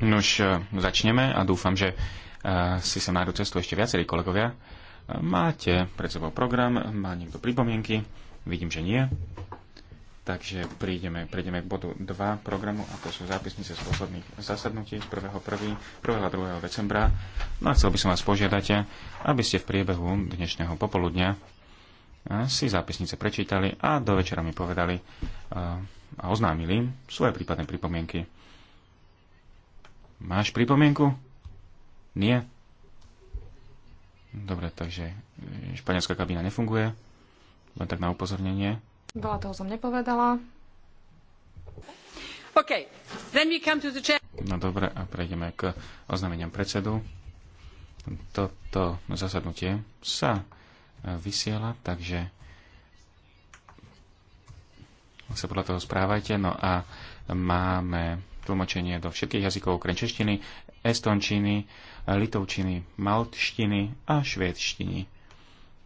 Nož, eh, začneme a dúfam, že eh, si sa nájdu cestu ešte viacerí kolegovia. Máte pred sebou program, má niekto pripomienky? Vidím, že nie. Takže prídeme, prídeme k bodu 2 programu a to sú zápisnice z posledných zasadnutí z 1. 1. 1. a 2. decembra. No a chcel by som vás požiadať, eh, aby ste v priebehu dnešného popoludňa si zápisnice prečítali a do večera mi povedali eh, a oznámili svoje prípadné pripomienky. Máš pripomienku? Nie? Dobre, takže eh, španielská kabína nefunguje. Len tak na upozornenie. Veľa toho som nepovedala. Okay. Then we come to the no dobre, a prejdeme k oznámeniam predsedu. Toto zasadnutie sa vysielať, takže sa podľa toho správajte. No a máme tlmočenie do všetkých jazykov okrem češtiny, estončiny, litovčiny, maltštiny a švédštiny.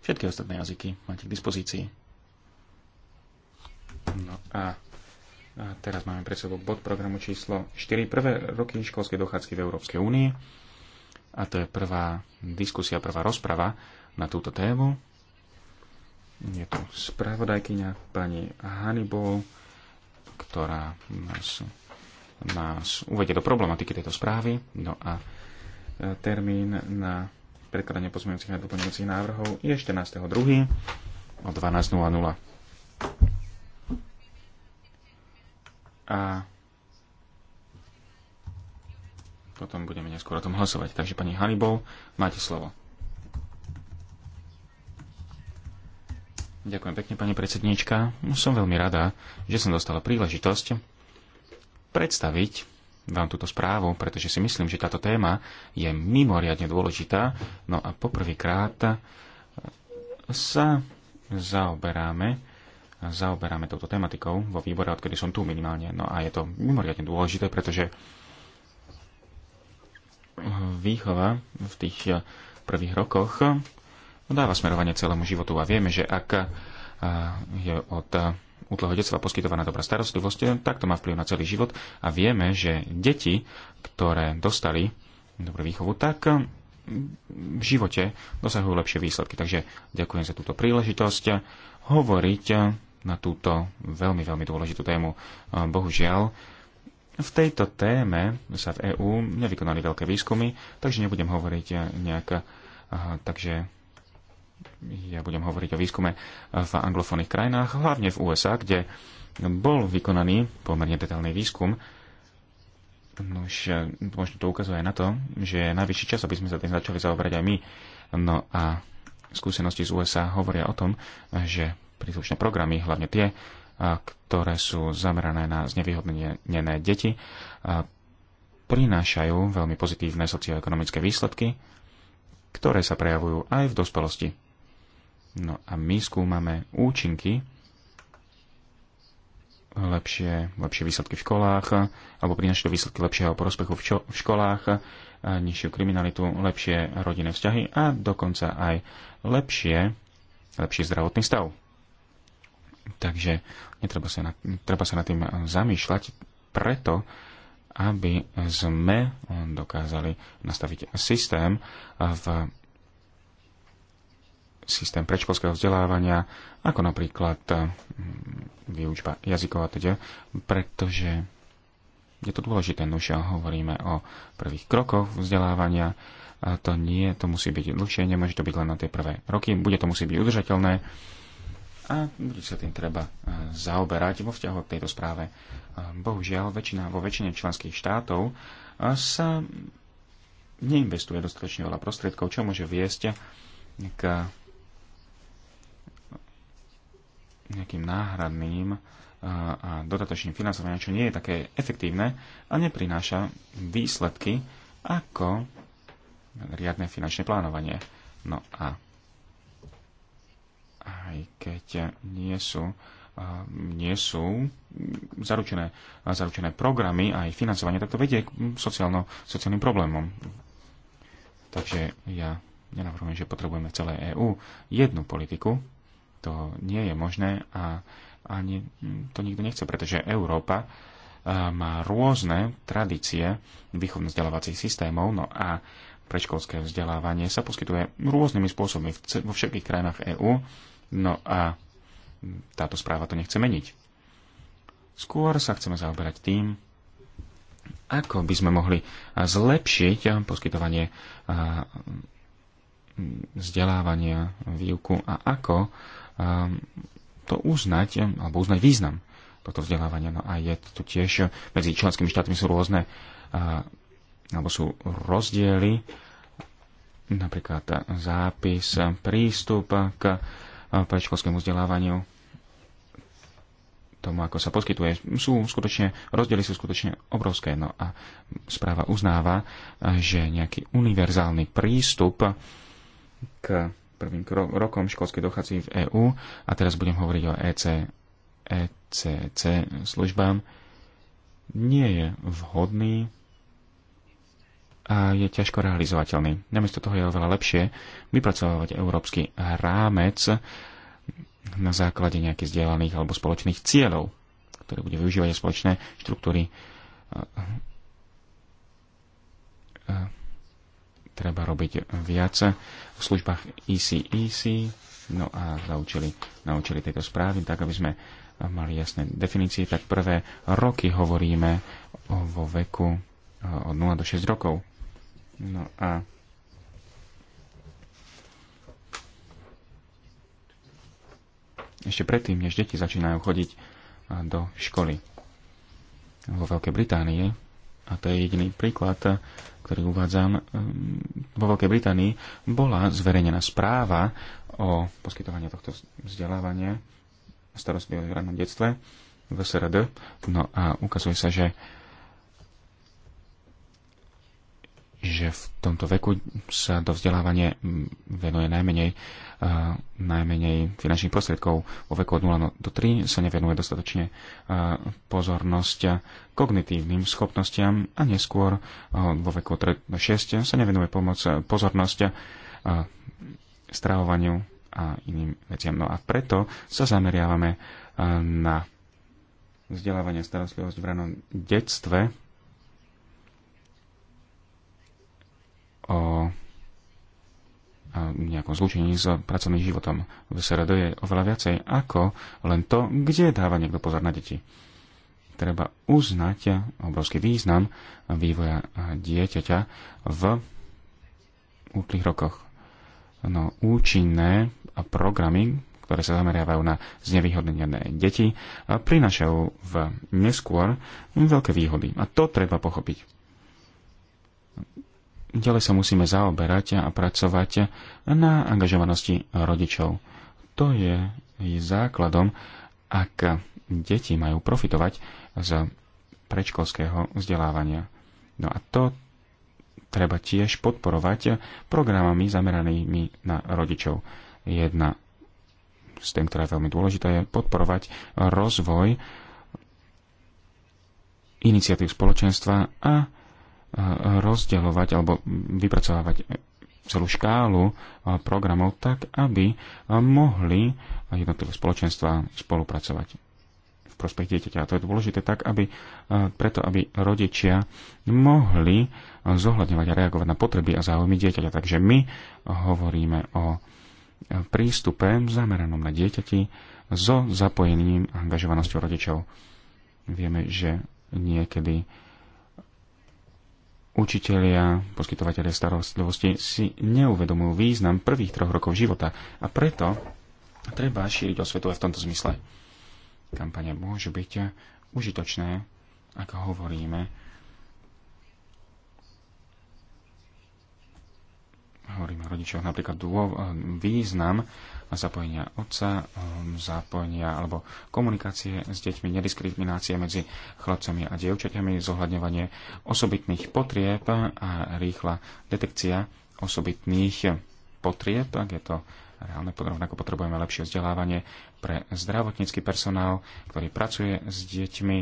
Všetky ostatné jazyky máte k dispozícii. No a, a teraz máme pred sebou bod programu číslo 4. Prvé roky školskej dochádzky v Európskej únii. A to je prvá diskusia, prvá rozprava na túto tému. Je tu spravodajkyňa pani Hannibal, ktorá nás, nás uvedie do problematiky tejto správy. No a e, termín na predkladanie pozmeňujúcich a doplňujúcich návrhov je 14.2. o 12.00. A potom budeme neskôr o tom hlasovať. Takže pani Hannibal, máte slovo. Ďakujem pekne, pani predsedníčka. Som veľmi rada, že som dostala príležitosť predstaviť vám túto správu, pretože si myslím, že táto téma je mimoriadne dôležitá. No a poprvýkrát sa zaoberáme, zaoberáme touto tematikou vo výbore, odkedy som tu minimálne. No a je to mimoriadne dôležité, pretože výchova v tých prvých rokoch No dáva smerovanie celému životu a vieme, že ak je od útleho detstva poskytovaná dobrá starostlivosť, tak to má vplyv na celý život a vieme, že deti, ktoré dostali dobrú výchovu, tak v živote dosahujú lepšie výsledky. Takže ďakujem za túto príležitosť hovoriť na túto veľmi, veľmi dôležitú tému. Bohužiaľ, v tejto téme sa v EÚ nevykonali veľké výskumy, takže nebudem hovoriť nejak. Aha, takže ja budem hovoriť o výskume v anglofónnych krajinách, hlavne v USA, kde bol vykonaný pomerne detailný výskum. No už možno to ukazuje aj na to, že je najvyšší čas, aby sme sa tým začali zaoberať aj my. No a skúsenosti z USA hovoria o tom, že príslušné programy, hlavne tie, ktoré sú zamerané na znevýhodnené deti, prinášajú veľmi pozitívne socioekonomické výsledky, ktoré sa prejavujú aj v dospelosti. No a my skúmame účinky, lepšie, lepšie výsledky v školách, alebo prinašajú výsledky lepšieho prospechu v, čo, v školách, nižšiu kriminalitu, lepšie rodinné vzťahy a dokonca aj lepšie, lepší zdravotný stav. Takže netreba sa, na, treba sa nad tým zamýšľať preto, aby sme dokázali nastaviť systém v systém predškolského vzdelávania, ako napríklad eh, výučba jazykov a teda, pretože je to dôležité, no hovoríme o prvých krokoch vzdelávania, a to nie, to musí byť dlhšie, nemôže to byť len na tie prvé roky, bude to musí byť udržateľné a bude sa tým treba eh, zaoberať vo vzťahu k tejto správe. Bohužiaľ, väčšina, vo väčšine členských štátov eh, sa neinvestuje dostatočne veľa prostriedkov, čo môže viesť k nejakým náhradným a dodatočným financovaním, čo nie je také efektívne a neprináša výsledky ako riadne finančné plánovanie. No a aj keď nie sú, nie sú zaručené, zaručené programy a aj financovanie, tak to vedie k sociálno, sociálnym problémom. Takže ja nenavrhujem, že potrebujeme celé EÚ jednu politiku, to nie je možné a ani to nikto nechce, pretože Európa eh, má rôzne tradície výchovno-vzdelávacích systémov, no a predškolské vzdelávanie sa poskytuje rôznymi spôsobmi vo všetkých krajinách EÚ, no a táto správa to nechce meniť. Skôr sa chceme zaoberať tým, ako by sme mohli zlepšiť poskytovanie eh, vzdelávania, výuku a ako Ehm, to uznať, ehm, alebo uznať význam tohto vzdelávania. No a je tu tiež, medzi členskými štátmi sú rôzne, ehm, alebo sú rozdiely, napríklad zápis, prístup k predškolskému vzdelávaniu, tomu, ako sa poskytuje, sú skutočne, rozdiely sú skutočne obrovské. No a správa uznáva, že nejaký univerzálny prístup k prvým rokom školskej dochádzky v EÚ a teraz budem hovoriť o EC, ECC službám, nie je vhodný a je ťažko realizovateľný. Namiesto toho je oveľa lepšie vypracovať európsky rámec na základe nejakých zdieľaných alebo spoločných cieľov, ktoré bude využívať spoločné štruktúry treba robiť viac v službách ECEC, e no a naučili, naučili tejto správy, tak aby sme mali jasné definície, tak prvé roky hovoríme o, vo veku eh, od 0 do 6 rokov. No a ešte predtým, než deti začínajú chodiť eh, do školy. Vo Veľkej Británii, a to je jediný príklad, ktorý uvádzam, ehm, vo Veľkej Británii bola zverejnená správa o poskytovaní tohto vzdelávania a starostlivosti v rannom detstve v SRD. No a ukazuje sa, že že v tomto veku sa do vzdelávania venuje najmenej, uh, najmenej finančných prostriedkov. Vo veku od 0 no- do 3 sa nevenuje dostatočne uh, pozornosť kognitívnym schopnostiam a neskôr uh, vo veku od 3 do 6 sa nevenuje pomoc, pozornosť uh, stravovaniu a iným veciam. No a preto sa zameriavame uh, na vzdelávanie starostlivosť v ranom detstve o nejakom zlučení s pracovným životom v SRD je oveľa viacej ako len to, kde dáva niekto pozor na deti. Treba uznať obrovský význam vývoja dieťaťa v útlých rokoch. No, účinné programy, ktoré sa zameriavajú na znevýhodnené deti, prinašajú v neskôr veľké výhody. A to treba pochopiť ďalej sa musíme zaoberať a pracovať na angažovanosti rodičov. To je základom, ak deti majú profitovať z predškolského vzdelávania. No a to treba tiež podporovať programami zameranými na rodičov. Jedna z tém, ktorá je veľmi dôležitá, je podporovať rozvoj iniciatív spoločenstva a rozdeľovať alebo vypracovávať celú škálu programov tak, aby mohli jednotlivé spoločenstva spolupracovať v prospech dieťaťa. A to je dôležité tak, aby, preto, aby rodičia mohli zohľadňovať a reagovať na potreby a záujmy dieťaťa. Takže my hovoríme o prístupe zameranom na dieťati so zapojením a angažovanosťou rodičov. Vieme, že niekedy Učitelia, poskytovateľe starostlivosti si neuvedomujú význam prvých troch rokov života a preto treba šíriť osvetu aj v tomto zmysle. Kampania môže byť užitočné, ako hovoríme, hovoríme o rodičoch napríklad dôv, význam zapojenia otca, um, zapojenia alebo komunikácie s deťmi, nediskriminácie medzi chlapcami a dievčatami, zohľadňovanie osobitných potrieb a rýchla detekcia osobitných potrieb, ak je to reálne, podrovnako potrebujeme lepšie vzdelávanie pre zdravotnícky personál, ktorý pracuje s deťmi,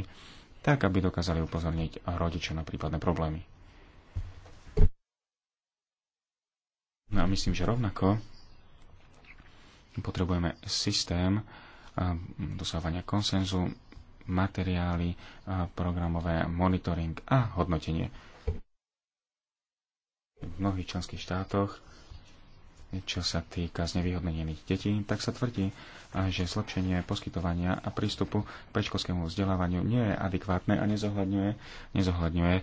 tak aby dokázali upozorniť rodiče na prípadné problémy. No a myslím, že rovnako Potrebujeme systém dosávania konsenzu, materiály, programové monitoring a hodnotenie. V mnohých členských štátoch, čo sa týka znevýhodnených detí, tak sa tvrdí, že zlepšenie poskytovania a prístupu k predškolskému vzdelávaniu nie je adekvátne a nezohľadňuje, nezohľadňuje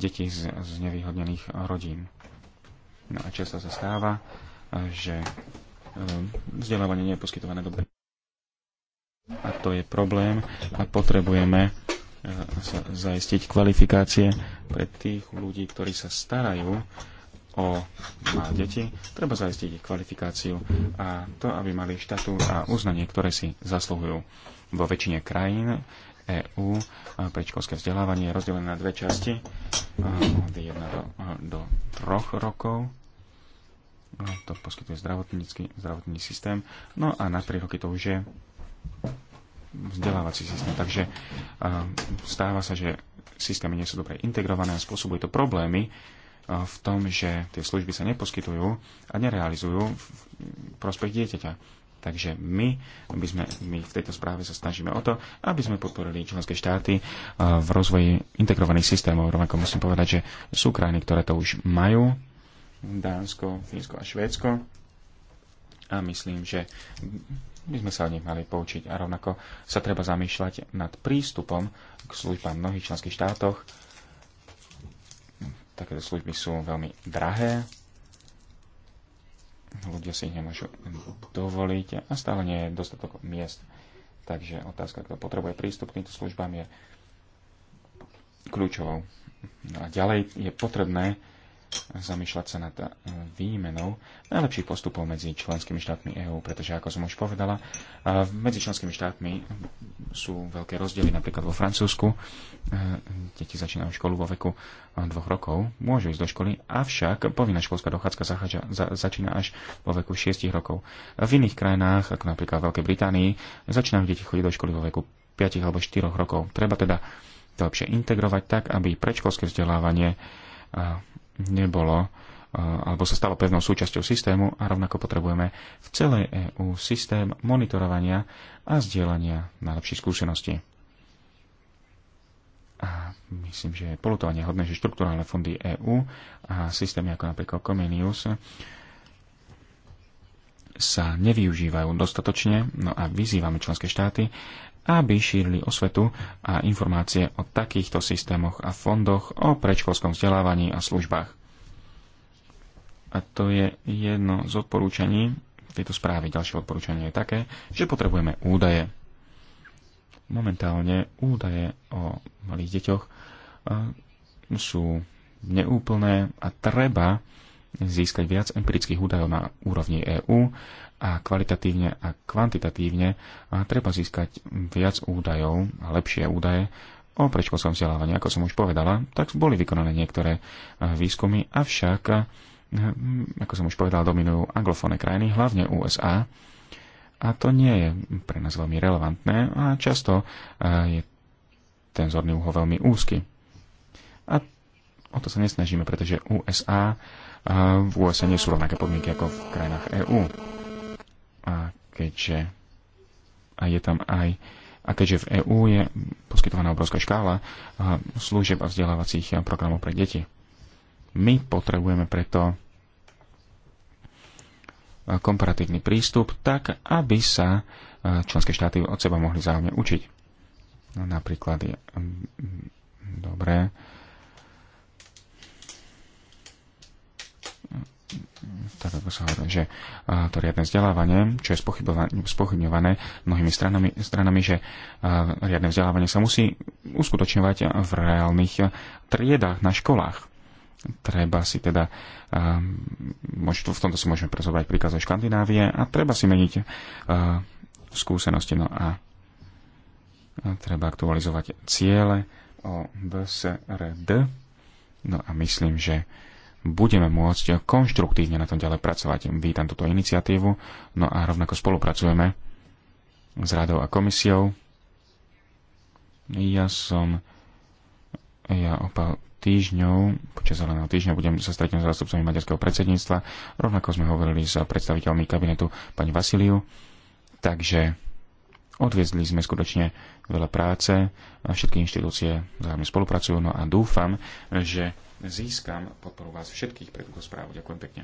deti z znevýhodnených rodín. No a čo sa stáva, že Ehm, vzdelávanie nie je poskytované dobre. A to je problém a potrebujeme sa eh, zaistiť kvalifikácie pre tých ľudí, ktorí sa starajú o deti. Treba zaistiť ich kvalifikáciu a to, aby mali štatút a uznanie, ktoré si zasluhujú. Vo väčšine krajín EÚ eh, predškolské vzdelávanie je rozdelené na dve časti eh, od 1 do, do 3 rokov to poskytuje zdravotnícky, zdravotný systém, no a na 3 roky to už je vzdelávací systém. Takže stáva sa, že systémy nie sú dobre integrované a spôsobuje to problémy v tom, že tie služby sa neposkytujú a nerealizujú v prospech dieťaťa. Takže my, by sme, my v tejto správe sa snažíme o to, aby sme podporili členské štáty v rozvoji integrovaných systémov. Rovnako musím povedať, že sú krajiny, ktoré to už majú, Dánsko, Fínsko a Švédsko. A myslím, že by sme sa o nich mali poučiť a rovnako sa treba zamýšľať nad prístupom k službám v mnohých členských štátoch. Takéto služby sú veľmi drahé, ľudia si ich nemôžu dovoliť a stále nie je dostatok miest. Takže otázka, kto potrebuje prístup k týmto službám je kľúčovou. No a ďalej je potrebné zamýšľať sa nad eh, výmenou najlepších postupov medzi členskými štátmi EÚ, pretože ako som už povedala, eh, medzi členskými štátmi sú veľké rozdiely. Napríklad vo Francúzsku eh, deti začínajú školu vo veku dvoch rokov, môžu ísť do školy, avšak povinná školská dochádzka zachádza, za, začína až vo veku 6 rokov. V iných krajinách, ako napríklad v Veľkej Británii, začínajú deti chodiť do školy vo veku 5 alebo 4 rokov. Treba teda to lepšie integrovať tak, aby predškolské vzdelávanie nebolo eh, alebo sa stalo pevnou súčasťou systému a rovnako potrebujeme v celej EÚ systém monitorovania a zdieľania najlepších skúseností. A myslím, že je polutovanie hodné, že štruktúrálne fondy EÚ a systémy ako napríklad Comenius sa nevyužívajú dostatočne, no a vyzývame členské štáty, aby šírili osvetu a informácie o takýchto systémoch a fondoch o predškolskom vzdelávaní a službách. A to je jedno z odporúčaní tejto správy. Ďalšie odporúčanie je také, že potrebujeme údaje. Momentálne údaje o malých deťoch sú neúplné a treba získať viac empirických údajov na úrovni EÚ a kvalitatívne a kvantitatívne a treba získať viac údajov a lepšie údaje o predškolskom vzdelávaní. Ako som už povedala, tak boli vykonané niektoré výskumy, avšak, hm, ako som už povedal, dominujú anglofónne krajiny, hlavne USA. A to nie je pre nás veľmi relevantné a často je ten zorný úho veľmi úzky. A o to sa nesnažíme, pretože USA v USA nie sú rovnaké podmienky ako v krajinách EÚ a keďže a je tam aj a keďže v EÚ je poskytovaná obrovská škála služieb a vzdelávacích programov pre deti. My potrebujeme preto komparatívny prístup tak, aby sa členské štáty od seba mohli zájomne učiť. napríklad je dobré, tak teda ako sa hovorí, že to riadne vzdelávanie, čo je spochybňované mnohými stranami, stranami že riadne vzdelávanie sa musí uskutočňovať v reálnych triedách na školách. Treba si teda, v tomto si môžeme prezobrať príkaz zo Škandinávie a treba si meniť skúsenosti. No a treba aktualizovať ciele o BSRD. No a myslím, že budeme môcť konštruktívne na tom ďalej pracovať. Vítam túto iniciatívu, no a rovnako spolupracujeme s radou a komisiou. Ja som ja o pár týždňov, počas zeleného týždňa budem sa stretnúť s zástupcami maďarského predsedníctva. Rovnako sme hovorili s predstaviteľmi kabinetu pani Vasiliu. Takže Odviezli sme skutočne veľa práce a všetky inštitúcie vzájomne spolupracujú. No a dúfam, že získam podporu vás všetkých pre túto správu. Ďakujem pekne.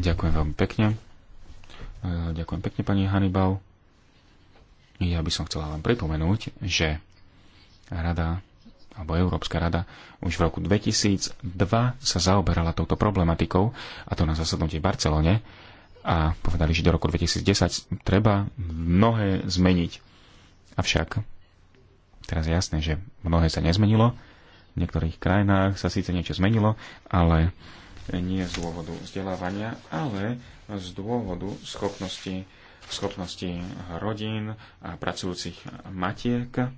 Ďakujem veľmi pekne. E, ďakujem pekne, pani Hannibal. Ja by som chcela vám pripomenúť, že Rada alebo Európska rada už v roku 2002 sa zaoberala touto problematikou a to na zasadnutí v Barcelone a povedali, že do roku 2010 treba mnohé zmeniť. Avšak teraz je jasné, že mnohé sa nezmenilo. V niektorých krajinách sa síce niečo zmenilo, ale nie z dôvodu vzdelávania, ale z dôvodu schopnosti, schopnosti rodín a pracujúcich matiek.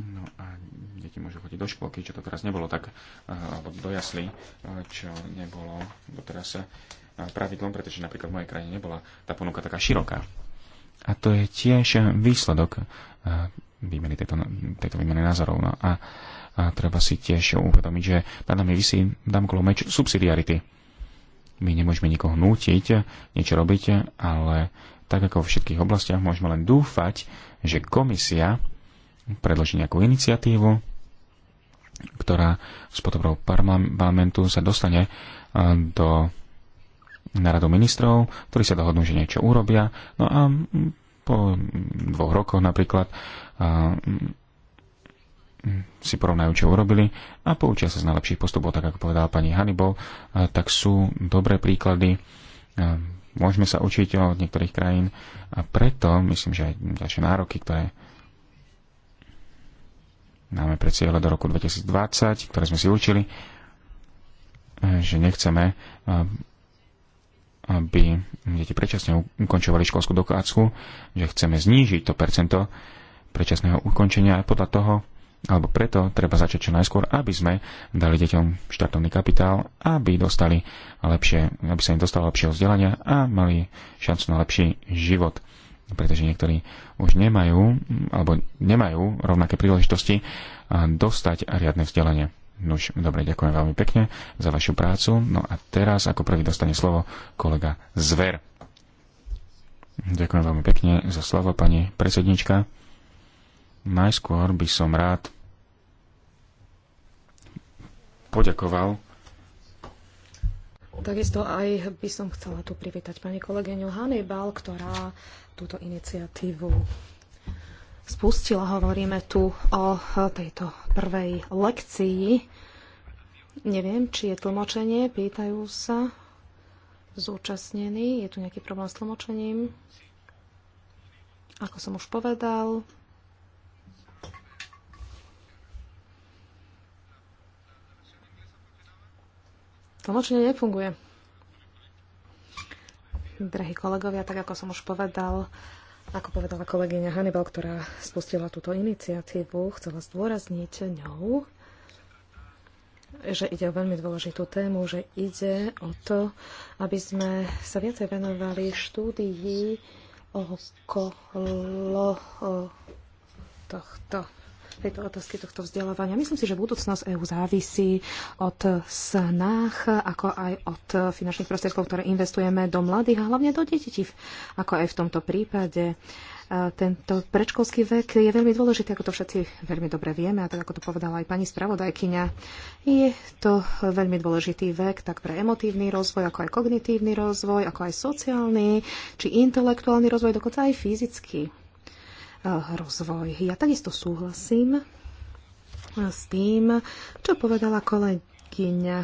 No a deti môžu chodiť do školky, čo to teraz nebolo tak, eh, alebo do jaslí, eh, čo nebolo doteraz Eh, pravidlom, pretože napríklad v mojej krajine nebola tá ponuka taká široká. A to je tiež výsledok eh, výmeny tejto, tejto výmeny názorov. No a, a treba si tiež uvedomiť, že nad nami vysí Damklov meč subsidiarity. My nemôžeme nikoho nútiť eh, niečo robiť, ale tak ako vo všetkých oblastiach môžeme len dúfať, že komisia predloží nejakú iniciatívu, ktorá s podporou parlamentu sa dostane do na radu ministrov, ktorí sa dohodnú, že niečo urobia. No a po dvoch rokoch napríklad a, si porovnajú, čo urobili a poučia sa z najlepších postupov, tak ako povedala pani Hannibal, a, tak sú dobré príklady. A, môžeme sa učiť od niektorých krajín a preto myslím, že aj ďalšie nároky, ktoré máme pre cieľe do roku 2020, ktoré sme si učili, že nechceme aby deti predčasne ukončovali školskú dokázku, že chceme znížiť to percento predčasného ukončenia aj podľa toho, alebo preto treba začať čo najskôr, aby sme dali deťom štartovný kapitál, aby dostali lepšie, aby sa im dostalo lepšieho vzdelania a mali šancu na lepší život. Pretože niektorí už nemajú, alebo nemajú rovnaké príležitosti dostať riadne vzdelanie. Nuž, dobre, ďakujem veľmi pekne za vašu prácu. No a teraz ako prvý dostane slovo kolega Zver. Ďakujem veľmi pekne za slovo, pani predsednička. Najskôr by som rád poďakoval. Takisto aj by som chcela tu privítať pani kolegyňu Hannibal, ktorá túto iniciatívu spustila. Hovoríme tu o tejto prvej lekcii. Neviem, či je tlmočenie, pýtajú sa zúčastnení. Je tu nejaký problém s tlmočením? Ako som už povedal, tlmočenie nefunguje. Drahí kolegovia, tak ako som už povedal, ako povedala kolegyňa Hannibal, ktorá spustila túto iniciatívu, chcela zdôrazniť ňou, že ide o veľmi dôležitú tému, že ide o to, aby sme sa viacej venovali štúdii okolo tohto tejto otázky tohto vzdelávania. Myslím si, že budúcnosť EÚ závisí od snách, ako aj od finančných prostriedkov, ktoré investujeme do mladých a hlavne do detí, ako aj v tomto prípade. Tento predškolský vek je veľmi dôležitý, ako to všetci veľmi dobre vieme, a tak ako to povedala aj pani spravodajkyňa, je to veľmi dôležitý vek tak pre emotívny rozvoj, ako aj kognitívny rozvoj, ako aj sociálny, či intelektuálny rozvoj, dokonca aj fyzický rozvoj. Ja takisto súhlasím s tým, čo povedala kolegyňa.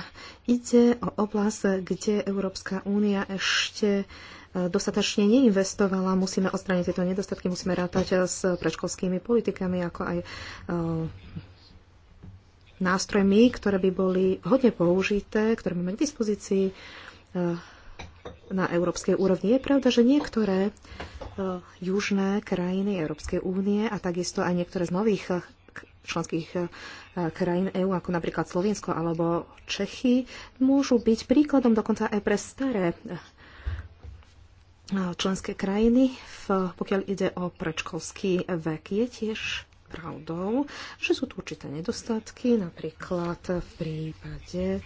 Ide o oblasť, kde Európska únia ešte e, dostatočne neinvestovala. Musíme odstrániť tieto nedostatky, musíme rátať s predškolskými politikami, ako aj e, nástrojmi, ktoré by boli hodne použité, ktoré máme k dispozícii e, na európskej úrovni. Je pravda, že niektoré e, južné krajiny Európskej únie a takisto aj niektoré z nových e, členských e, krajín EÚ, ako napríklad Slovensko alebo Čechy, môžu byť príkladom dokonca aj pre staré členské krajiny, pokiaľ ide o predškolský vek. Je tiež pravdou, že sú tu určité nedostatky, napríklad v prípade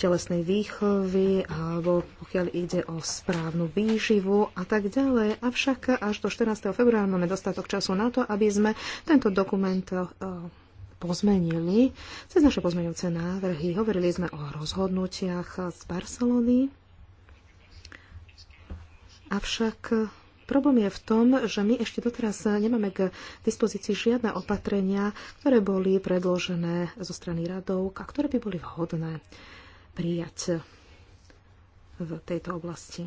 telesnej výchovy alebo pokiaľ ide o správnu výživu a tak ďalej. Avšak až do 14. februára máme dostatok času na to, aby sme tento dokument e, pozmenili. Cez naše pozmenujúce návrhy hovorili sme o rozhodnutiach z Barcelony. Avšak Problém je v tom, že my ešte doteraz nemáme k dispozícii žiadne opatrenia, ktoré boli predložené zo strany radov a ktoré by boli vhodné prijať v tejto oblasti.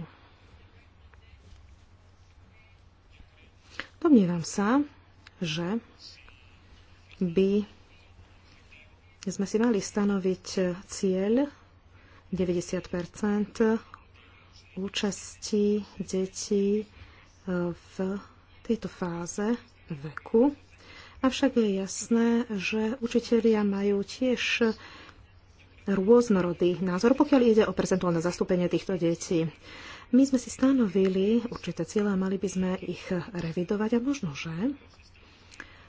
Domnievam sa, že by sme si mali stanoviť cieľ 90 účasti detí v tejto fáze veku. Avšak je jasné, že učitelia majú tiež rôznorodý názor, pokiaľ ide o percentuálne zastúpenie týchto detí. My sme si stanovili určité cieľe a mali by sme ich revidovať a možno, že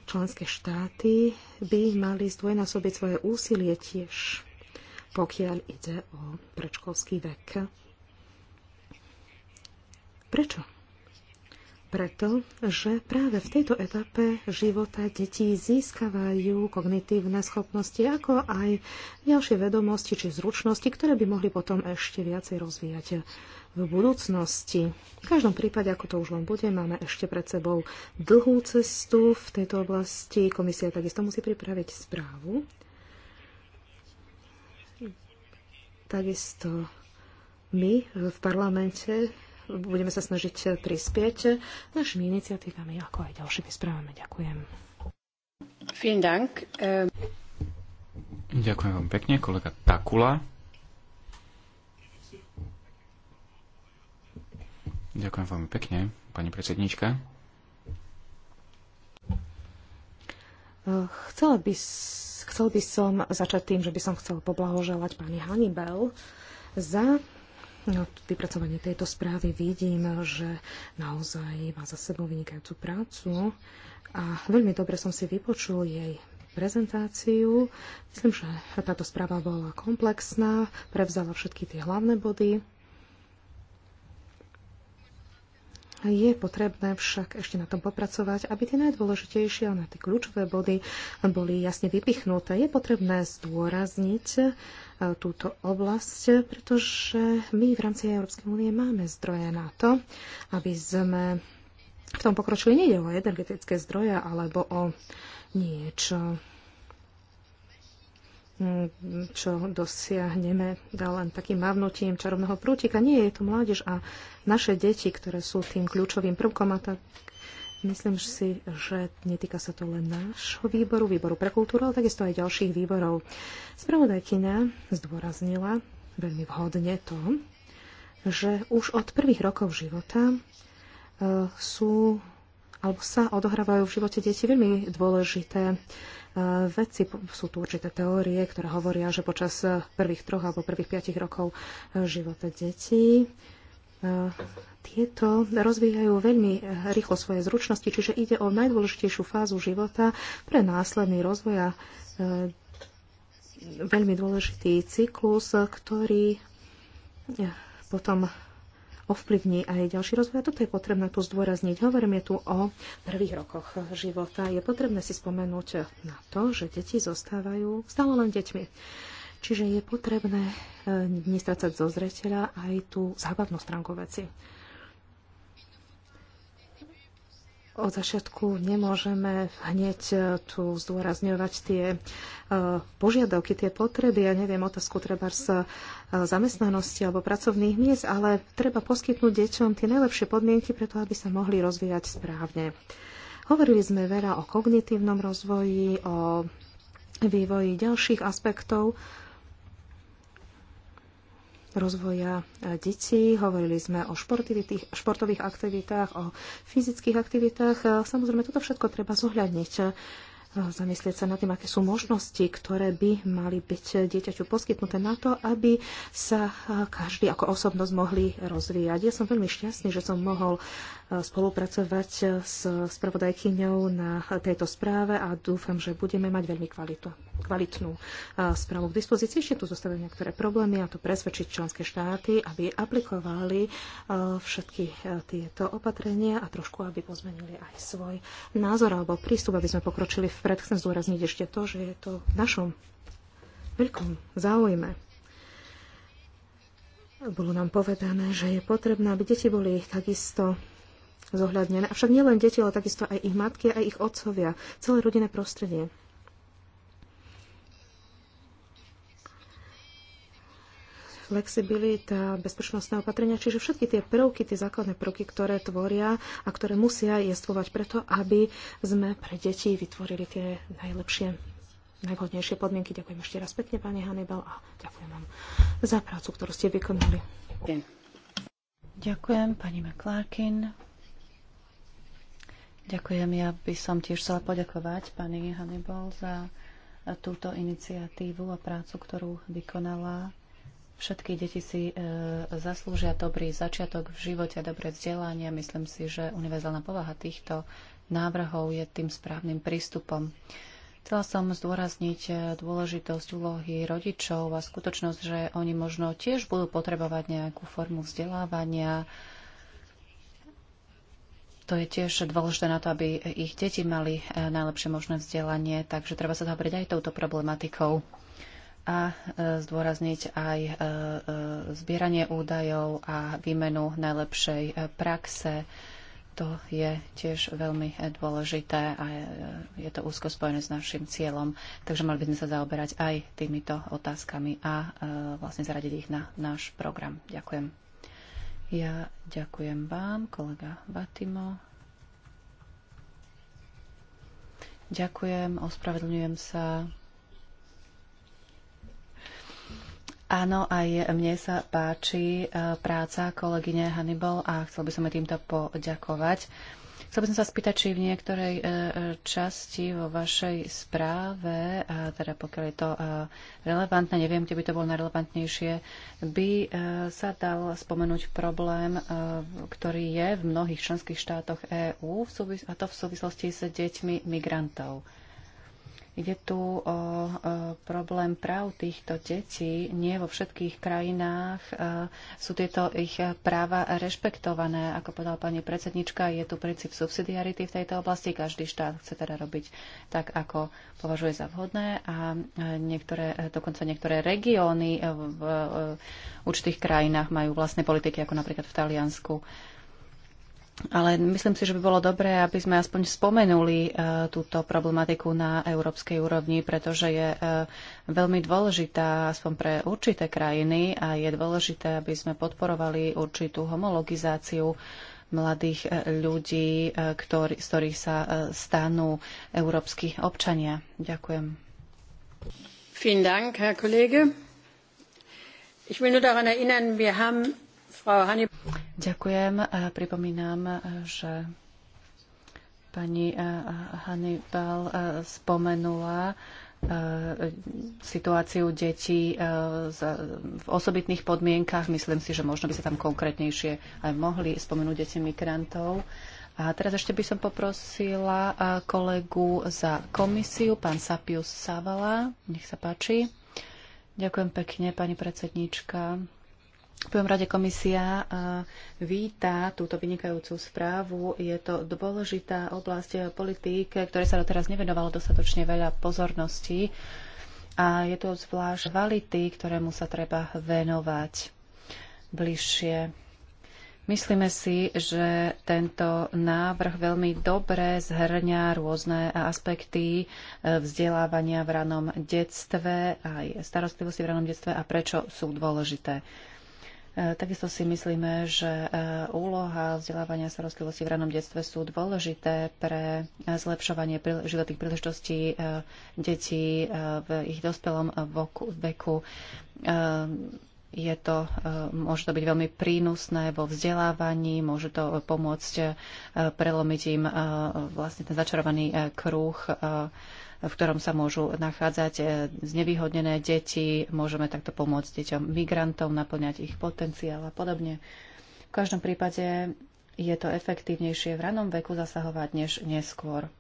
členské štáty by mali zdvojnásobiť svoje úsilie tiež, pokiaľ ide o predškolský vek. Prečo? preto, že práve v tejto etape života detí získavajú kognitívne schopnosti, ako aj ďalšie vedomosti či zručnosti, ktoré by mohli potom ešte viacej rozvíjať v budúcnosti. V každom prípade, ako to už len bude, máme ešte pred sebou dlhú cestu v tejto oblasti. Komisia takisto musí pripraviť správu. Takisto my v parlamente budeme sa snažiť eh, prispieť eh, našimi iniciatívami, ako aj ďalšími správami. Ďakujem. Vielen Dank. Eh. Ďakujem vám pekne, kolega Takula. Ďakujem veľmi pekne, pani predsednička. Chcela by, chcel by som začať tým, že by som chcel poblahoželať pani Hannibal za no, vypracovanie tejto správy vidím, že naozaj má za sebou vynikajúcu prácu a veľmi dobre som si vypočul jej prezentáciu. Myslím, že táto správa bola komplexná, prevzala všetky tie hlavné body. Je potrebné však ešte na tom popracovať, aby tie najdôležitejšie a na tie kľúčové body boli jasne vypichnuté. Je potrebné zdôrazniť, E, túto oblasť, pretože my v rámci Európskej únie máme zdroje na to, aby sme v tom pokročili. Nejde o energetické zdroje alebo o niečo, čo dosiahneme len takým mávnutím čarovného prútika. Nie je to mládež a naše deti, ktoré sú tým kľúčovým prvkom a tak Myslím si, že netýka sa to len nášho výboru, výboru pre kultúru, ale takisto aj ďalších výborov. Spravodajkina zdôraznila veľmi vhodne to, že už od prvých rokov života e, sú alebo sa odohrávajú v živote deti veľmi dôležité e, veci, sú tu určité teórie, ktoré hovoria, že počas prvých troch alebo prvých piatich rokov e, života detí E, tieto rozvíjajú veľmi rýchlo svoje zručnosti, čiže ide o najdôležitejšiu fázu života pre následný rozvoj a e, veľmi dôležitý cyklus, ktorý e, potom ovplyvní aj ďalší rozvoj. A toto je potrebné tu zdôrazniť. Hovoríme tu o prvých rokoch života. Je potrebné si spomenúť na to, že deti zostávajú stále len deťmi. Čiže je potrebné e, nestrácať zo zreteľa aj tú zábavnú stránku veci. Od začiatku nemôžeme hneď e, tu zdôrazňovať tie e, požiadavky, tie potreby. Ja neviem, otázku treba z zamestnanosti alebo pracovných miest, ale treba poskytnúť deťom tie najlepšie podmienky preto, aby sa mohli rozvíjať správne. Hovorili sme veľa o kognitívnom rozvoji, o vývoji ďalších aspektov, rozvoja e, detí. Hovorili sme o športových aktivitách, o fyzických aktivitách. E, samozrejme, toto všetko treba zohľadniť e, zamyslieť sa nad tým, aké sú možnosti, ktoré by mali byť dieťaťu poskytnuté na to, aby sa každý ako osobnosť mohli rozvíjať. Ja som veľmi šťastný, že som mohol spolupracovať s spravodajkyňou na tejto správe a dúfam, že budeme mať veľmi kvalitu, kvalitnú správu k dispozícii. Ešte tu zostávajú niektoré problémy a to presvedčiť členské štáty, aby aplikovali všetky tieto opatrenia a trošku, aby pozmenili aj svoj názor alebo prístup, aby sme pokročili vpred. Chcem zdôrazniť ešte to, že je to v našom veľkom záujme bolo nám povedané, že je potrebné, aby deti boli takisto zohľadnené. Avšak nielen deti, ale takisto aj ich matky, aj ich otcovia, celé rodinné prostredie. flexibilita, bezpečnostné opatrenia, čiže všetky tie prvky, tie základné prvky, ktoré tvoria a ktoré musia jestvovať preto, aby sme pre deti vytvorili tie najlepšie, najvhodnejšie podmienky. Ďakujem ešte raz pekne, pani Hannibal, a ďakujem vám za prácu, ktorú ste vykonali. Ďakujem, pani McClarkin. Ďakujem. Ja by som tiež chcela poďakovať pani Hannibal za túto iniciatívu a prácu, ktorú vykonala. Všetky deti si e, zaslúžia dobrý začiatok v živote, a dobré vzdelanie. Myslím si, že univerzálna povaha týchto návrhov je tým správnym prístupom. Chcela som zdôrazniť e, dôležitosť úlohy rodičov a skutočnosť, že oni možno tiež budú potrebovať nejakú formu vzdelávania, to je tiež dôležité na to, aby ich deti mali eh, najlepšie možné vzdelanie, takže treba sa zaoberať aj touto problematikou a eh, zdôrazniť aj eh, zbieranie údajov a výmenu najlepšej praxe. To je tiež veľmi dôležité a je to úzko spojené s našim cieľom. Takže mali by sme sa zaoberať aj týmito otázkami a vlastne zaradiť ich na náš program. Ďakujem. Ja ďakujem vám, kolega Vatimo. Ďakujem, ospravedlňujem sa. Áno, aj mne sa páči eh, práca kolegyne Hannibal a chcel by som aj týmto poďakovať. Chcel by som sa spýtať, či v niektorej e, e, časti vo vašej správe, a teda pokiaľ je to e, relevantné, neviem, kde by to bolo najrelevantnejšie, by sa dal spomenúť problém, ktorý je v mnohých členských štátoch EÚ a to v súvislosti s deťmi migrantov. Je tu o problém práv týchto detí. Nie vo všetkých krajinách e, sú tieto ich práva rešpektované. Ako povedala pani predsednička, je tu princíp subsidiarity v tejto oblasti. Každý štát chce teda robiť tak, ako považuje za vhodné a e, niektoré, e, dokonca niektoré regióny v určitých krajinách majú vlastné politiky, ako napríklad v Taliansku. Ale myslím si, že by bolo dobré, aby sme aspoň spomenuli e, túto problematiku na európskej úrovni, pretože je e, veľmi dôležitá aspoň pre určité krajiny a je dôležité, aby sme podporovali určitú homologizáciu mladých e, ľudí, ktorý, z ktorých sa stanú európsky občania. Ďakujem. Vielen Dank, Herr Kollege. Ich will nur daran erinnern, wir haben Frau Hannibal Ďakujem. A pripomínam, e, že pani e, Hannibal e, spomenula situáciu detí v osobitných podmienkach. Myslím si, že možno by sa tam konkrétnejšie aj mohli spomenúť deti migrantov. A teraz ešte by som poprosila kolegu za komisiu, pán Sapius Savala. Nech sa páči. Ďakujem pekne, pani predsedníčka. V prvom rade komisia e, víta túto vynikajúcu správu. Je to dôležitá oblasť politík, ktoré sa doteraz nevenovalo dostatočne veľa pozornosti a je to zvlášť kvality, ktorému sa treba venovať bližšie. Myslíme si, že tento návrh veľmi dobre zhrňa rôzne aspekty e, vzdelávania v ranom detstve, aj starostlivosti v ranom detstve a prečo sú dôležité. E, takisto si myslíme, že e, úloha vzdelávania starostlivosti v ranom detstve sú dôležité pre e, zlepšovanie životných príležitostí detí v ich dospelom veku. Je to, môže to byť veľmi prínosné vo vzdelávaní, môže to pomôcť prelomiť im vlastne ten začarovaný kruh v ktorom sa môžu nachádzať e, znevýhodnené deti. Môžeme takto pomôcť deťom migrantom, naplňať ich potenciál a podobne. V každom prípade je to efektívnejšie v ranom veku zasahovať než neskôr.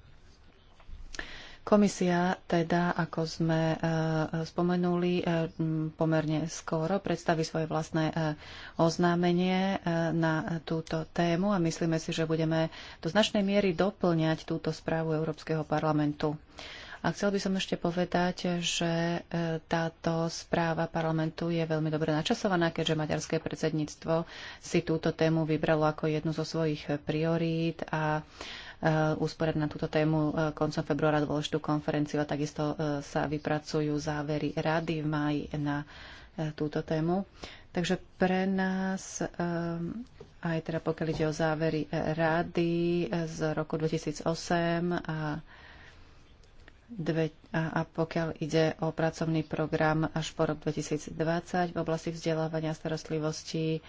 Komisia teda, ako sme e, spomenuli, e, pomerne skoro predstaví svoje vlastné oznámenie na túto tému a myslíme si, že budeme do značnej miery doplňať túto správu Európskeho parlamentu. A chcel by som ešte povedať, že e, táto správa parlamentu je veľmi dobre načasovaná, keďže maďarské predsedníctvo si túto tému vybralo ako jednu zo svojich priorít a úsporať e, na túto tému e, koncom februára dôležitú konferenciu a takisto sa vypracujú závery rady v máji na túto tému. Takže pre nás aj teda pokiaľ ide o závery rady z roku 2008 a dve, a, a pokiaľ ide o pracovný program až po rok 2020 v oblasti vzdelávania a starostlivosti, e,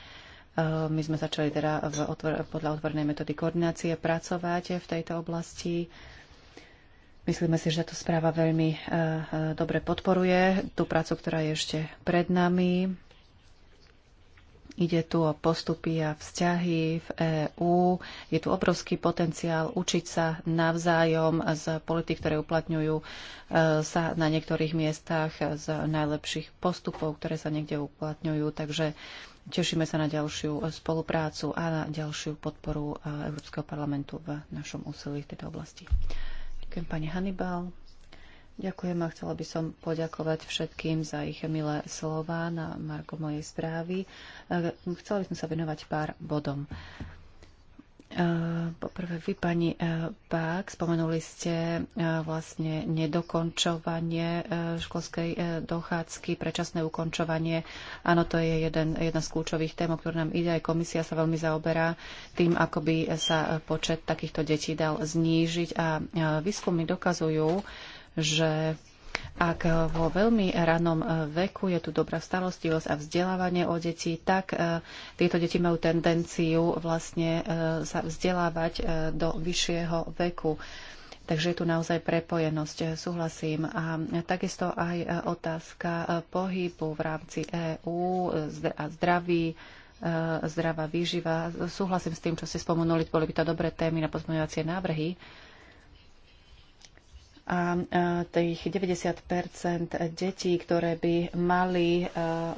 my sme začali teda v otvor- podľa otvorenej metódy koordinácie pracovať v tejto oblasti. Myslíme si, že to správa veľmi e, e, dobre podporuje tú prácu, ktorá je ešte pred nami. Ide tu o postupy a vzťahy v EÚ. Je tu obrovský potenciál učiť sa navzájom z politik, ktoré uplatňujú e, sa na niektorých miestach z najlepších postupov, ktoré sa niekde uplatňujú. Takže tešíme sa na ďalšiu spoluprácu a na ďalšiu podporu e, Európskeho parlamentu v našom úsilí v tejto oblasti. Ďakujem pani Hannibal. Ďakujem a chcela by som poďakovať všetkým za ich milé slova na Marko mojej správy. E, chcela by som sa venovať pár bodom. E, poprvé, vy, pani e, Pák, spomenuli ste vlastne nedokončovanie školskej dochádzky, predčasné ukončovanie. Áno, to je jeden, jedna z kľúčových tém, o ktoré nám ide. Aj komisia sa veľmi zaoberá tým, ako by sa počet takýchto detí dal znížiť. A výskumy dokazujú, že ak vo veľmi ranom veku je tu dobrá starostlivosť a vzdelávanie o deti, tak e, tieto deti majú tendenciu vlastne e, sa vzdelávať e, do vyššieho veku. Takže je tu naozaj prepojenosť, súhlasím. A takisto aj otázka pohybu v rámci EÚ a zdraví, zdravá výživa. Súhlasím s tým, čo ste spomenuli, boli by to dobré témy na pozmeňovacie návrhy a tých 90 detí, ktoré by mali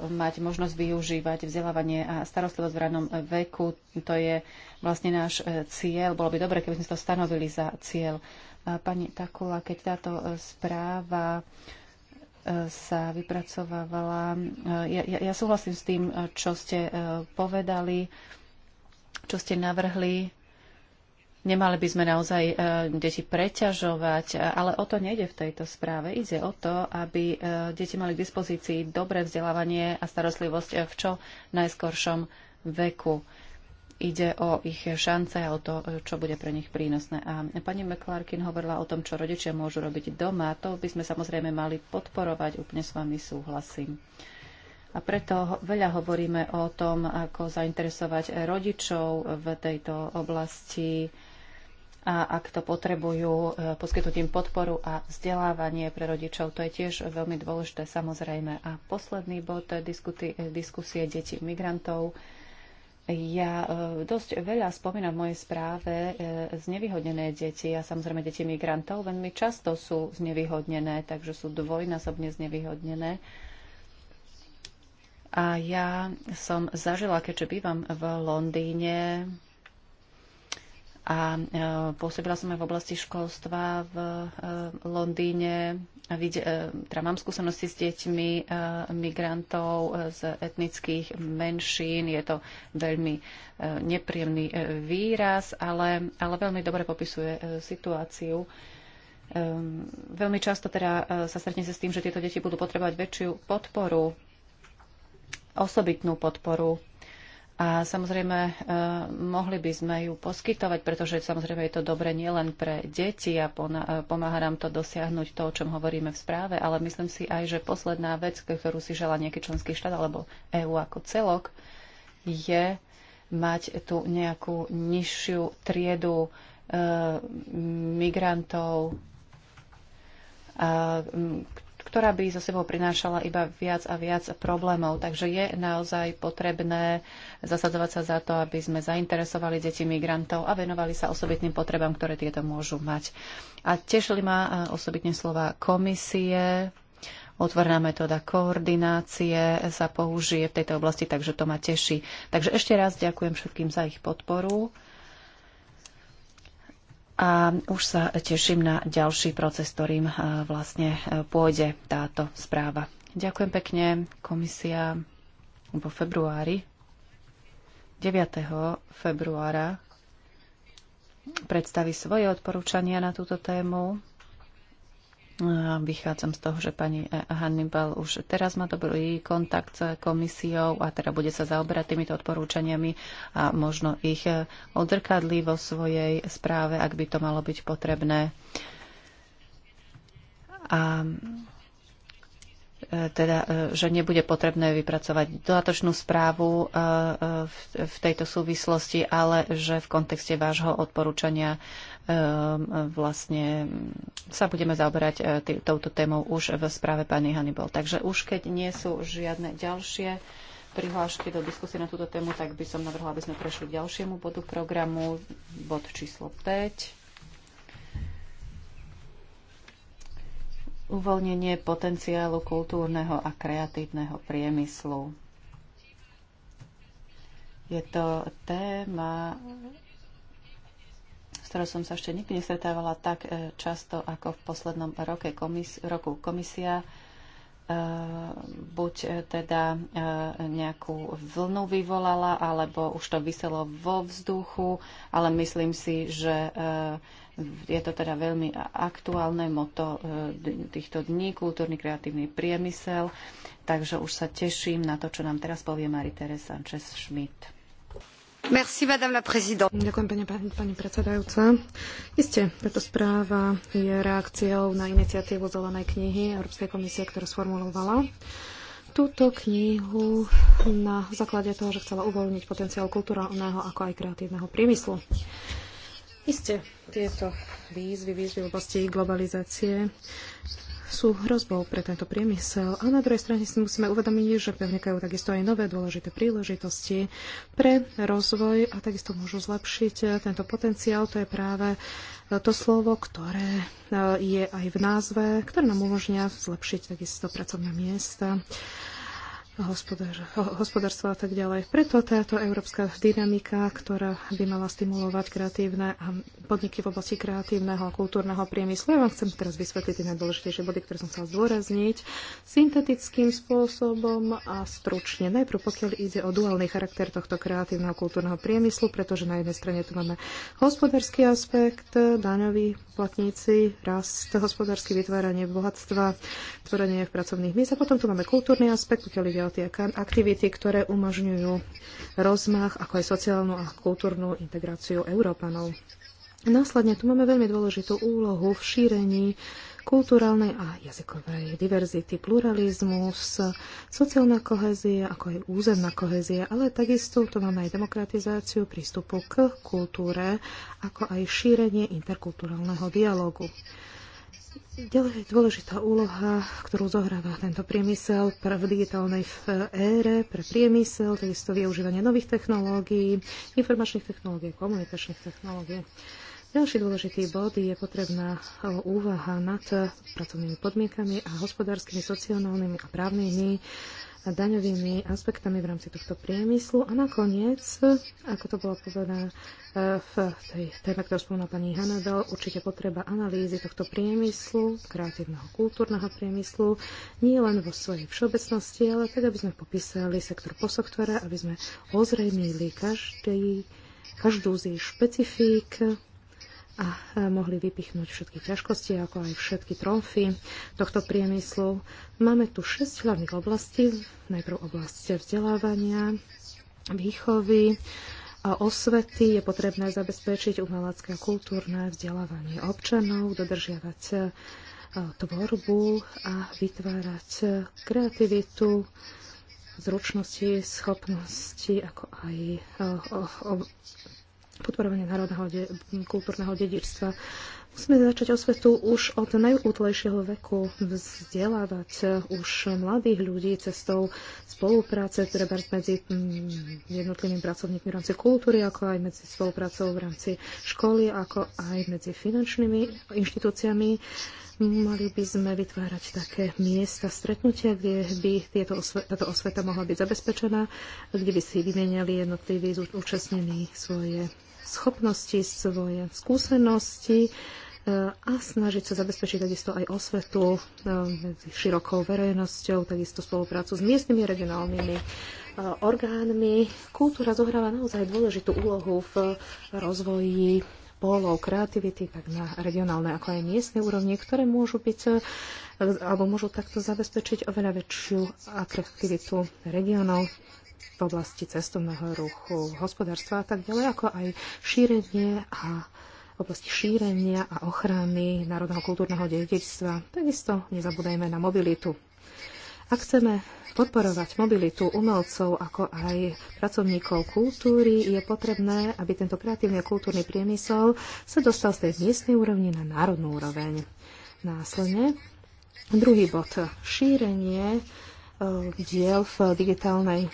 mať možnosť využívať vzdelávanie a starostlivosť v ranom veku, to je vlastne náš e, cieľ. Bolo by dobre, keby sme to stanovili za cieľ. Pani Takula, keď táto e, správa e, sa vypracovávala, ja, ja, ja súhlasím s tým, čo ste povedali, čo ste navrhli Nemali by sme naozaj e, deti preťažovať, e, ale o to nejde v tejto správe. Ide o to, aby e, deti mali k dispozícii dobré vzdelávanie a starostlivosť v čo najskoršom veku. Ide o ich šance a o to, čo bude pre nich prínosné. A pani McClarkin hovorila o tom, čo rodičia môžu robiť doma. To by sme samozrejme mali podporovať. Úplne s vami súhlasím. A preto veľa hovoríme o tom, ako zainteresovať rodičov v tejto oblasti a ak to potrebujú, e, poskytnúť im podporu a vzdelávanie pre rodičov. To je tiež veľmi dôležité samozrejme. A posledný bod e, diskuty, e, diskusie detí migrantov. Ja dosť veľa spomínam v mojej správe znevýhodnené deti a samozrejme deti migrantov veľmi často sú znevýhodnené, takže sú dvojnásobne znevýhodnené. A ja som zažila, keďže bývam v Londýne, a e, pôsobila som aj v oblasti školstva v e, Londýne. E, teda mám skúsenosti s deťmi migrantov z etnických menšín. Je to veľmi nepríjemný výraz, ale, ale veľmi dobre popisuje situáciu. Veľmi často teda sa stretne sa s tým, že tieto deti budú potrebovať väčšiu podporu, osobitnú podporu a samozrejme, e, mohli by sme ju poskytovať, pretože samozrejme je to dobre nielen pre deti a e, pomáha nám to dosiahnuť to, o čom hovoríme v správe, ale myslím si aj, že posledná vec, ktorú si žela nejaký členský štát alebo EÚ ako celok, je mať tu nejakú nižšiu triedu e, migrantov, ktorá by za sebou prinášala iba viac a viac problémov. Takže je naozaj potrebné zasadzovať sa za to, aby sme zainteresovali deti migrantov a venovali sa osobitným potrebám, ktoré tieto môžu mať. A tešili ma e, osobitne slova komisie, otvorná metóda koordinácie sa použije v tejto oblasti, takže to ma teší. Takže ešte raz ďakujem všetkým za ich podporu. A už sa teším na ďalší proces, ktorým e, vlastne e, pôjde táto správa. Ďakujem pekne. Komisia vo februári 9. februára predstaví svoje odporúčania na túto tému Ehm, vychádzam z toho, že pani eh, Hannibal už teraz má dobrý kontakt s komisiou a teda bude sa zaoberať týmito odporúčaniami a možno ich eh, odrkadli vo svojej správe, ak by to malo byť potrebné. A eh, teda, že nebude potrebné vypracovať dodatočnú správu v tejto súvislosti, ale že v kontexte vášho odporúčania Ehm, vlastne sa budeme zaoberať e, touto témou už v správe pani Hannibal. Takže už keď nie sú žiadne ďalšie prihlášky do diskusie na túto tému, tak by som navrhla, aby sme prešli k ďalšiemu bodu programu, bod číslo 5. Uvoľnenie potenciálu kultúrneho a kreatívneho priemyslu. Je to téma, ktorou som sa ešte nikdy nestretávala tak e, často ako v poslednom roke komis- roku. Komisia e, buď e, teda nejakú vlnu vyvolala, alebo už to vyselo vo vzduchu, ale myslím si, že je to teda veľmi aktuálne moto týchto dní, kultúrny kreatívny priemysel, takže už sa teším na to, čo nám teraz povie Marie-Therese Sanchez-Schmidt iste Ďakujem, pani, pani, táto správa je reakciou na iniciatívu Zelenej knihy Európskej komisie, ktorú sformulovala túto knihu na základe toho, že chcela uvoľniť potenciál kulturálneho ako aj kreatívneho priemyslu. iste tieto výzvy, výzvy v oblasti globalizácie sú hrozbou pre tento priemysel a na druhej strane si musíme uvedomiť, že vznikajú takisto aj nové dôležité príležitosti pre rozvoj a takisto môžu zlepšiť tento potenciál. To je práve to slovo, ktoré e, je aj v názve, ktoré nám umožňa zlepšiť takisto pracovné miesta hospodárstva a tak ďalej. Preto táto európska dynamika, ktorá by mala stimulovať kreatívne podniky v oblasti kreatívneho a kultúrneho priemyslu. Ja vám chcem teraz vysvetliť tie najdôležitejšie body, ktoré som chcela zdôrazniť syntetickým spôsobom a stručne. Najprv pokiaľ ide o duálny charakter tohto kreatívneho kultúrneho priemyslu, pretože na jednej strane tu máme hospodársky aspekt, daňoví platníci, rast hospodársky, vytváranie bohatstva, tvorenie pracovných miest a potom tu máme kultúrny aspekt, pokiaľ ide o o tie aktivity, ktoré umožňujú rozmach, ako aj sociálnu a kultúrnu integráciu Európanov. Následne tu máme veľmi dôležitú úlohu v šírení kulturálnej a jazykovej diverzity, pluralizmus, sociálna kohézia, ako aj územná kohézia, ale takisto tu máme aj demokratizáciu prístupu k kultúre, ako aj šírenie interkulturálneho dialogu. Ďalej je dôležitá úloha, ktorú zohráva tento priemysel v digitálnej ére pre priemysel, takisto využívanie nových technológií, informačných technológií, komunikačných technológií. Ďalší dôležitý bod je potrebná e, úvaha nad e, pracovnými podmienkami a hospodárskymi, sociálnymi a právnymi daňovými aspektami v rámci tohto priemyslu. A nakoniec, ako to bolo povedané e, v tej téme, ktorú spomínala pani Hanadel, určite potreba analýzy tohto priemyslu, kreatívneho kultúrneho priemyslu, nie len vo svojej všeobecnosti, ale tak, aby sme popísali sektor po sektore, aby sme ozrejmili každý, každú z jej špecifík a e, mohli vypichnúť všetky ťažkosti, ako aj všetky tromfy tohto priemyslu. Máme tu 6 hlavných oblastí. Najprv oblasť vzdelávania, výchovy, a osvety je potrebné zabezpečiť umelecké a kultúrne vzdelávanie občanov, dodržiavať e, tvorbu a vytvárať e, kreativitu, zručnosti, schopnosti, ako aj podporovania národného de- kultúrneho dedičstva. Musíme začať osvetu už od najútlejšieho veku, vzdelávať už mladých ľudí cestou spolupráce, treba medzi mm, jednotlivými pracovníkmi v rámci kultúry, ako aj medzi spoluprácou v rámci školy, ako aj medzi finančnými inštitúciami. Mali by sme vytvárať také miesta stretnutia, kde by tieto osve- táto osveta mohla byť zabezpečená, kde by si vymenili jednotliví zúčastnení svoje schopnosti, svoje skúsenosti e, a snažiť sa zabezpečiť takisto aj osvetu e, medzi širokou verejnosťou, takisto spoluprácu s miestnymi regionálnymi e, orgánmi. Kultúra zohráva naozaj dôležitú úlohu v rozvoji polov kreativity, tak na regionálnej ako aj miestnej úrovni, ktoré môžu byť alebo môžu takto zabezpečiť oveľa väčšiu atraktivitu regionov v oblasti cestovného ruchu, hospodárstva a tak ďalej, ako aj šírenie a v oblasti šírenia a ochrany národného kultúrneho dedičstva. Takisto nezabúdajme na mobilitu. Ak chceme podporovať mobilitu umelcov ako aj pracovníkov kultúry, je potrebné, aby tento kreatívny a kultúrny priemysel sa dostal z tej miestnej úrovni na národnú úroveň. Následne druhý bod. Šírenie eh, diel v digitálnej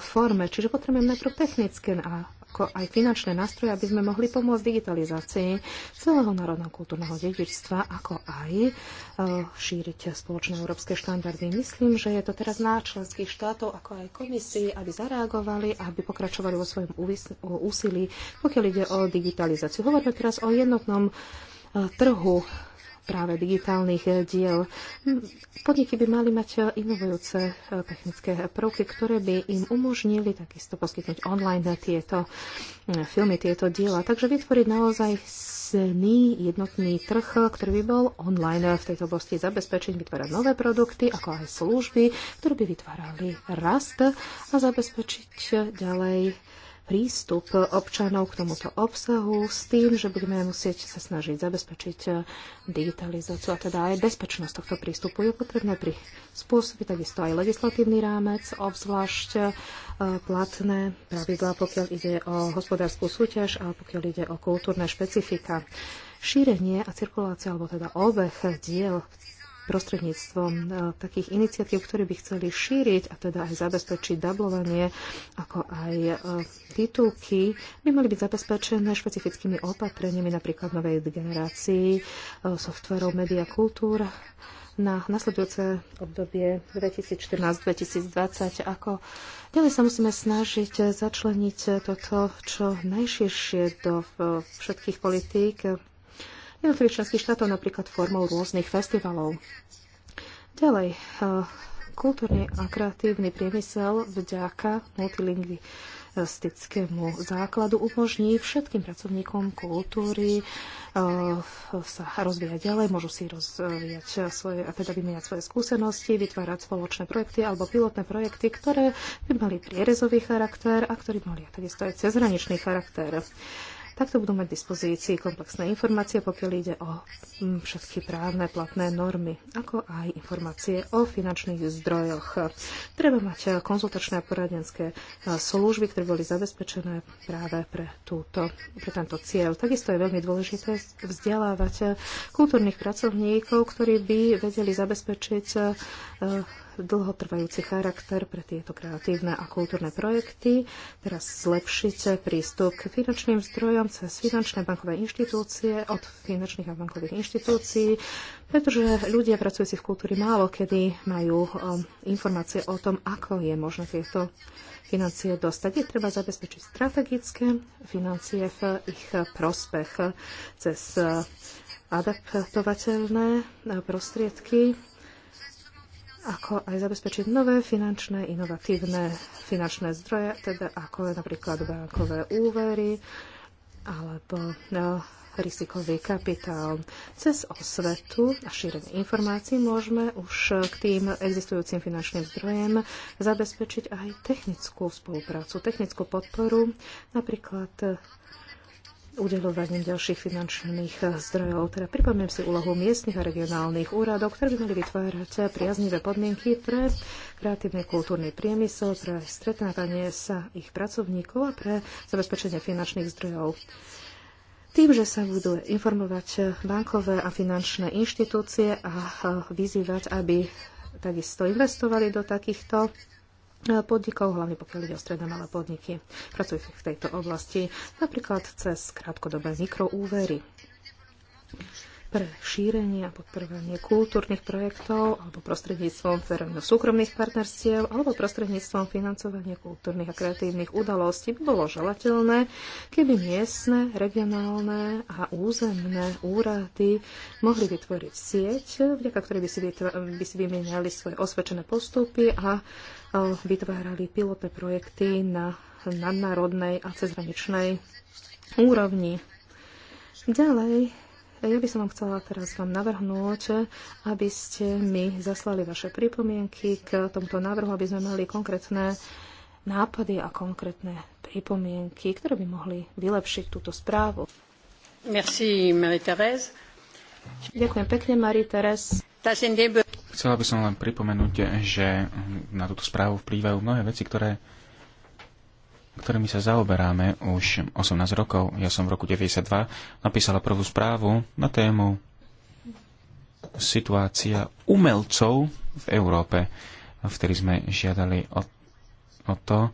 forme. Čiže potrebujeme najprv technické a ako aj finančné nástroje, aby sme mohli pomôcť digitalizácii celého národného kultúrneho dedičstva, ako aj e, šíriť spoločné európske štandardy. Myslím, že je to teraz na členských štátov, ako aj komisii, aby zareagovali, aby pokračovali vo svojom úsilí, pokiaľ ide o digitalizáciu. Hovoríme teraz o jednotnom e, trhu práve digitálnych eh, diel. Podniky by mali mať eh, inovujúce eh, technické prvky, ktoré by im umožnili takisto poskytnúť online tieto filmy, tieto diela. Takže vytvoriť naozaj sný jednotný trh, ktorý by bol online v tejto oblasti zabezpečiť, vytvárať nové produkty, ako aj služby, ktoré by vytvárali rast a zabezpečiť ďalej prístup občanov k tomuto obsahu s tým, že budeme musieť sa snažiť zabezpečiť eh, digitalizáciu a teda aj bezpečnosť tohto prístupu. Je potrebné prispôsobiť takisto aj legislatívny rámec, obzvlášť eh, platné pravidlá, pokiaľ ide o hospodárskú súťaž a pokiaľ ide o kultúrne špecifika. Šírenie a cirkulácia, alebo teda obeh diel prostredníctvom e, takých iniciatív, ktoré by chceli šíriť a teda aj zabezpečiť dublovanie, ako aj e, titulky, by mali byť zabezpečené špecifickými opatreniami napríklad novej generácii e, softverov Media kultúr na nasledujúce obdobie 2014-2020, ako ďalej sa musíme snažiť začleniť toto čo najširšie do všetkých politík jednotlivých členských štátov, napríklad formou rôznych festivalov. Ďalej, eh, kultúrny a kreatívny priemysel vďaka multilingvistickému základu umožní všetkým pracovníkom kultúry eh, sa rozvíjať ďalej, môžu si rozvíjať svoje, a teda vymieňať svoje skúsenosti, vytvárať spoločné projekty alebo pilotné projekty, ktoré by mali prierezový charakter a ktorí mali takisto aj cezhraničný charakter. Uh, Takto budú mať dispozícii komplexné informácie, pokiaľ ide o mm, všetky právne platné normy, ako aj informácie o finančných zdrojoch. Treba mať e, konzultačné a poradenské e, služby, ktoré boli zabezpečené práve pre, túto, pre tento cieľ. Takisto je veľmi dôležité vzdelávať e, kultúrnych pracovníkov, ktorí by vedeli zabezpečiť dlhotrvajúci charakter pre tieto kreatívne a kultúrne projekty, teraz zlepšiť prístup k finančným zdrojom cez finančné bankové inštitúcie, od finančných a bankových inštitúcií, pretože ľudia pracujúci v kultúre málo kedy majú um, informácie o tom, ako je možné tieto financie dostať. Je treba zabezpečiť strategické financie v ich prospech cez uh, adaptovateľné uh, prostriedky ako aj zabezpečiť nové finančné, inovatívne finančné zdroje, teda ako napríklad bankové úvery alebo no, rizikový kapitál. Cez osvetu a šírenie informácií môžeme už k tým existujúcim finančným zdrojem zabezpečiť aj technickú spoluprácu, technickú podporu, napríklad udelovaním ďalších finančných eh, zdrojov. Teda pripomínam si úlohu miestnych a regionálnych úradov, ktoré by mali vytvárať eh, priaznivé podmienky pre kreatívny kultúrny priemysel, pre stretávanie sa ich pracovníkov a pre zabezpečenie finančných zdrojov. Tým, že sa budú informovať eh, bankové a finančné inštitúcie a vyzývať, aby takisto investovali do takýchto E, podnikov, hlavne pokiaľ ide o stredné malé podniky pracujú v tejto oblasti, napríklad cez krátkodobé mikroúvery pre šírenie a podporovanie kultúrnych projektov alebo prostredníctvom verejno-súkromných partnerstiev alebo prostredníctvom financovania kultúrnych a kreatívnych udalostí by bolo želateľné, keby miestne, regionálne a územné úrady mohli vytvoriť sieť, vďaka ktorej by si, by si vymieniali svoje osvedčené postupy a e, vytvárali pilotné projekty na nadnárodnej a cezhraničnej úrovni. Ďalej ja by som vám chcela teraz vám navrhnúť, aby ste mi zaslali vaše pripomienky k tomuto návrhu, aby sme mali konkrétne nápady a konkrétne pripomienky, ktoré by mohli vylepšiť túto správu. Merci, Marie-Thérèse. Ďakujem pekne, Marie-Thérèse. Chcela by som len pripomenúť, že na túto správu vplývajú mnohé veci, ktoré ktorými sa zaoberáme už 18 rokov. Ja som v roku 92 napísala prvú správu na tému situácia umelcov v Európe. Vtedy sme žiadali o, o to,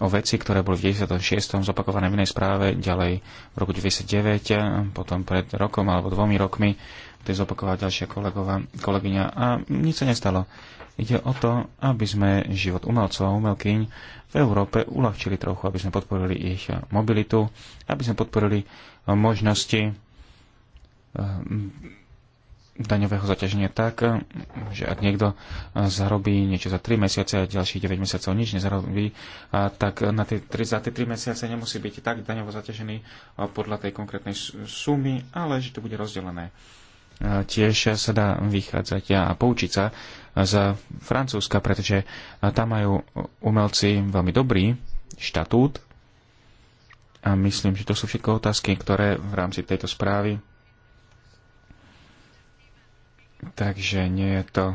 o veci, ktoré boli v 96. zopakované v inej správe, ďalej v roku 99, potom pred rokom alebo dvomi rokmi to je zopakovala ďalšia kolegova, kolegyňa a nič sa nestalo. Ide o to, aby sme život umelcov a umelkyň v Európe uľahčili trochu, aby sme podporili ich mobilitu, aby sme podporili možnosti eh, daňového zaťaženia tak, že ak niekto zarobí niečo za 3 mesiace a ďalších 9 mesiacov nič nezarobí, tak na tie, za tie 3 mesiace nemusí byť tak daňovo zaťažený podľa tej konkrétnej sumy, ale že to bude rozdelené tiež sa dá vychádzať a poučiť sa z Francúzska, pretože tam majú umelci veľmi dobrý štatút a myslím, že to sú všetko otázky, ktoré v rámci tejto správy takže nie je to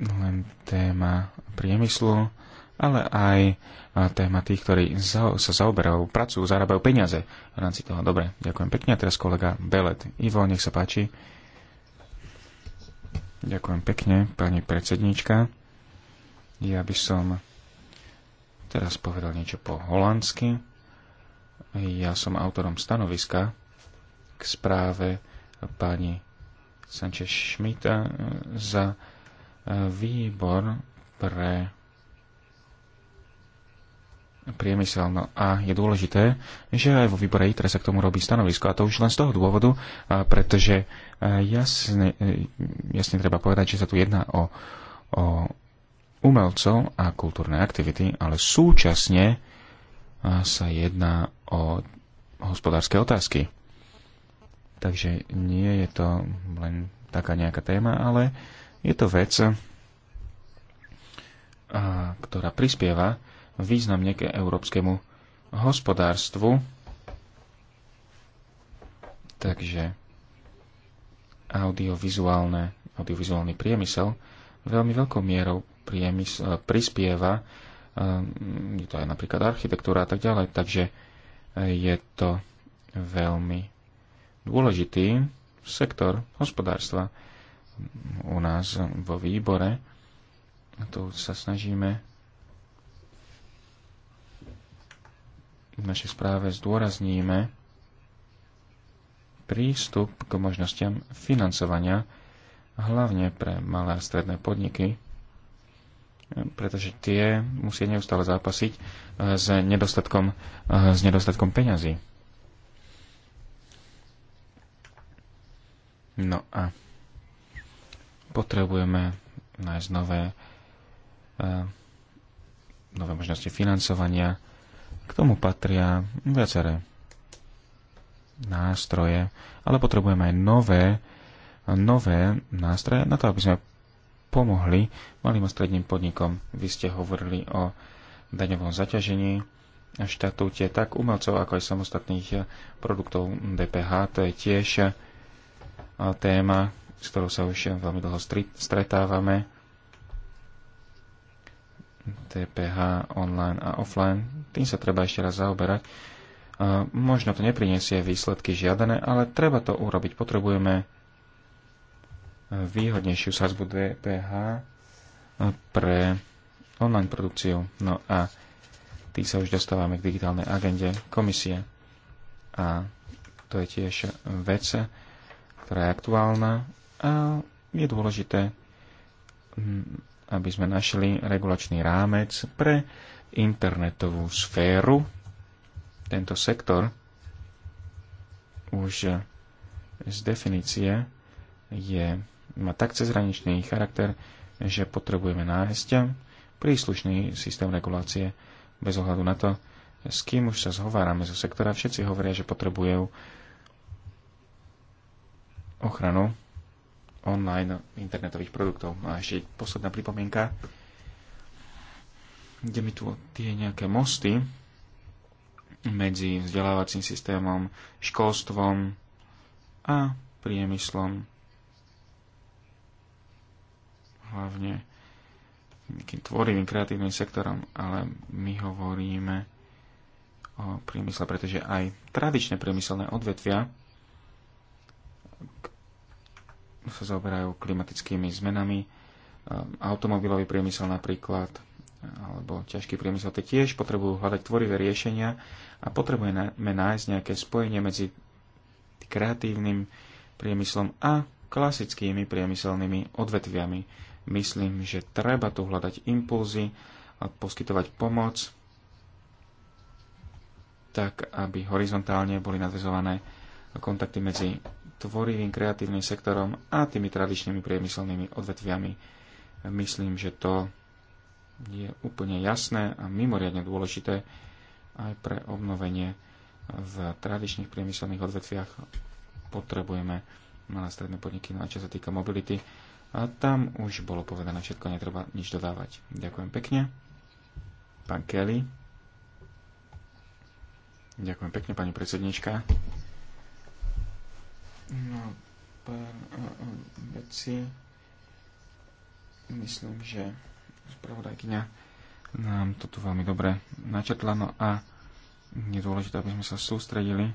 len téma priemyslu, ale aj téma tých, ktorí za, sa zaoberajú, pracujú, zarábajú peniaze v rámci toho. Dobre, ďakujem pekne. A teraz kolega Belet. Ivo, nech sa páči. Ďakujem pekne, pani predsednička. Ja by som teraz povedal niečo po holandsky. Ja som autorom stanoviska k správe pani Sanchez Schmidta za e, výbor pre priemysel. No a je dôležité, že aj vo výbore ITRE sa k tomu robí stanovisko. A to už len z toho dôvodu, pretože e, jasne, e, jasne treba povedať, že sa tu jedná o, o umelcov a kultúrne aktivity, ale súčasne e, sa jedná o hospodárske otázky. Takže nie je to len taká nejaká téma, ale je to vec, ktorá prispieva významne k európskemu hospodárstvu. Takže audiovizuálne, audiovizuálny priemysel veľmi veľkou mierou priemysl, eh, prispieva, eh, je to aj napríklad architektúra a tak ďalej, takže je to veľmi dôležitý sektor hospodárstva u nás vo výbore. Tu sa snažíme v našej správe zdôrazníme prístup k možnostiam financovania, hlavne pre malé a stredné podniky, pretože tie musia neustále zápasiť eh, s nedostatkom, eh, s nedostatkom peňazí. No a potrebujeme nájsť nové, eh, nové možnosti financovania, k tomu patria viaceré nástroje, ale potrebujeme aj nové, nové nástroje na to, aby sme pomohli malým a stredným podnikom. Vy ste hovorili o daňovom zaťažení a štatúte tak umelcov, ako aj samostatných produktov DPH. To je tiež téma, s ktorou sa už veľmi dlho stretávame. TPH online a offline. Tým sa treba ešte raz zaoberať. Možno to nepriniesie výsledky žiadané, ale treba to urobiť. Potrebujeme e, výhodnejšiu sazbu DPH e, pre online produkciu. No a tým sa už dostávame k digitálnej agende komisie. A to je tiež vec, ktorá je aktuálna a je dôležité aby sme našli regulačný rámec pre internetovú sféru. Tento sektor už z definície je, má tak cezhraničný charakter, že potrebujeme nájsť príslušný systém regulácie bez ohľadu na to, s kým už sa zhovárame zo sektora. Všetci hovoria, že potrebujú ochranu online internetových produktov. A ešte posledná pripomienka, kde mi tu tie nejaké mosty medzi vzdelávacím systémom, školstvom a priemyslom. Hlavne nejakým tvorivým, kreatívnym sektorom, ale my hovoríme o priemysle, pretože aj tradičné priemyselné odvetvia, sa zaoberajú klimatickými zmenami. Automobilový priemysel napríklad, alebo ťažký priemysel, tie tiež potrebujú hľadať tvorivé riešenia a potrebujeme nájsť nejaké spojenie medzi kreatívnym priemyslom a klasickými priemyselnými odvetviami. Myslím, že treba tu hľadať impulzy a poskytovať pomoc, tak aby horizontálne boli nadvezované kontakty medzi tvorivým kreatívnym sektorom a tými tradičnými priemyselnými odvetviami. Myslím, že to je úplne jasné a mimoriadne dôležité aj pre obnovenie v tradičných priemyselných odvetviach potrebujeme malé stredné podniky, no a čo sa týka mobility, a tam už bolo povedané všetko, netreba nič dodávať. Ďakujem pekne. Pán Kelly. Ďakujem pekne, pani predsednička. No, pán veci, myslím, že spravodajkyňa nám to tu veľmi dobre načetla, no a je dôležité, aby sme sa sústredili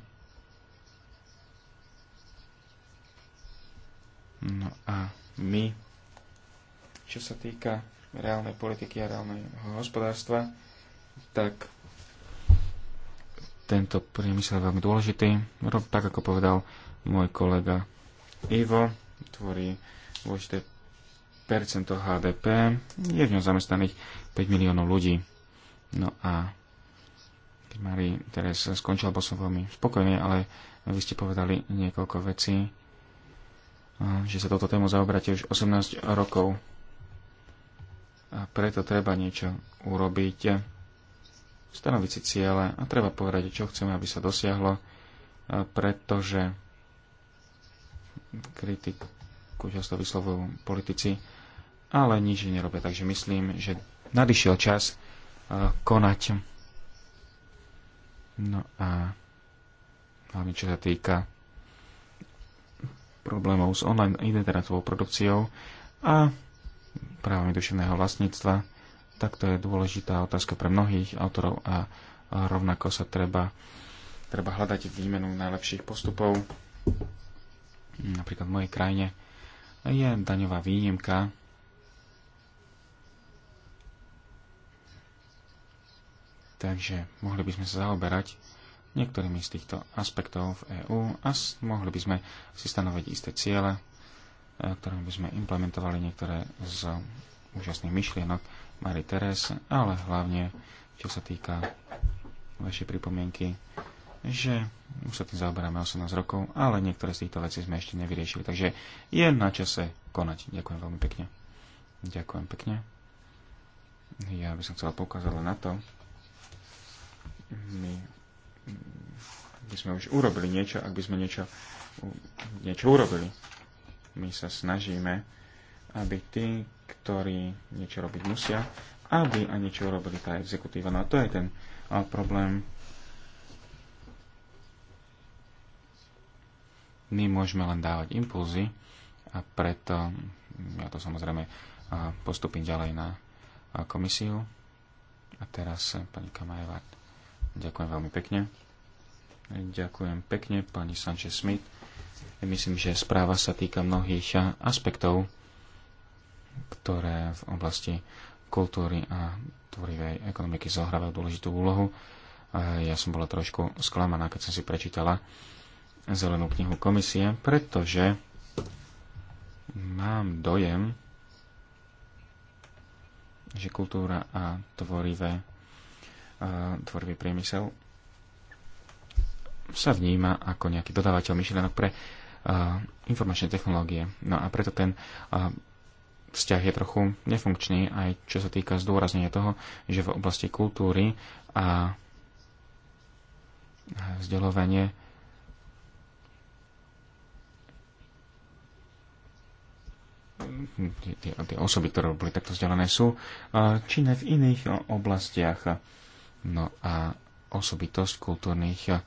No a my, čo sa týka reálnej politiky a reálneho hospodárstva, tak tento priemysel je veľmi dôležitý. Tak ako povedal môj kolega Ivo tvorí dôležité percento HDP, je v ňom zamestnaných 5 miliónov ľudí. No a keď Mari teraz skončil, bol som veľmi spokojný, ale vy ste povedali niekoľko vecí, že sa toto tému zaoberáte už 18 rokov. A preto treba niečo urobiť, stanoviť si ciele a treba povedať, čo chceme, aby sa dosiahlo, pretože kritiku často vyslovujú politici, ale nič nerobia. Takže myslím, že nadišiel čas e, konať. No a hlavne čo sa týka problémov s online internetovou produkciou a právami duševného vlastníctva, tak to je dôležitá otázka pre mnohých autorov a rovnako sa treba, treba hľadať výmenu najlepších postupov napríklad v mojej krajine, je daňová výnimka Takže mohli by sme sa zaoberať niektorými z týchto aspektov v EÚ a mohli by sme si stanoviť isté ciele, e, ktorým by sme implementovali niektoré z úžasných myšlienok Marie Teres, ale hlavne čo sa týka vašej pripomienky že už sa tým zaoberáme 18 rokov, ale niektoré z týchto vecí sme ešte nevyriešili. Takže je na čase konať. Ďakujem veľmi pekne. Ďakujem pekne. Ja by som chcel poukázať na to, my by sme už urobili niečo, ak by sme niečo, niečo urobili. My sa snažíme, aby tí, ktorí niečo robiť musia, aby a niečo urobili tá exekutíva. No a to je ten problém My môžeme len dávať impulzy a preto ja to samozrejme postupím ďalej na komisiu. A teraz e, pani Kamajeva, ďakujem veľmi pekne. Ďakujem pekne pani Sanchez Smith. Myslím, že správa sa týka mnohých aspektov, ktoré v oblasti kultúry a tvorivej ekonomiky zohrávajú dôležitú úlohu. Ja som bola trošku sklamaná, keď som si prečítala zelenú knihu komisie, pretože mám dojem, že kultúra a tvorivé, uh, tvorivý priemysel sa vníma ako nejaký dodávateľ myšlienok pre uh, informačné technológie. No a preto ten uh, vzťah je trochu nefunkčný, aj čo sa týka zdôraznenia toho, že v oblasti kultúry a vzdelovanie tie, osoby, ktoré boli takto vzdelané, sú eh, činné v iných eh, oblastiach. No a osobitosť kultúrnych, eh,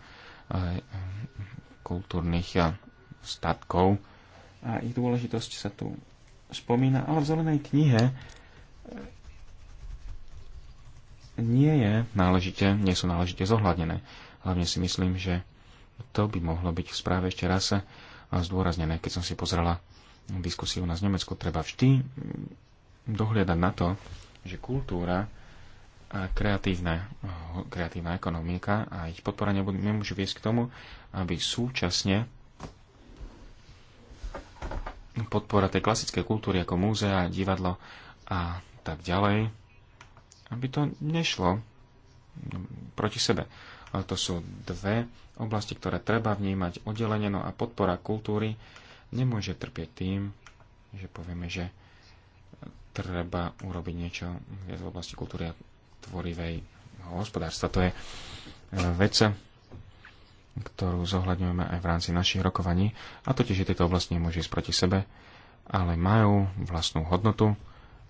kultúrnych statkov a ich dôležitosť sa tu spomína, ale v zelenej knihe nie je náležite, nie sú náležite zohľadnené. Hlavne si myslím, že to by mohlo byť v správe ešte raz zdôraznené, keď som si pozrela diskusii u nás v Nemecku, treba vždy dohliadať na to, že kultúra a kreatívna, kreatívna ekonomika a ich podpora nemôže viesť k tomu, aby súčasne podpora tej klasickej kultúry ako múzea, divadlo a tak ďalej, aby to nešlo proti sebe. Ale to sú dve oblasti, ktoré treba vnímať oddelenie, no a podpora kultúry nemôže trpieť tým, že povieme, že treba urobiť niečo v oblasti kultúry a tvorivej hospodárstva. To je e, vec, ktorú zohľadňujeme aj v rámci našich rokovaní, a totiž, že tieto oblasti nemôžu ísť proti sebe, ale majú vlastnú hodnotu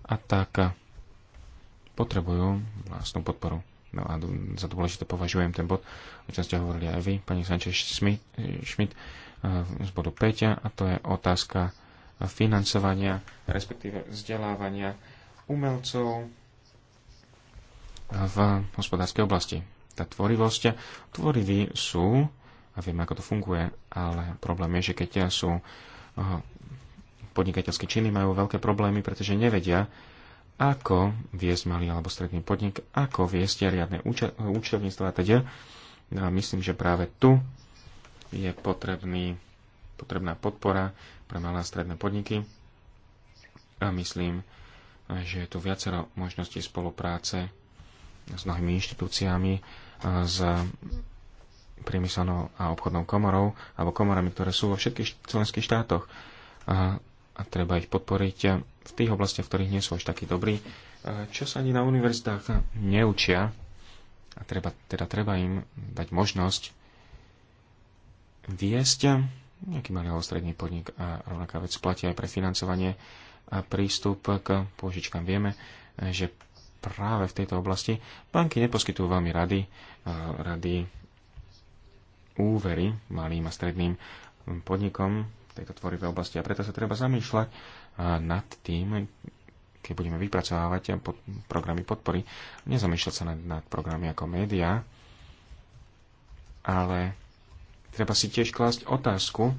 a tak potrebujú vlastnú podporu. No a za dôležité považujem ten bod, o čom ste hovorili aj vy, pani Sanchez Schmidt, z bodu 5 a to je otázka financovania, respektíve vzdelávania umelcov v hospodárskej oblasti. Tá tvorivosť, tvoriví sú, a vieme, ako to funguje, ale problém je, že keď sú eh, podnikateľské činy, majú veľké problémy, pretože nevedia, ako viesť malý alebo stredný podnik, ako viesť riadne účtovníctvo a teda. No myslím, že práve tu je potrebný, potrebná podpora pre malé a stredné podniky. A myslím, že je tu viacero možností spolupráce s mnohými inštitúciami, e, s priemyselnou a obchodnou komorou alebo komorami, ktoré sú vo všetkých členských štátoch. A, a treba ich podporiť v tých oblastiach, v ktorých nie sú až takí dobrí, e, čo sa ani na univerzitách neučia. A treba, teda treba im dať možnosť viesť nejaký malý stredný podnik a rovnaká vec platí aj pre financovanie a prístup k pôžičkám. Vieme, že práve v tejto oblasti banky neposkytujú veľmi rady, rady úvery malým a stredným podnikom v tejto tvorivej oblasti a preto sa treba zamýšľať nad tým, keď budeme vypracovávať pod, programy podpory, nezamýšľať sa nad, nad programy ako médiá, ale Treba si tiež klásť otázku,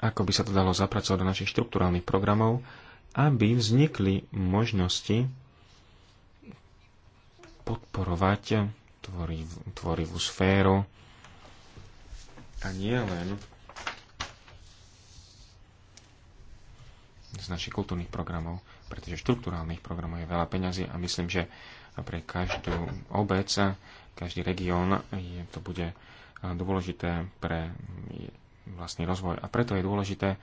ako by sa to dalo zapracovať do našich štruktúrálnych programov, aby vznikli možnosti podporovať tvoriv, tvorivú sféru a nie len z našich kultúrnych programov, pretože štruktúrálnych programov je veľa peňazí a myslím, že pre každú obec každý región je, to bude eh, dôležité pre vlastný rozvoj. A preto je dôležité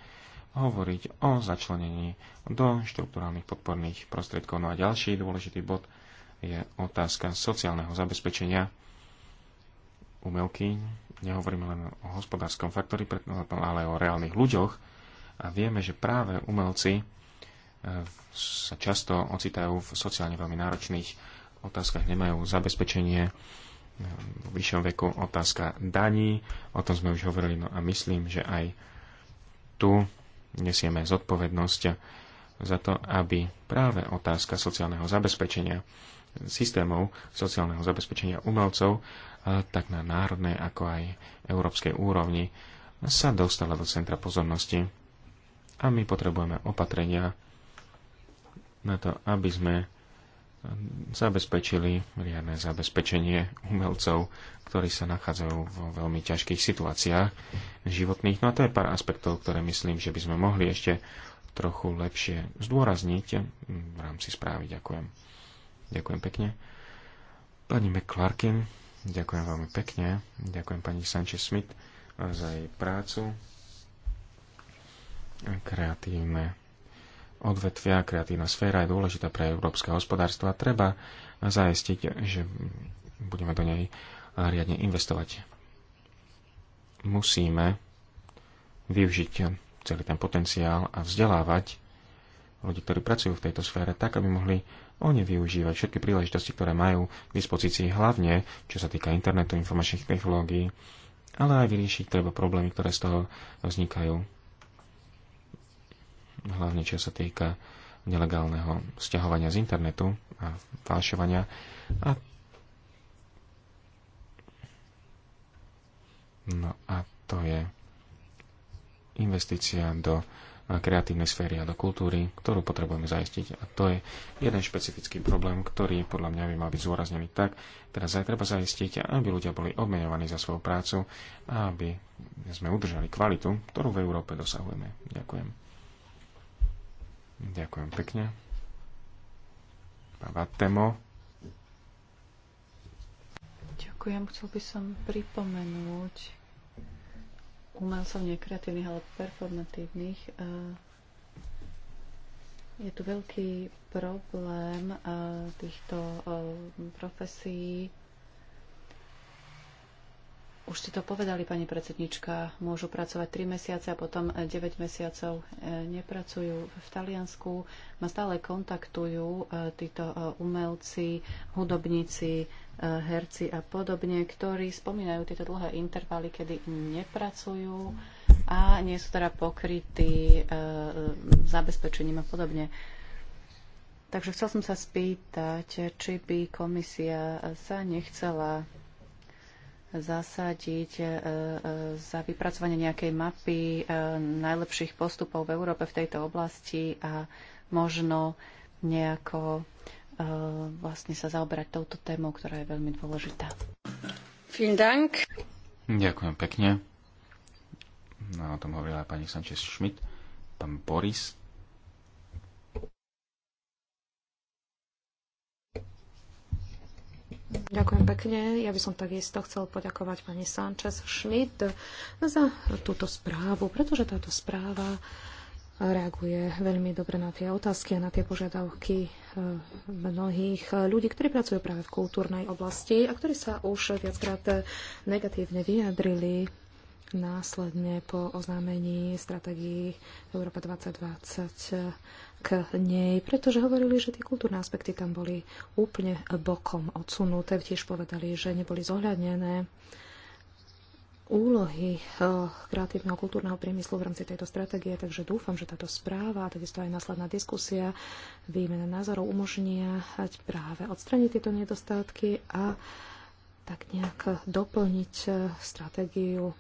hovoriť o začlenení do štruktúrálnych podporných prostriedkov. No a ďalší dôležitý bod je otázka sociálneho zabezpečenia umelky. Nehovoríme len o hospodárskom faktori, no, ale o reálnych ľuďoch. A vieme, že práve umelci eh, sa často ocitajú v sociálne veľmi náročných otázkach nemajú zabezpečenie eh, v vyššom veku, otázka daní, o tom sme už hovorili, no a myslím, že aj tu nesieme zodpovednosť za to, aby práve otázka sociálneho zabezpečenia systémov sociálneho zabezpečenia umelcov, eh, tak na národnej ako aj európskej úrovni sa dostala do centra pozornosti. A my potrebujeme opatrenia na to, aby sme zabezpečili riadne zabezpečenie umelcov, ktorí sa nachádzajú vo veľmi ťažkých situáciách životných. No a to je pár aspektov, ktoré myslím, že by sme mohli ešte trochu lepšie zdôrazniť v rámci správy. Ďakujem. Ďakujem pekne. Pani McClarkin, ďakujem veľmi pekne. Ďakujem pani Sanchez-Smith za jej prácu. Kreatívne odvetvia, kreatívna sféra je dôležitá pre európske hospodárstvo a treba zajistiť, že budeme do nej riadne investovať. Musíme využiť celý ten potenciál a vzdelávať ľudí, ktorí pracujú v tejto sfére, tak, aby mohli oni využívať všetky príležitosti, ktoré majú k dispozícii, hlavne čo sa týka internetu, informačných technológií, ale aj vyriešiť treba problémy, ktoré z toho vznikajú hlavne čo sa týka nelegálneho sťahovania z internetu a falšovania. A No a to je investícia do kreatívnej sféry a do kultúry, ktorú potrebujeme zaistiť. A to je jeden špecifický problém, ktorý podľa mňa by mal byť zúraznený tak, teraz teda aj treba zaistiť, aby ľudia boli obmenovaní za svoju prácu a aby sme udržali kvalitu, ktorú v Európe dosahujeme. Ďakujem. Ďakujem pekne. Páva Temo. Ďakujem. Chcel by som pripomenúť umelcov nekreatívnych, ale performatívnych. E, je tu veľký problém e, týchto e, profesí, už ste to povedali, pani predsednička, môžu pracovať 3 mesiace a potom 9 e, mesiacov e, nepracujú. V Taliansku ma stále kontaktujú e, títo umelci, hudobníci, herci a podobne, ktorí spomínajú tieto dlhé intervaly, kedy nepracujú a nie sú teda pokrytí zabezpečením a podobne. Takže chcel som sa spýtať, či by komisia sa nechcela zasadiť e, e, za vypracovanie nejakej mapy e, najlepších postupov v Európe v tejto oblasti a možno nejako vlastne sa zaoberať touto témou, ktorá je veľmi dôležitá. Dank. Ďakujem pekne. No, o tom hovorila aj pani Sanchez Schmidt. Pán Boris. Ďakujem pekne. Ja by som takisto chcel poďakovať pani Sánchez Schmidt za túto správu, pretože táto správa reaguje veľmi dobre na tie otázky a na tie požiadavky eh, mnohých ľudí, ktorí pracujú práve v kultúrnej oblasti a ktorí sa už viackrát eh, negatívne vyjadrili následne po oznámení stratégií Európa 2020 k nej, pretože hovorili, že tie kultúrne aspekty tam boli úplne bokom odsunuté. Tiež povedali, že neboli zohľadnené úlohy eh, kreatívneho kultúrneho priemyslu v rámci tejto stratégie, takže dúfam, že táto správa a takisto aj následná diskusia, výmena názorov umožnia práve odstraniť tieto nedostatky a tak nejak doplniť eh, stratégiu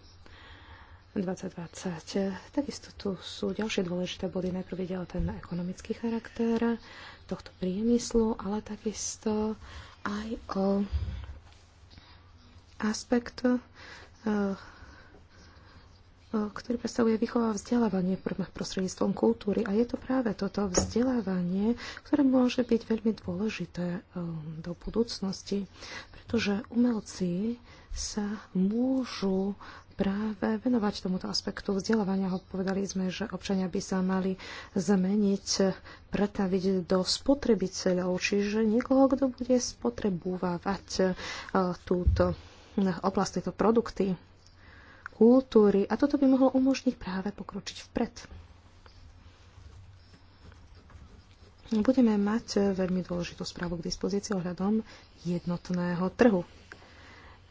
2020. Takisto tu sú ďalšie dôležité body. Najprv ide o ten ekonomický charakter tohto priemyslu, ale takisto aj o aspekt, eh, ktorý predstavuje výchova a vzdelávanie prostredníctvom kultúry. A je to práve toto vzdelávanie, ktoré môže byť veľmi dôležité eh, do budúcnosti, pretože umelci sa môžu práve venovať tomuto aspektu vzdelávania. Povedali sme, že občania by sa mali zmeniť, pretaviť do spotrebiteľov, čiže niekoho, kto bude spotrebovávať e, túto e, oblasť, tieto produkty, kultúry. A toto by mohlo umožniť práve pokročiť vpred. Budeme mať e, veľmi dôležitú správu k dispozícii ohľadom jednotného trhu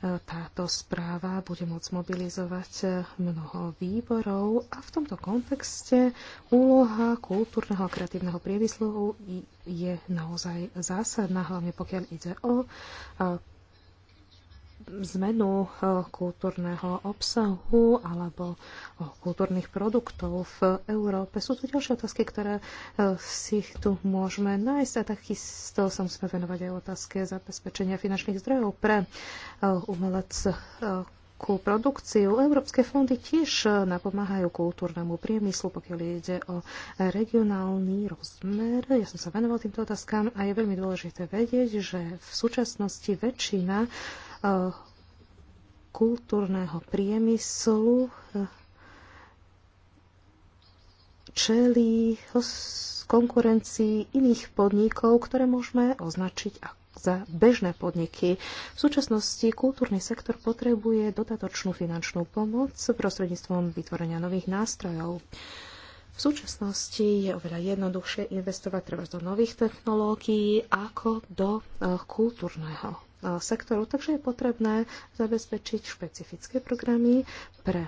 táto správa bude môcť mobilizovať eh, mnoho výborov a v tomto kontexte úloha kultúrneho a kreatívneho priemyslu je naozaj zásadná, hlavne pokiaľ ide o eh, zmenu eh, kultúrneho obsahu alebo eh, kultúrnych produktov v Európe. Sú tu ďalšie otázky, ktoré eh, si tu môžeme nájsť a takisto sa musíme venovať aj otázke zabezpečenia finančných zdrojov pre umelec ku produkciu. Európske fondy tiež napomáhajú kultúrnemu priemyslu, pokiaľ ide o regionálny rozmer. Ja som sa venoval týmto otázkam a je veľmi dôležité vedieť, že v súčasnosti väčšina uh, Eh, kultúrneho priemyslu eh, čelí konkurencii iných podnikov, ktoré môžeme označiť za bežné podniky. V súčasnosti kultúrny sektor potrebuje dodatočnú finančnú pomoc prostredníctvom vytvorenia nových nástrojov. V súčasnosti je oveľa jednoduchšie investovať treba do nových technológií ako do eh, kultúrneho E, sektoru, takže je potrebné zabezpečiť špecifické programy pre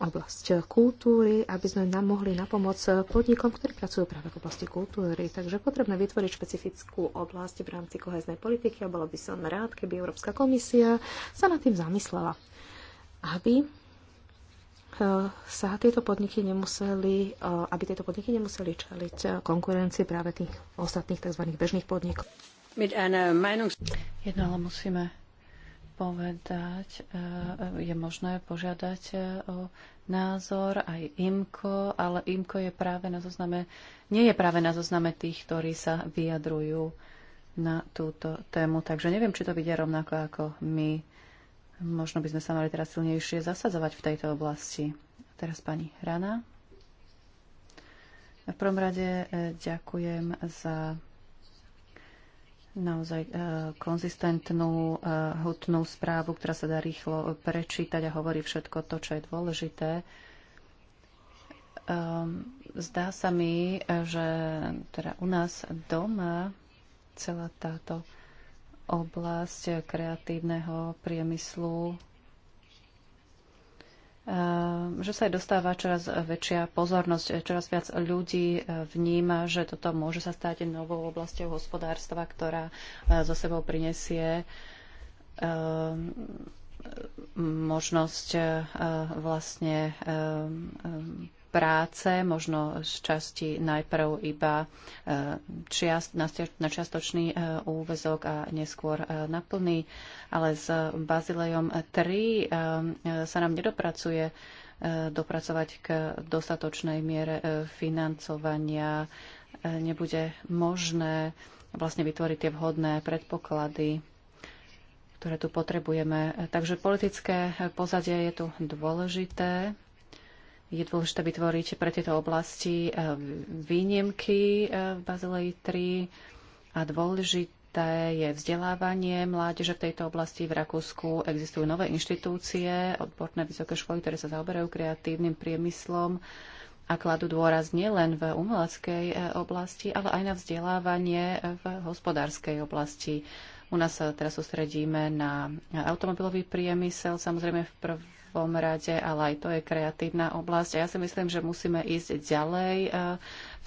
oblasť kultúry, aby sme nám mohli napomôcť podnikom, ktorí pracujú práve v oblasti kultúry. Takže potrebné vytvoriť špecifickú oblasť v rámci koheznej politiky a bolo by som rád, keby Európska komisia sa nad tým zamyslela, aby e, sa tieto podniky nemuseli, e, aby tieto podniky nemuseli čeliť konkurencii práve tých ostatných tzv. bežných podnikov. Jedno musíme povedať, eh, je možné požiadať eh, o názor aj IMKO, ale IMKO je práve na zozname, nie je práve na zozname tých, ktorí sa vyjadrujú na túto tému. Takže neviem, či to vidia rovnako ako my. Možno by sme sa mali teraz silnejšie zasadzovať v tejto oblasti. teraz pani Rana. V prvom rade eh, ďakujem za naozaj e, konzistentnú, e, hutnú správu, ktorá sa dá rýchlo prečítať a hovorí všetko to, čo je dôležité. Um, zdá sa mi, že teda u nás doma celá táto oblasť kreatívneho priemyslu Ehm, že sa aj dostáva čoraz väčšia pozornosť, čoraz viac ľudí e, vníma, že toto môže sa stať novou oblasťou hospodárstva, ktorá e, zo sebou prinesie ehm, e, možnosť vlastne ehm, práce, možno z časti najprv iba e, čiast, na čiastočný e, úvezok a neskôr e, na plný. Ale s Bazilejom 3 sa nám nedopracuje dopracovať k dostatočnej miere financovania. Nebude možné vlastne vytvoriť tie vhodné predpoklady ktoré tu potrebujeme. Takže politické pozadie je tu dôležité je dôležité vytvoriť pre tieto oblasti ehm, výnimky ehm, v Bazilei 3 a dôležité je vzdelávanie mládeže v tejto oblasti. V Rakúsku existujú nové inštitúcie, odborné vysoké školy, ktoré sa zaoberajú kreatívnym priemyslom a kladú dôraz nielen v umeleckej e, oblasti, ale aj na vzdelávanie e, v hospodárskej oblasti. U nás sa teraz sústredíme na automobilový priemysel, samozrejme v prv prvom rade, ale aj to je kreatívna oblasť. A ja si myslím, že musíme ísť ďalej e,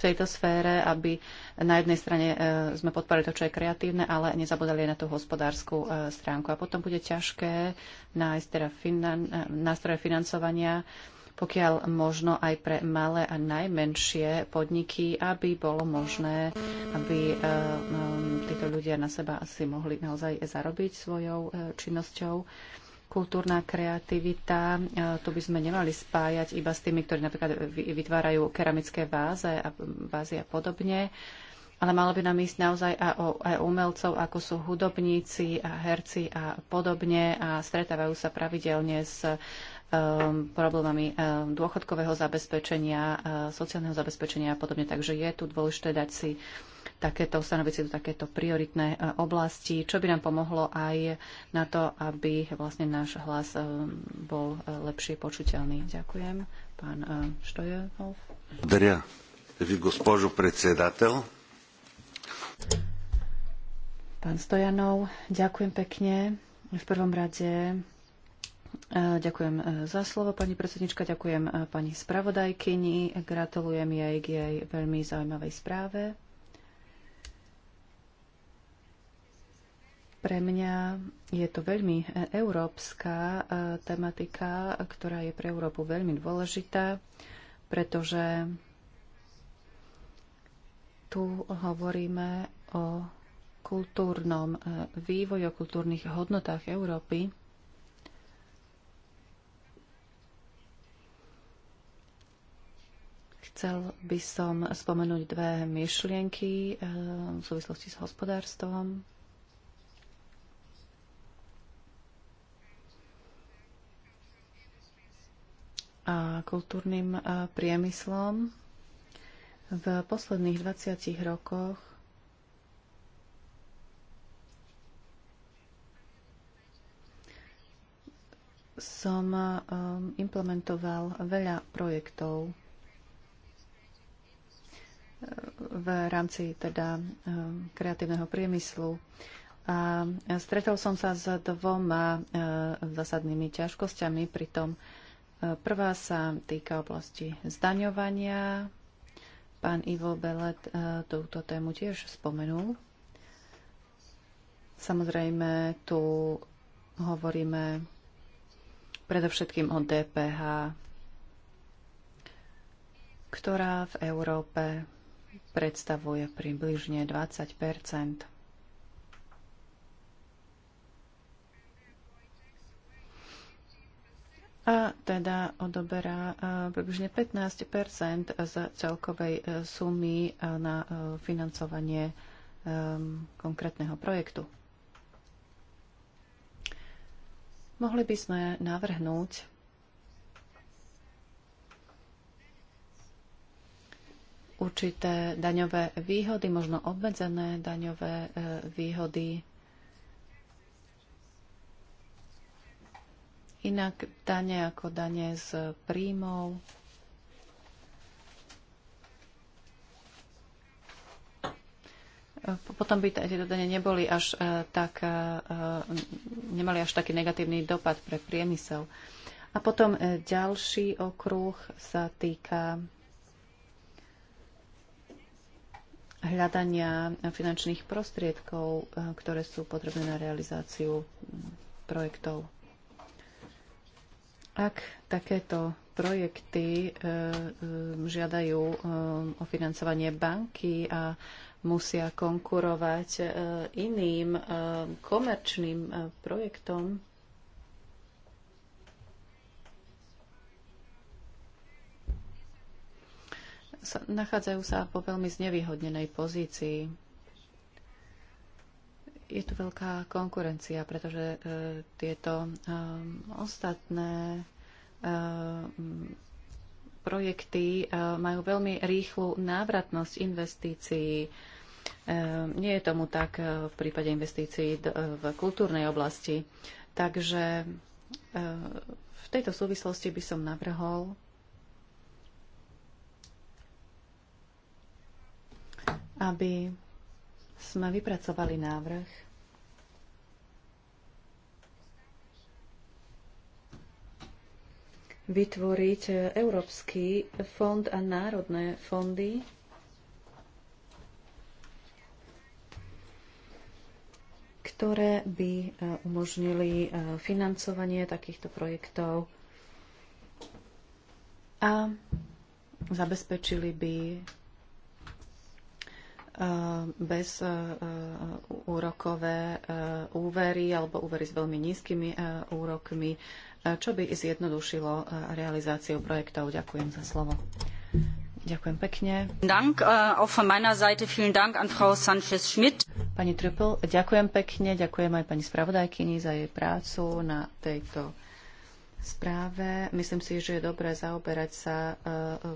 v tejto sfére, aby na jednej strane e, sme podporili to, čo je kreatívne, ale nezabudali aj na tú hospodárskú e, stránku. A potom bude ťažké nájsť teda finan- nástroje financovania, pokiaľ možno aj pre malé a najmenšie podniky, aby bolo možné, aby títo ľudia na seba asi mohli naozaj zarobiť svojou činnosťou kultúrna kreativita, e, tu by sme nemali spájať iba s tými, ktorí napríklad vytvárajú keramické váze a, vázy a podobne, ale malo by nám ísť naozaj aj o aj umelcov, ako sú hudobníci a herci a podobne a stretávajú sa pravidelne s um, problémami um, dôchodkového zabezpečenia, uh, sociálneho zabezpečenia a podobne. Takže je tu dôležité dať si uh, takéto, ustanoviť si tu takéto prioritné e, oblasti, čo by nám pomohlo aj na to, aby vlastne náš hlas e, bol e, lepšie počuteľný. Ďakujem. Pán Štojenov. Dria, vy gospožu predsedateľ. Pán Stojanov, ďakujem pekne. V prvom rade Ďakujem za slovo, pani predsednička, ďakujem pani spravodajkyni, gratulujem jej k jej veľmi zaujímavej správe. Pre mňa je to veľmi e, európska e, tematika, ktorá je pre Európu veľmi dôležitá, pretože tu hovoríme o kultúrnom e, vývoji, o kultúrnych hodnotách Európy. Chcel by som spomenúť dve myšlienky v súvislosti s hospodárstvom. a kultúrnym e, priemyslom. V posledných 20 rokoch som e, implementoval veľa projektov e, v rámci teda kreatívneho priemyslu. A stretol som sa s dvoma zásadnými ťažkosťami pri tom, Prvá sa týka oblasti zdaňovania. Pán Ivo Belet e, túto tému tiež spomenul. Samozrejme, tu hovoríme predovšetkým o DPH, ktorá v Európe predstavuje približne 20 a teda odoberá e, približne 15 z celkovej e, sumy e, na financovanie konkrétneho projektu. Mohli by sme navrhnúť určité daňové výhody, možno obmedzené daňové výhody Inak dane ako dane z príjmov, potom by tieto dane neboli až e, tak, e, e, nemali až taký negatívny dopad pre priemysel. A potom ďalší okruh sa týka hľadania finančných prostriedkov, ktoré sú potrebné na realizáciu projektov. Ak takéto projekty e, e, žiadajú e, o financovanie banky a musia konkurovať e, iným e, komerčným e, projektom, nachádzajú sa po veľmi znevýhodnenej pozícii je tu veľká konkurencia, pretože e, tieto e, ostatné e, projekty majú veľmi rýchlu návratnosť investícií. Nie je tomu tak v prípade investícií v kultúrnej oblasti. Takže v tejto súvislosti by som navrhol, aby sme vypracovali návrh, vytvoriť Európsky fond a národné fondy ktoré by e, umožnili e, financovanie takýchto projektov a zabezpečili by Eh, bez eh, eh, úrokové úvery alebo úvery s veľmi nízkymi úrokmi, čo by zjednodušilo realizáciu projektov. Ďakujem za slovo. Ďakujem pekne. Dank, auch von meiner Seite vielen Dank an Frau Sanchez Schmidt. Pani Trüppel, ďakujem pekne, ďakujem aj pani spravodajkyni za jej prácu na tejto správe. Myslím si, že je dobré zaoberať sa e,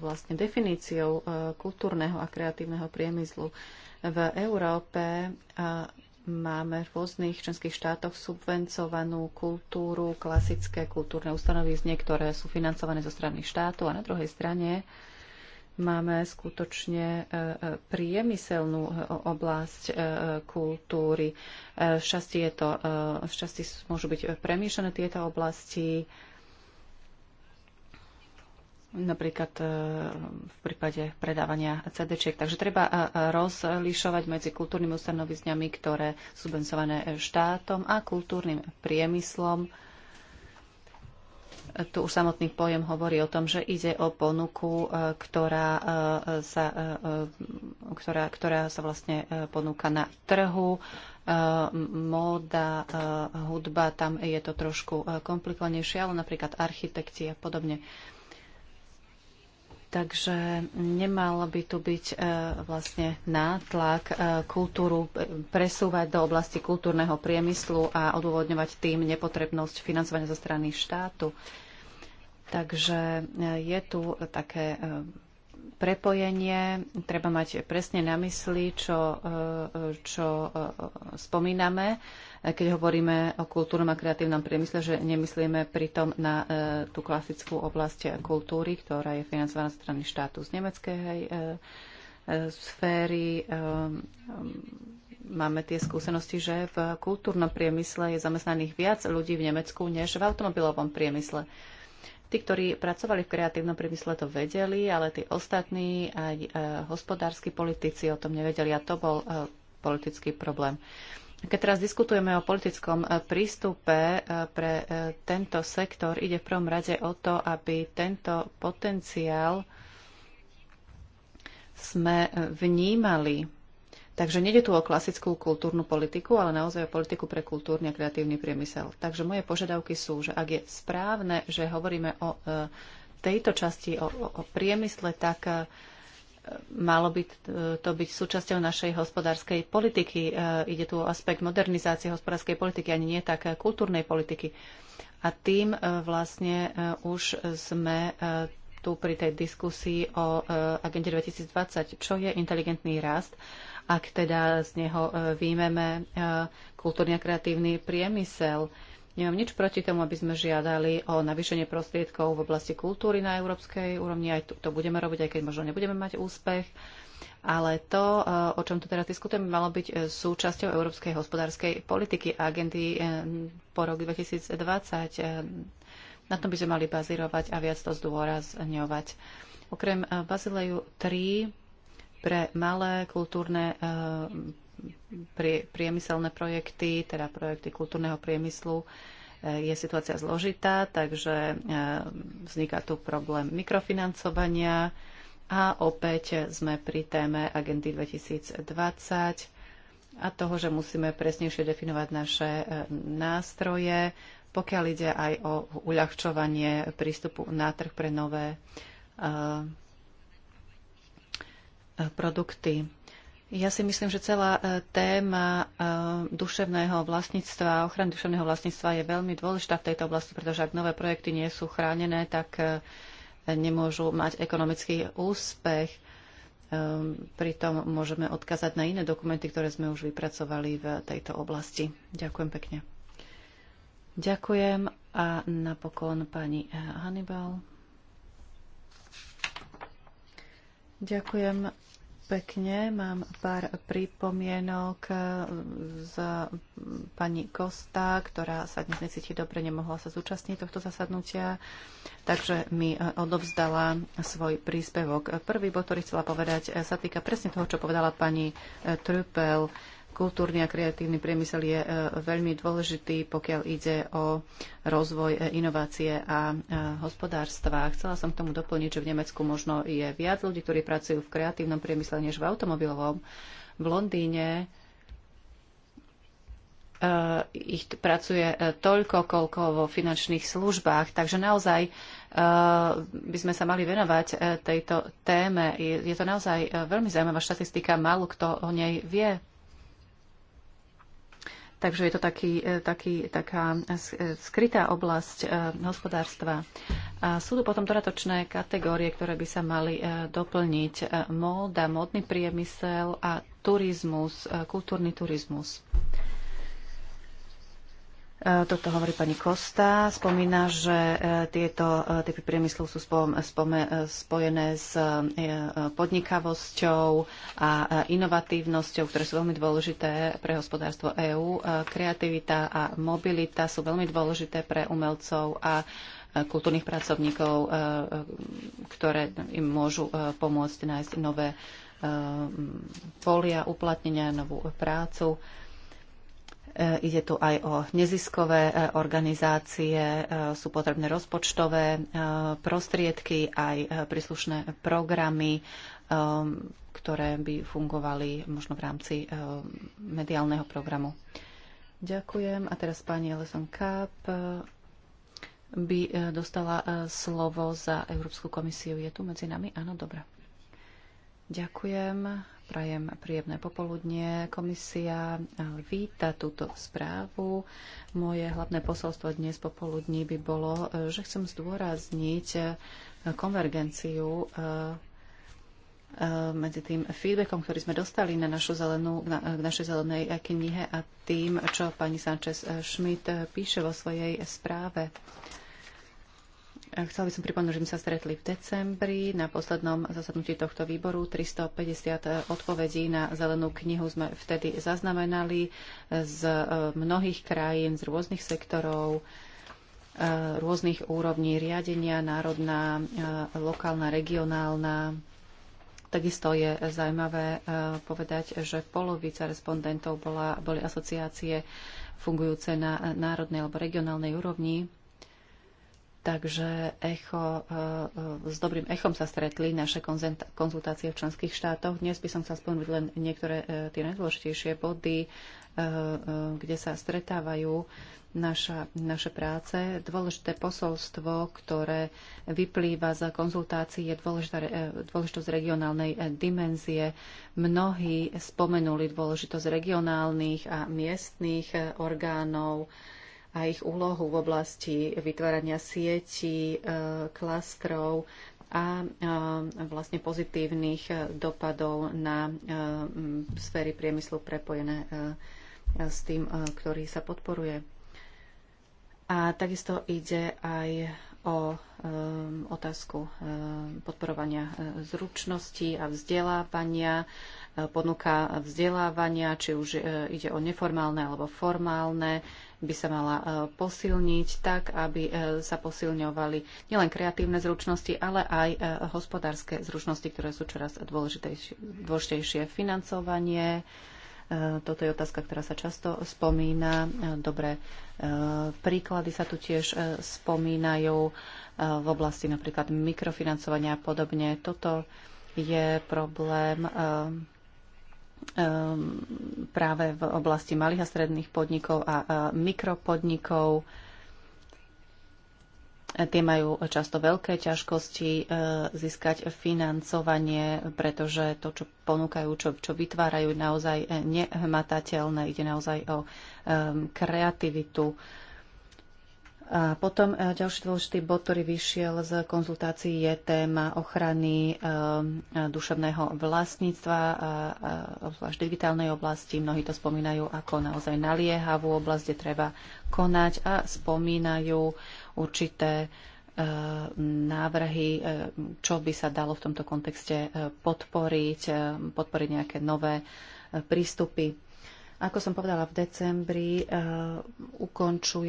vlastne definíciou e, kultúrneho a kreatívneho priemyslu. V Európe e, máme v rôznych členských štátoch subvencovanú kultúru, klasické kultúrne ustanovizne, ktoré sú financované zo strany štátu a na druhej strane máme skutočne priemyselnú oblasť kultúry. V časti, je to, v časti môžu byť premiešané tieto oblasti napríklad e, v prípade predávania cd -čiek. Takže treba e, rozlišovať medzi kultúrnymi ustanovizňami, ktoré sú subvencované štátom a kultúrnym priemyslom. E, tu už samotný pojem hovorí o tom, že ide o ponuku, ktorá sa, ktorá, ktorá sa vlastne ponúka na trhu. Móda, hudba, tam je to trošku komplikovanejšie, ale napríklad architekti a podobne. Takže nemal by tu byť e, vlastne nátlak e, kultúru e, presúvať do oblasti kultúrneho priemyslu a odôvodňovať tým nepotrebnosť financovania zo strany štátu. Takže je tu také prepojenie, treba mať presne na mysli, čo, čo spomíname keď hovoríme o kultúrnom a kreatívnom priemysle, že nemyslíme pritom na e, tú klasickú oblasť kultúry, ktorá je financovaná strany štátu z nemeckej e, e, sféry. Máme tie skúsenosti, že v kultúrnom priemysle je zamestnaných viac ľudí v Nemecku než v automobilovom priemysle. Tí, ktorí pracovali v kreatívnom priemysle, to vedeli, ale tí ostatní, aj hospodársky politici o tom nevedeli a to bol politický problém. Keď teraz diskutujeme o politickom eh, prístupe eh, pre eh, tento sektor, ide v prvom rade o to, aby tento potenciál sme vnímali. Takže nejde tu o klasickú kultúrnu politiku, ale naozaj o politiku pre kultúrny a kreatívny priemysel. Takže moje požiadavky sú, že ak je správne, že hovoríme o tejto časti, o, o priemysle, tak malo by to byť súčasťou našej hospodárskej politiky. E, ide tu o aspekt modernizácie hospodárskej politiky, ani nie tak e, kultúrnej politiky. A tým e, vlastne už sme tu pri tej diskusii o agende 2020, čo je inteligentný rast, ak teda z neho výjmeme kultúrne kreatívny priemysel, Nemám nič proti tomu, aby sme žiadali o navýšenie prostriedkov v oblasti kultúry na európskej úrovni. Aj to, to budeme robiť, aj keď možno nebudeme mať úspech. Ale to, e, o čom tu teraz diskutujeme, malo byť e, súčasťou európskej hospodárskej politiky a agendy e, po roku 2020. Na tom by sme mali bazírovať a viac to zdôrazňovať. Okrem Bazileju 3 pre malé kultúrne prie, priemyselné projekty, teda projekty kultúrneho priemyslu, e, je situácia zložitá, takže e, vzniká tu problém mikrofinancovania a opäť sme pri téme agendy 2020 a toho, že musíme presnejšie definovať naše e, nástroje, pokiaľ ide aj o uľahčovanie prístupu na trh pre nové produkty. Ja si myslím, že celá e, téma e, duševného vlastníctva, ochrany duševného vlastníctva je veľmi dôležitá v tejto oblasti, pretože ak nové projekty nie sú chránené, tak e, nemôžu mať ekonomický úspech. Pritom môžeme odkázať na iné dokumenty, ktoré sme už vypracovali v tejto oblasti. Ďakujem pekne. Ďakujem a napokon pani Hannibal. Ďakujem pekne. Mám pár pripomienok eh, z pani Kosta, ktorá sa dnes necíti dobre, nemohla sa zúčastniť tohto zasadnutia, takže mi eh, odovzdala svoj príspevok. Prvý bod, ktorý chcela povedať, eh, sa týka presne toho, čo povedala pani Trupel. Kultúrny a kreatívny priemysel je e, veľmi dôležitý, pokiaľ ide o rozvoj e, inovácie a e, hospodárstva. Chcela som k tomu doplniť, že v Nemecku možno je viac ľudí, ktorí pracujú v kreatívnom priemysle než v automobilovom. V Londýne uh, ich pracuje toľko, koľko vo finančných službách. Takže naozaj uh, by sme sa mali venovať uh, tejto téme. Je, je to naozaj uh, veľmi zaujímavá štatistika, málo kto o nej vie. Takže je to taký, e, taký, taká skrytá oblasť e, hospodárstva. A sú tu potom dodatočné kategórie, ktoré by sa mali e, doplniť. Móda, módny priemysel a turizmus, kultúrny turizmus. E, toto hovorí pani Kosta. Spomína, že e, tieto e, typy priemyslu sú spojené s podnikavosťou a inovatívnosťou, ktoré sú veľmi dôležité pre hospodárstvo EÚ. Kreativita a mobilita sú veľmi dôležité pre umelcov a kultúrnych pracovníkov, ktoré im môžu pomôcť nájsť nové polia uplatnenia, novú prácu. E, ide tu aj o neziskové e, organizácie, e, sú potrebné rozpočtové prostriedky, aj príslušné programy, ktoré by fungovali možno v rámci mediálneho programu. Ďakujem. A teraz pani Alison Kapp by dostala slovo za Európsku komisiu. Je tu medzi nami? Áno, dobre. Ďakujem. Prajem príjemné popoludnie. Komisia e, víta túto správu. Moje hlavné posolstvo dnes popoludní by bolo, e, že chcem zdôrazniť e, konvergenciu medzi tým feedbackom, ktorý sme dostali na našu zelenú, na, našej zelenej knihe a tým, čo pani Sanchez Schmidt píše vo svojej správe. Chcel by som pripomenúť, že sme sa stretli v decembri na poslednom zasadnutí tohto výboru. 350 odpovedí na zelenú knihu sme vtedy zaznamenali z e, mnohých krajín, z rôznych sektorov, e, rôznych úrovní riadenia, národná, e, lokálna, regionálna. Takisto je zaujímavé povedať, že polovica respondentov bola, boli asociácie fungujúce na národnej alebo regionálnej úrovni Takže echo, e, e, s dobrým echom sa stretli naše konzultácie v členských štátoch. Dnes by som sa spomenúť len niektoré e, tie najdôležitejšie body, kde sa stretávajú naša, naše práce. Dôležité posolstvo, ktoré vyplýva z konzultácií, je dôležitosť regionálnej dimenzie. Mnohí spomenuli dôležitosť regionálnych a miestných orgánov, a ich úlohu v oblasti vytvárania sietí, e, klastrov a e, vlastne pozitívnych e, dopadov na sféry priemyslu prepojené s tým, ktorý sa podporuje. A takisto ide aj o otázku podporovania zručnosti a vzdelávania, ponuka vzdelávania, či už ide o neformálne alebo formálne by sa mala e, posilniť tak, aby e, sa posilňovali nielen kreatívne zručnosti, ale aj e, hospodárske zručnosti, ktoré sú čoraz dôležitejšie. Financovanie, toto je otázka, ktorá sa často spomína. Dobré príklady sa tu tiež spomínajú v oblasti napríklad mikrofinancovania a podobne. Toto je problém Ehm, práve v oblasti malých a stredných podnikov a e, mikropodnikov. E, tie majú často veľké ťažkosti e, získať financovanie, pretože to, čo ponúkajú, čo, čo vytvárajú, je naozaj nehmatateľné. Ide naozaj o kreativitu a potom e, ďalší dôležitý bod, ktorý vyšiel z konzultácií, je téma ochrany e, duševného vlastníctva, obzvlášť digitálnej oblasti. Mnohí to spomínajú ako naozaj naliehavú oblasť, kde treba konať a spomínajú určité e, návrhy, čo by sa dalo v tomto kontexte podporiť, podporiť nejaké nové prístupy. Ako som povedala v decembri, ukončujeme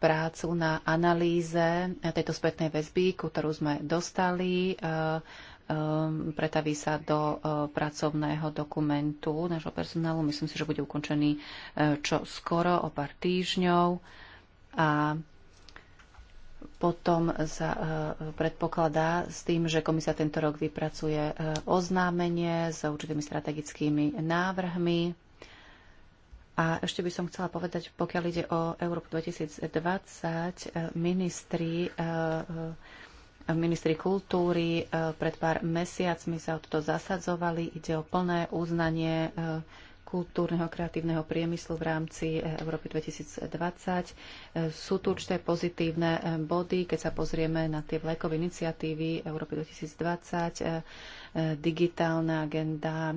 prácu na analýze tejto spätnej väzby, ktorú sme dostali. E, e, pretaví sa do e, pracovného dokumentu nášho personálu. Myslím si, že bude ukončený čo skoro, o pár týždňov. A potom sa predpokladá s tým, že komisia tento rok vypracuje oznámenie s určitými strategickými návrhmi a ešte by som chcela povedať, pokiaľ ide o Európu 2020, eh, ministri eh, eh, ministri kultúry pred pár mesiacmi sa o toto zasadzovali. Ide o plné uznanie kultúrneho kreatívneho priemyslu v rámci eh, Európy 2020. Eh, sú tu určité pozitívne eh, body, keď sa pozrieme na tie vlekové iniciatívy Európy 2020. Digitálna agenda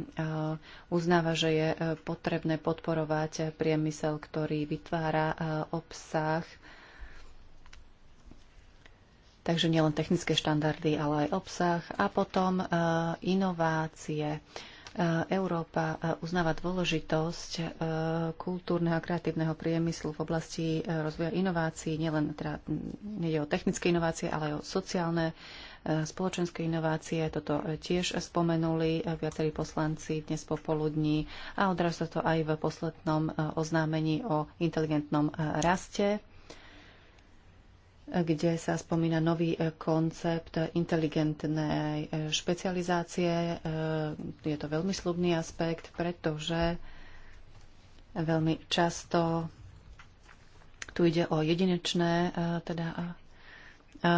uznáva, že je potrebné podporovať priemysel, ktorý vytvára obsah Takže nielen technické štandardy, ale aj obsah a potom inovácie. Európa e, uznáva dôležitosť e, kultúrneho a kreatívneho priemyslu v oblasti e, rozvoja inovácií, nielen teda, nie o technické inovácie, ale aj o sociálne spoločenské inovácie. Toto tiež spomenuli viacerí poslanci dnes popoludní a odráža sa to aj v poslednom oznámení o inteligentnom raste kde sa spomína nový e, koncept inteligentnej e, špecializácie. E, je to veľmi slubný aspekt, pretože veľmi často tu ide o jedinečné teda Eh,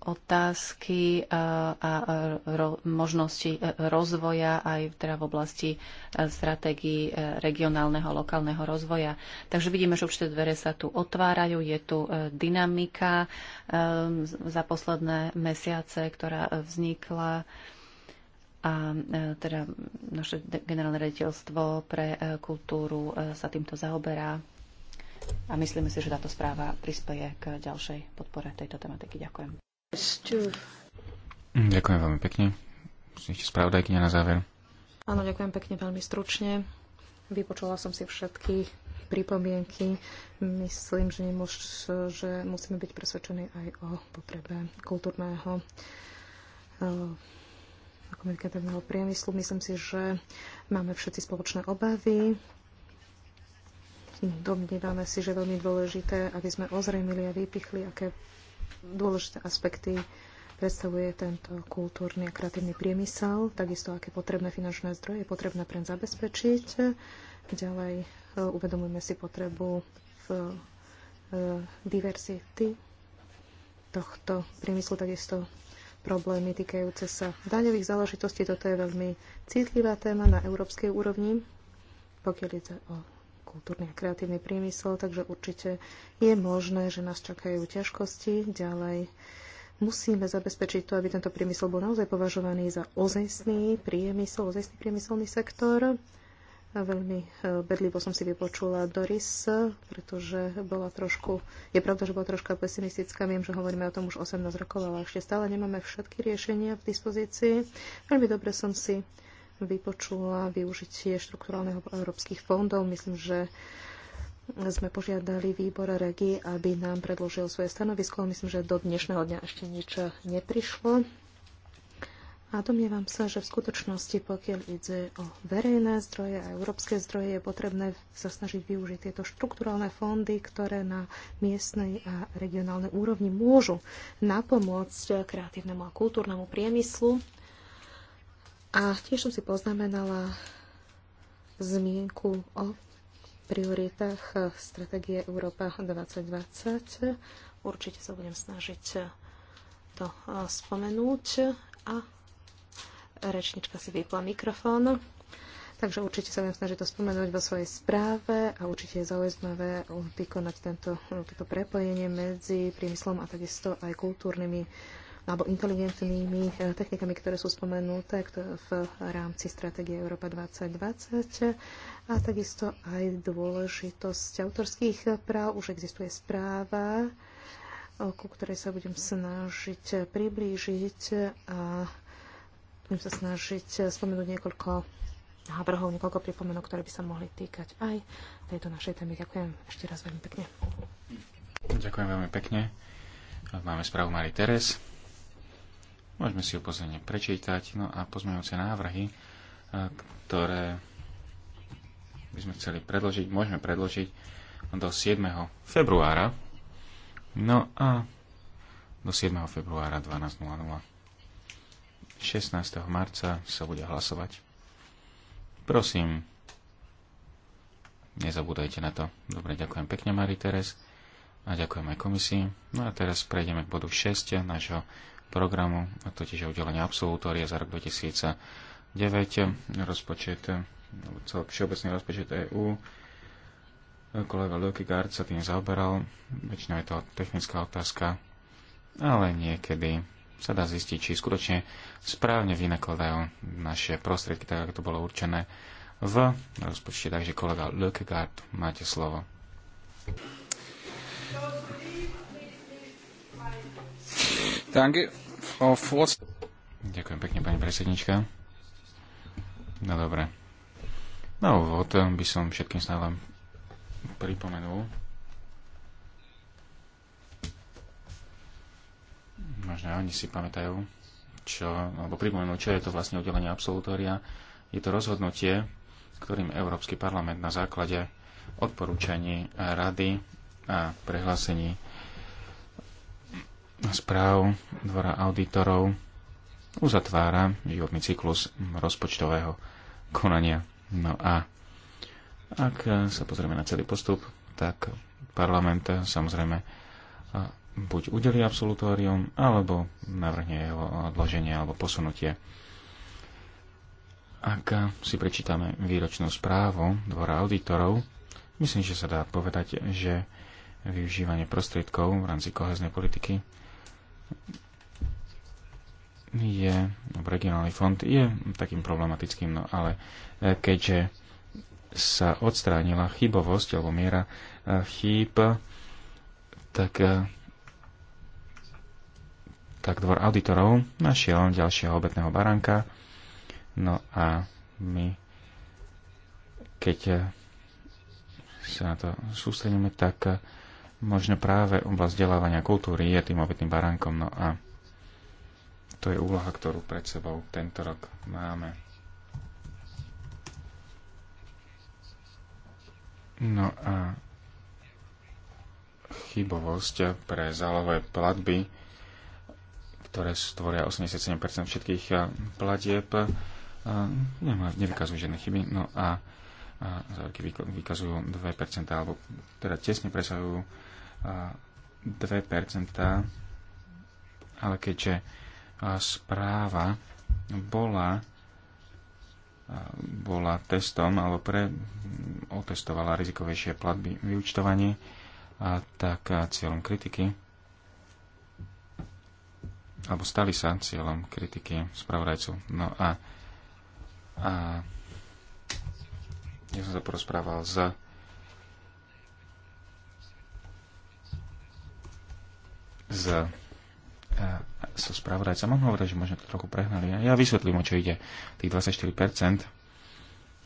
otázky eh, a možnosti eh, rozvoja aj teda v oblasti stratégií regionálneho a lokálneho rozvoja. Takže vidíme, že určité dvere sa tu otvárajú, je tu dynamika za posledné mesiace, ktorá vznikla a teda naše generálne rediteľstvo pre kultúru sa týmto zaoberá a myslíme si, že táto správa prispieje k ďalšej podpore tejto tematiky. Ďakujem. Ďakujem veľmi pekne. Ešte spravodajkyňa na záver. Áno, ďakujem pekne veľmi stručne. Vypočula som si všetky pripomienky. Myslím, že, nemôž, že musíme byť presvedčení aj o potrebe kultúrneho eh, komunikatívneho priemyslu. Myslím si, že máme všetci spoločné obavy Domnívame si, že je veľmi dôležité, aby sme ozrejmili a vypichli, aké dôležité aspekty predstavuje tento kultúrny a kreatívny priemysel, takisto aké potrebné finančné zdroje je potrebné pre zabezpečiť. Ďalej e, uvedomujeme si potrebu v e, e, diverzity tohto priemyslu, takisto problémy týkajúce sa daňových záležitostí. Toto je veľmi citlivá téma na európskej úrovni, pokiaľ ide o kultúrny a kreatívny priemysel, takže určite je možné, že nás čakajú ťažkosti ďalej. Musíme zabezpečiť to, aby tento priemysel bol naozaj považovaný za ozajstný priemysel, ozajstný priemyselný sektor. A veľmi e, bedlivo som si vypočula Doris, pretože bola trošku, je pravda, že bola troška pesimistická, viem, že hovoríme o tom už 18 rokov, ale ešte stále nemáme všetky riešenia v dispozícii. Veľmi dobre som si vypočula využitie štruktúrálneho európskych fondov. Myslím, že sme požiadali výbor regi, aby nám predložil svoje stanovisko. Myslím, že do dnešného dňa ešte nič neprišlo. A domnievam sa, že v skutočnosti, pokiaľ ide o verejné zdroje a európske zdroje, je potrebné sa snažiť využiť tieto štrukturálne fondy, ktoré na miestnej a regionálnej úrovni môžu napomôcť kreatívnemu a kultúrnemu priemyslu a tiež som si poznamenala zmienku o prioritách eh, stratégie Európa 2020. Určite sa budem snažiť eh, to eh, spomenúť a rečnička si vypla mikrofón. Takže určite sa budem snažiť to spomenúť vo svojej správe a určite je zaujímavé vykonať tento, toto prepojenie medzi priemyslom a takisto aj kultúrnymi alebo inteligentnými eh, technikami, ktoré sú spomenuté v rámci stratégie Európa 2020 a takisto aj dôležitosť autorských práv. Už existuje správa, eh, ku ktorej sa budem snažiť priblížiť a budem sa snažiť spomenúť niekoľko návrhov, niekoľko pripomenok, ktoré by sa mohli týkať aj tejto našej témy. Ďakujem ešte raz veľmi pekne. Hm. Ďakujem veľmi pekne. Máme správu Marie Teres. Môžeme si ho pozorne prečítať. No a pozmeňujúce návrhy, e, ktoré by sme chceli predložiť, môžeme predložiť do 7. februára. No a do 7. februára 12.00. 16. marca sa bude hlasovať. Prosím, nezabúdajte na to. Dobre, ďakujem pekne, Mari Teres. A ďakujem aj komisii. No a teraz prejdeme k bodu 6 nášho programu, a totiž je udelenie absolutória za rok 2009, rozpočet, všeobecný rozpočet EÚ. Kolega Gard sa tým zaoberal, väčšinou je to technická otázka, ale niekedy sa dá zistiť, či skutočne správne vynakladajú naše prostriedky, tak ako to bolo určené v rozpočte. Takže kolega Lökigard, máte slovo. Ďakujem pekne, pani predsednička. No dobre. Na úvod by som všetkým stále pripomenul. Možno oni si pamätajú, čo, alebo pripomenú, čo je to vlastne udelenie absolutória. Je to rozhodnutie, ktorým Európsky parlament na základe odporúčaní Rady a prehlásení správ Dvora auditorov uzatvára životný cyklus rozpočtového konania. No a ak sa pozrieme na celý postup, tak parlament samozrejme buď udelí absolutórium, alebo navrhne jeho odloženie alebo posunutie. Ak si prečítame výročnú správu Dvora auditorov, myslím, že sa dá povedať, že využívanie prostriedkov v rámci koheznej politiky je, regionálny fond je takým problematickým, no ale e, keďže sa odstránila chybovosť alebo miera e, chýb, tak, e, tak dvor auditorov našiel ďalšieho obetného baranka. No a my, keď sa na to sústredíme, tak možno práve oblasť vzdelávania kultúry je tým obytným baránkom. No a to je úloha, ktorú pred sebou tento rok máme. No a chybovosť pre zálové platby, ktoré stvoria 87% všetkých platieb, nevykazujú žiadne chyby. No a a vykazujú 2% alebo teda tesne presahujú 2%, ale keďže správa bola bola testom alebo pre, otestovala rizikovejšie platby vyučtovanie, a tak cieľom kritiky alebo stali sa cieľom kritiky spravodajcov. No a, a ja som sa porozprával s z e, so spravodajcom. Mám hovoriť, že možno to trochu prehnali. Ja vysvetlím, o čo ide. Tých 24%,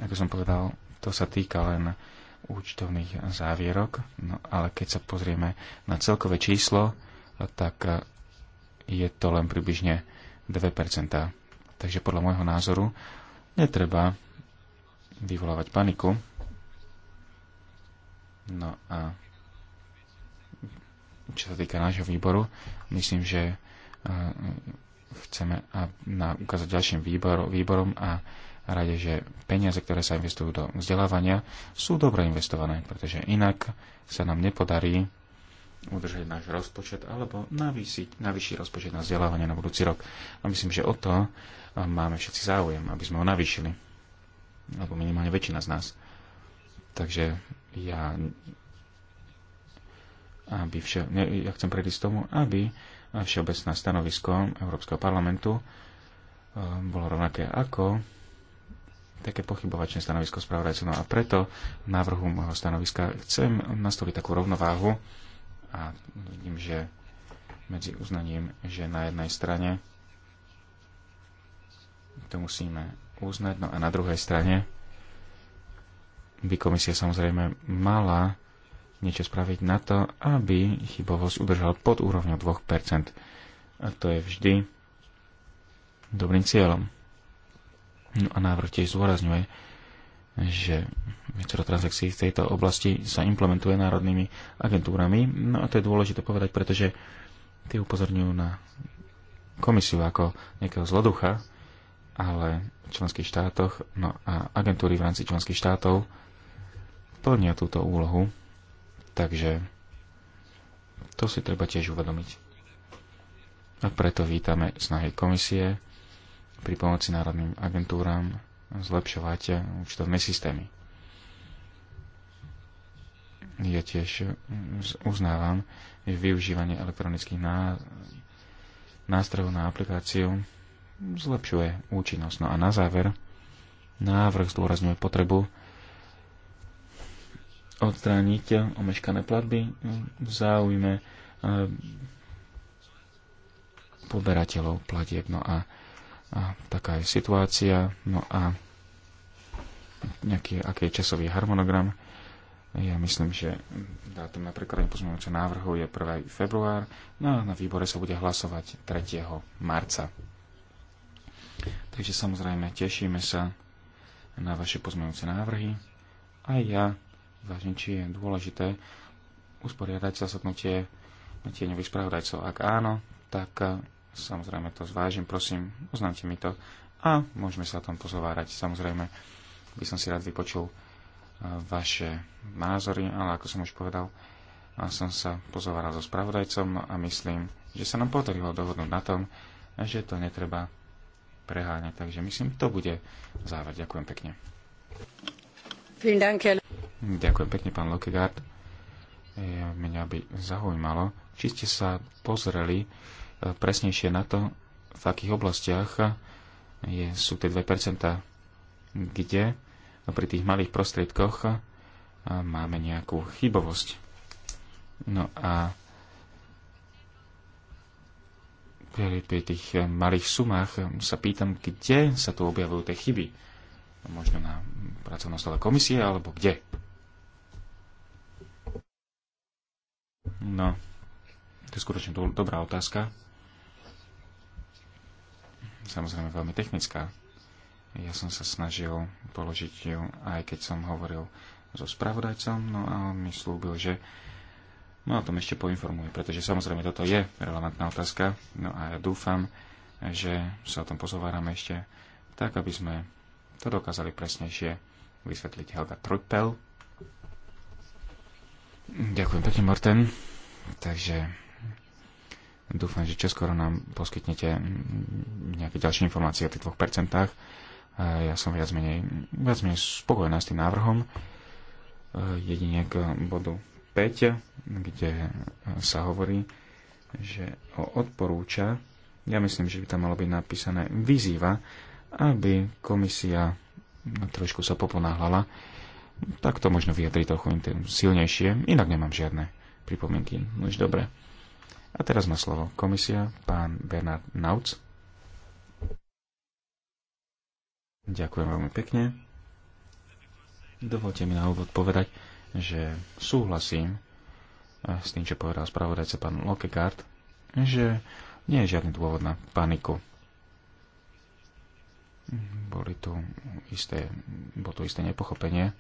ako som povedal, to sa týka len účtovných závierok, no ale keď sa pozrieme na celkové číslo, tak e, je to len približne 2%. Takže podľa môjho názoru netreba vyvolávať paniku. No a čo sa týka nášho výboru. Myslím, že e, chceme na, ukázať ďalším výboru, výborom a rade, že peniaze, ktoré sa investujú do vzdelávania, sú dobre investované, pretože inak sa nám nepodarí udržať náš rozpočet alebo navýsiť, navýšiť rozpočet na vzdelávanie na budúci rok. A myslím, že o to e, máme všetci záujem, aby sme ho navýšili. Alebo minimálne väčšina z nás. Takže ja aby vše, ne, ja chcem predísť tomu, aby všeobecné stanovisko Európskeho parlamentu eh, bolo rovnaké ako také pochybovačné stanovisko spravodajcov. No a preto v návrhu môjho stanoviska chcem nastoliť takú rovnováhu a vidím, že medzi uznaním, že na jednej strane to musíme uznať, no a na druhej strane by komisia samozrejme mala niečo spraviť na to, aby chybovosť udržal pod úrovňou 2%. A to je vždy dobrým cieľom. No a návrh tiež zúrazňuje, že viacero transakcií v tejto oblasti sa implementuje národnými agentúrami. No a to je dôležité povedať, pretože tie upozorňujú na komisiu ako nejakého zloducha, ale v členských štátoch, no a agentúry v rámci členských štátov plnia túto úlohu Takže to si treba tiež uvedomiť. A preto vítame snahy komisie pri pomoci národným agentúram zlepšovať účtovné systémy. Ja tiež uznávam, že využívanie elektronických nástrojov na aplikáciu zlepšuje účinnosť. No a na záver návrh zdôrazňuje potrebu odstrániť omeškané platby v záujme eh, poberateľov platieb. No a, a taká je situácia. No a nejaký, aký je časový harmonogram. Ja myslím, že dátum na prekladanie pozmeňujúceho návrhu je 1. február, no a na výbore sa bude hlasovať 3. marca. Takže samozrejme tešíme sa na vaše pozmeňujúce návrhy a ja zvážim, či je dôležité usporiadať sa zasadnutie tieňových spravodajcov. Ak áno, tak eh, samozrejme to zvážim, prosím, oznámte mi to a môžeme sa o tom pozovárať. Samozrejme, by som si rád vypočul eh, vaše názory, ale ako som už povedal, a som sa pozováral so spravodajcom a myslím, že sa nám podarilo dohodnúť na tom, že to netreba preháňať. Takže myslím, to bude záver. Ďakujem pekne. Ďakujem pekne, pán Lokegard. Ja, mňa by zaujímalo, či ste sa pozreli e, presnejšie na to, v akých oblastiach je, sú tie 2%, kde pri tých malých prostriedkoch e, máme nejakú chybovosť. No a pri tých e, malých sumách sa pýtam, kde sa tu objavujú tie chyby. Možno na pracovnom stole komisie, alebo kde? No, to je skutočne do, dobrá otázka. Samozrejme veľmi technická. Ja som sa snažil položiť ju, aj keď som hovoril so spravodajcom, no a on mi slúbil, že ma o tom ešte poinformuje, pretože samozrejme toto je relevantná otázka, no a ja dúfam, že sa o tom pozovárame ešte tak, aby sme to dokázali presnejšie vysvetliť Helga Truppel, Ďakujem pekne, Morten. Takže dúfam, že čoskoro nám poskytnete nejaké ďalšie informácie o tých 2%. Ja som viac menej, viac menej spokojná s tým návrhom. Jedine k bodu 5, kde sa hovorí, že ho odporúča, ja myslím, že by tam malo byť napísané, vyzýva, aby komisia trošku sa poponáhľala tak to možno vyjadri trochu silnejšie, inak nemám žiadne pripomienky. No už dobre. A teraz má slovo komisia, pán Bernard Nauc. Ďakujem veľmi pekne. Dovolte mi na úvod povedať, že súhlasím eh, s tým, čo povedal spravodajca pán Lokekart, že nie je žiadny dôvod na paniku. Boli tu isté, bolo tu isté nepochopenie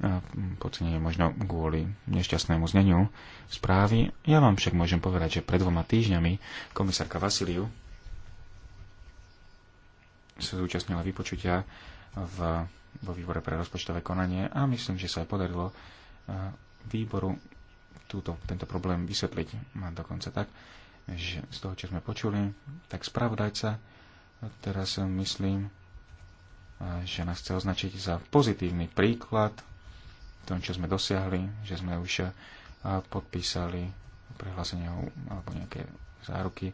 Hm, je možno kvôli nešťastnému zneniu správy. Ja vám však môžem povedať, že pred dvoma týždňami komisárka Vasiliu sa zúčastnila vypočutia v, vo výbore pre rozpočtové konanie a myslím, že sa aj podarilo výboru túto, tento problém vysvetliť. Má dokonca tak, že z toho, čo sme počuli, tak spravodajca teraz myslím, že nás chce označiť za pozitívny príklad tom, čo sme dosiahli, že sme už eh, podpísali prehlásenie alebo nejaké záruky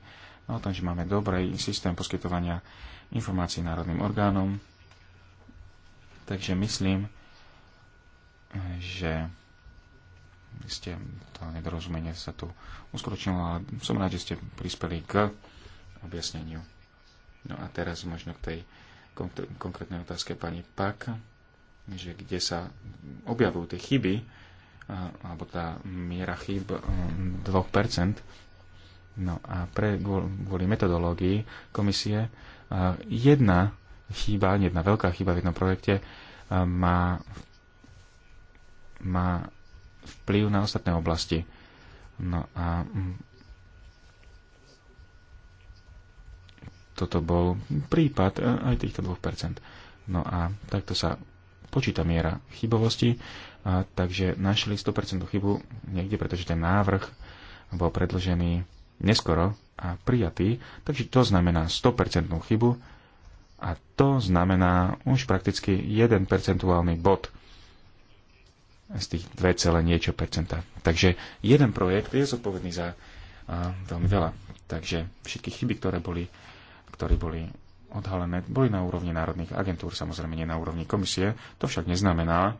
no o tom, že máme dobrý systém poskytovania informácií národným orgánom. Takže myslím, že ste to nedorozumenie sa tu uskročilo, ale som rád, že ste prispeli k objasneniu. No a teraz možno k tej konkrétnej otázke pani Pak že kde sa objavujú tie chyby, alebo tá miera chyb 2%. Um, no a pre, kvôli metodológii komisie jedna chyba, jedna veľká chyba v jednom projekte má, má vplyv na ostatné oblasti. No a mm, toto bol prípad e, aj týchto 2%. No a takto sa počíta miera chybovosti, a, takže našli 100% chybu niekde, pretože ten návrh bol predložený neskoro a prijatý, takže to znamená 100% chybu a to znamená už prakticky 1 percentuálny bod z tých 2, niečo percenta. Takže jeden projekt je zodpovedný za a, veľmi veľa. Takže všetky chyby, ktoré boli, ktoré boli odhalené, boli na úrovni národných agentúr, samozrejme nie na úrovni komisie. To však neznamená,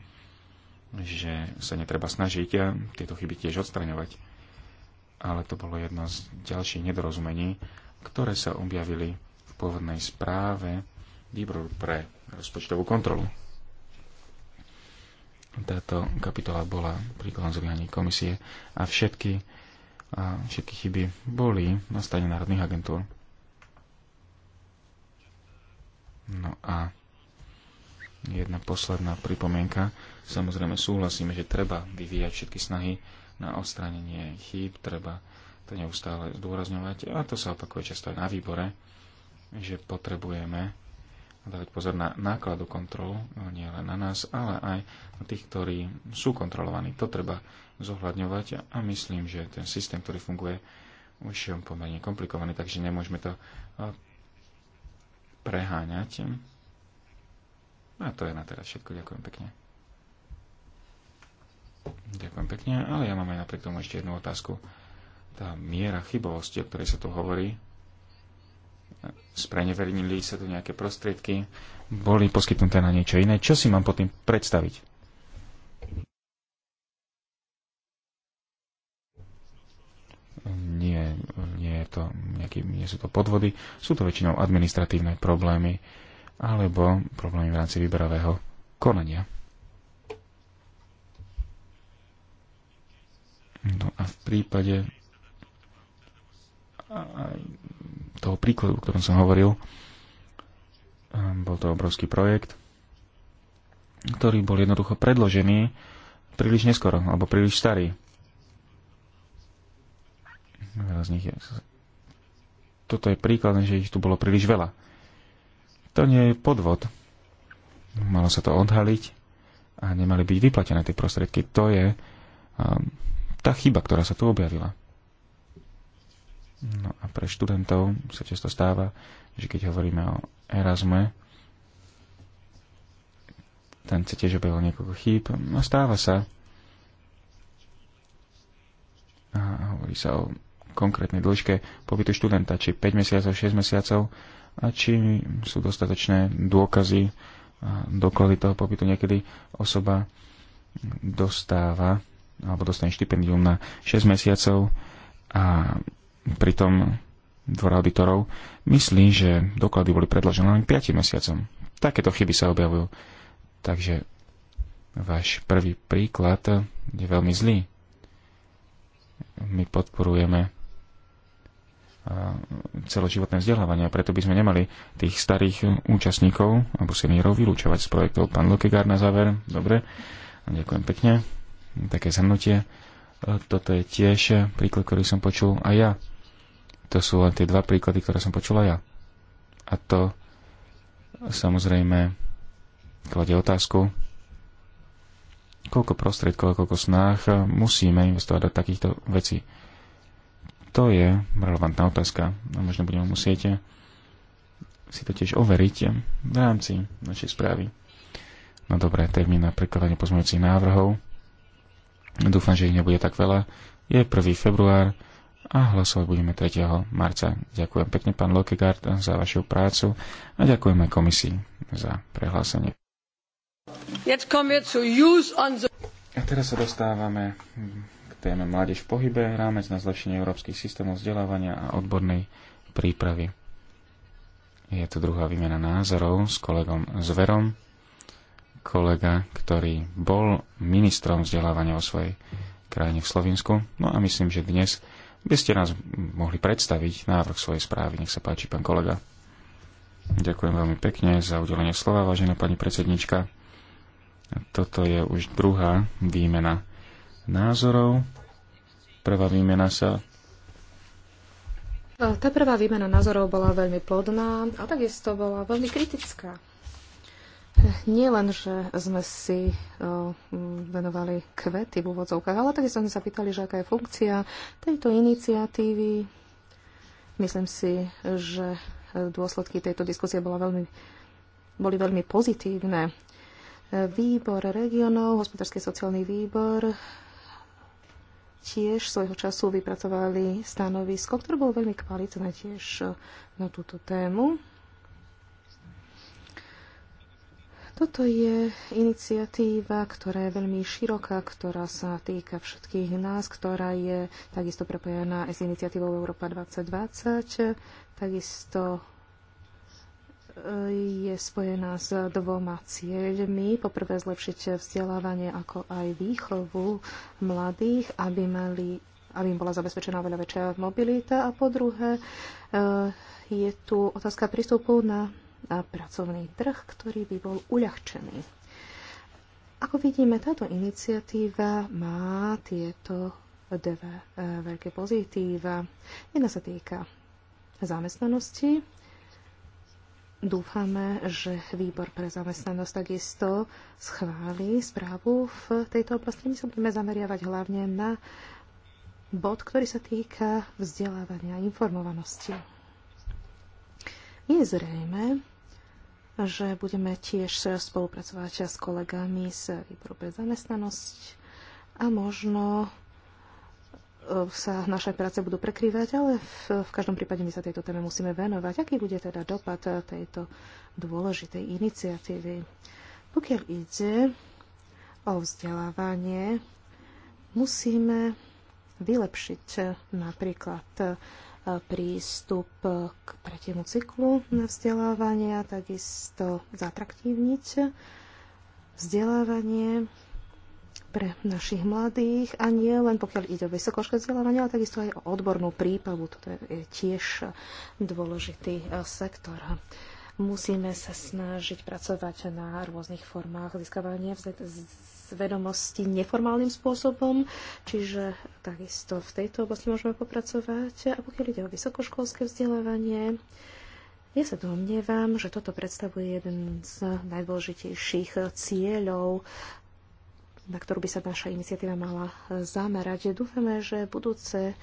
že sa netreba snažiť a tieto chyby tiež odstraňovať. Ale to bolo jedno z ďalších nedorozumení, ktoré sa objavili v pôvodnej správe výboru pre rozpočtovú kontrolu. Táto kapitola bola príkladom zlyhaní komisie a všetky, a všetky chyby boli na stane národných agentúr. No a jedna posledná pripomienka. Samozrejme súhlasíme, že treba vyvíjať všetky snahy na odstránenie chýb, treba to neustále zdôrazňovať a to sa opakuje často aj na výbore, že potrebujeme dávať pozor na nákladu kontrolu nie len na nás, ale aj na tých, ktorí sú kontrolovaní. To treba zohľadňovať a myslím, že ten systém, ktorý funguje, už je pomerne komplikovaný, takže nemôžeme to preháňať. A to je na teraz všetko. Ďakujem pekne. Ďakujem pekne, ale ja mám aj napriek tomu ešte jednu otázku. Tá miera chybovosti, o ktorej sa tu hovorí, sprenevernili sa tu nejaké prostriedky, boli poskytnuté na niečo iné. Čo si mám pod tým predstaviť? Nie, je to nejaký, nie sú to podvody, sú to väčšinou administratívne problémy alebo problémy v rámci výberového konania. No a v prípade toho príkladu, o ktorom som hovoril, ehm, bol to obrovský projekt, ktorý bol jednoducho predložený príliš neskoro, alebo príliš starý. Z nich je... Toto je príklad, že ich tu bolo príliš veľa. To nie je podvod. Malo sa to odhaliť a nemali byť vyplatené tie prostriedky. To je um, tá chyba, ktorá sa tu objavila. No a pre študentov sa často stáva, že keď hovoríme o Erasme, ten sa tiež objavil niekoľko chýb. No stáva sa. A hovorí sa o konkrétnej dĺžke pobytu študenta, či 5 mesiacov, 6 mesiacov, a či sú dostatočné dôkazy a doklady toho pobytu. Niekedy osoba dostáva alebo dostane štipendium na 6 mesiacov a pritom dvor auditorov myslí, že doklady boli predložené len 5 mesiacom. Takéto chyby sa objavujú. Takže váš prvý príklad je veľmi zlý. My podporujeme celoživotné vzdelávanie a preto by sme nemali tých starých účastníkov alebo seniorov vylúčovať z projektov. Pán Lokegár na záver, dobre, ďakujem pekne, také zhrnutie. E, toto je tiež príklad, ktorý som počul aj ja. To sú len tie dva príklady, ktoré som počul aj ja. A to samozrejme kladie otázku, koľko prostriedkov a koľko snách musíme investovať do takýchto vecí. To je relevantná otázka. A možno budeme musieť si to tiež overiť v rámci našej správy. No dobré, termín na prekladanie pozmeňujúcich návrhov. Dúfam, že ich nebude tak veľa. Je 1. február a hlasovať budeme 3. marca. Ďakujem pekne, pán Lokegard, za vašu prácu a ďakujeme komisii za prehlásenie. A teraz sa dostávame téme Mládež v pohybe, rámec na zlepšenie európskych systémov vzdelávania a odbornej prípravy. Je tu druhá výmena názorov s kolegom Zverom, kolega, ktorý bol ministrom vzdelávania o svojej krajine v Slovensku. No a myslím, že dnes by ste nás mohli predstaviť návrh svojej správy. Nech sa páči, pán kolega. Ďakujem veľmi pekne za udelenie slova, vážená pani predsednička. Toto je už druhá výmena názorov. Prvá výmena sa tá prvá výmena názorov bola veľmi plodná a takisto bola veľmi kritická. Nie len, že sme si o, venovali kvety v úvodzovkách, ale takisto sme sa pýtali, že aká je funkcia tejto iniciatívy. Myslím si, že dôsledky tejto diskusie bola veľmi, boli veľmi pozitívne. Výbor regionov, hospodársky sociálny výbor tiež svojho času vypracovali stanovisko, ktoré bolo veľmi kvalitné tiež e, na túto tému. Toto je iniciatíva, ktorá je veľmi široká, ktorá sa týka všetkých nás, ktorá je takisto prepojená s iniciatívou Európa 2020, takisto je spojená s dvoma cieľmi. Poprvé zlepšiť vzdelávanie ako aj výchovu mladých, aby, mali, aby im bola zabezpečená veľa väčšia mobilita. A po druhé eh, je tu otázka prístupu na, na pracovný trh, ktorý by bol uľahčený. Ako vidíme, táto iniciatíva má tieto dve eh, veľké pozitíva. Jedna sa týka zamestnanosti, Dúfame, že výbor pre zamestnanosť takisto schváli správu v tejto oblasti. My sa budeme zameriavať hlavne na bod, ktorý sa týka vzdelávania a informovanosti. Je zrejme, že budeme tiež spolupracovať s kolegami z výboru pre zamestnanosť a možno sa naše práce budú prekrývať, ale v, v každom prípade my sa tejto téme musíme venovať. Aký bude teda dopad eh, tejto dôležitej iniciatívy? Pokiaľ ide o vzdelávanie, musíme vylepšiť eh, napríklad eh, prístup k tretiemu cyklu na vzdelávanie, takisto zatraktívniť vzdelávanie pre našich mladých a nie len pokiaľ ide o vysokoškolské vzdelávanie, ale takisto aj o odbornú prípravu. Toto je tiež dôležitý e, sektor musíme sa snažiť pracovať na rôznych formách získavania vedomostí neformálnym spôsobom, čiže takisto v tejto oblasti môžeme popracovať. A pokiaľ ide o vysokoškolské vzdelávanie, ja sa domnievam, že toto predstavuje jeden z najdôležitejších cieľov na ktorú by sa naša iniciatíva mala zamerať. Dúfame, že budúce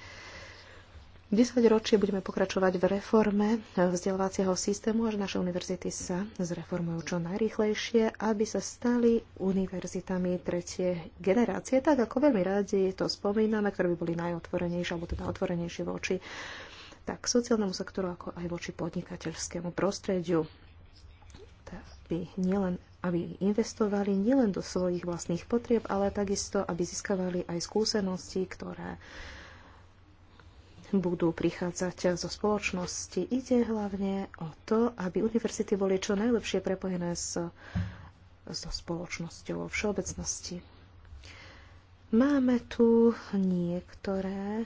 10 ročie budeme pokračovať v reforme vzdelávacieho systému a že naše univerzity sa zreformujú čo najrýchlejšie, aby sa stali univerzitami tretie generácie, tak ako veľmi radi to spomíname, ktoré by boli najotvorenejšie alebo teda otvorenejšie voči tak sociálnemu sektoru, ako aj voči podnikateľskému prostrediu. Tak by nielen aby investovali nielen do svojich vlastných potrieb, ale takisto, aby získavali aj skúsenosti, ktoré budú prichádzať zo spoločnosti. Ide hlavne o to, aby univerzity boli čo najlepšie prepojené s, so spoločnosťou vo všeobecnosti. Máme tu niektoré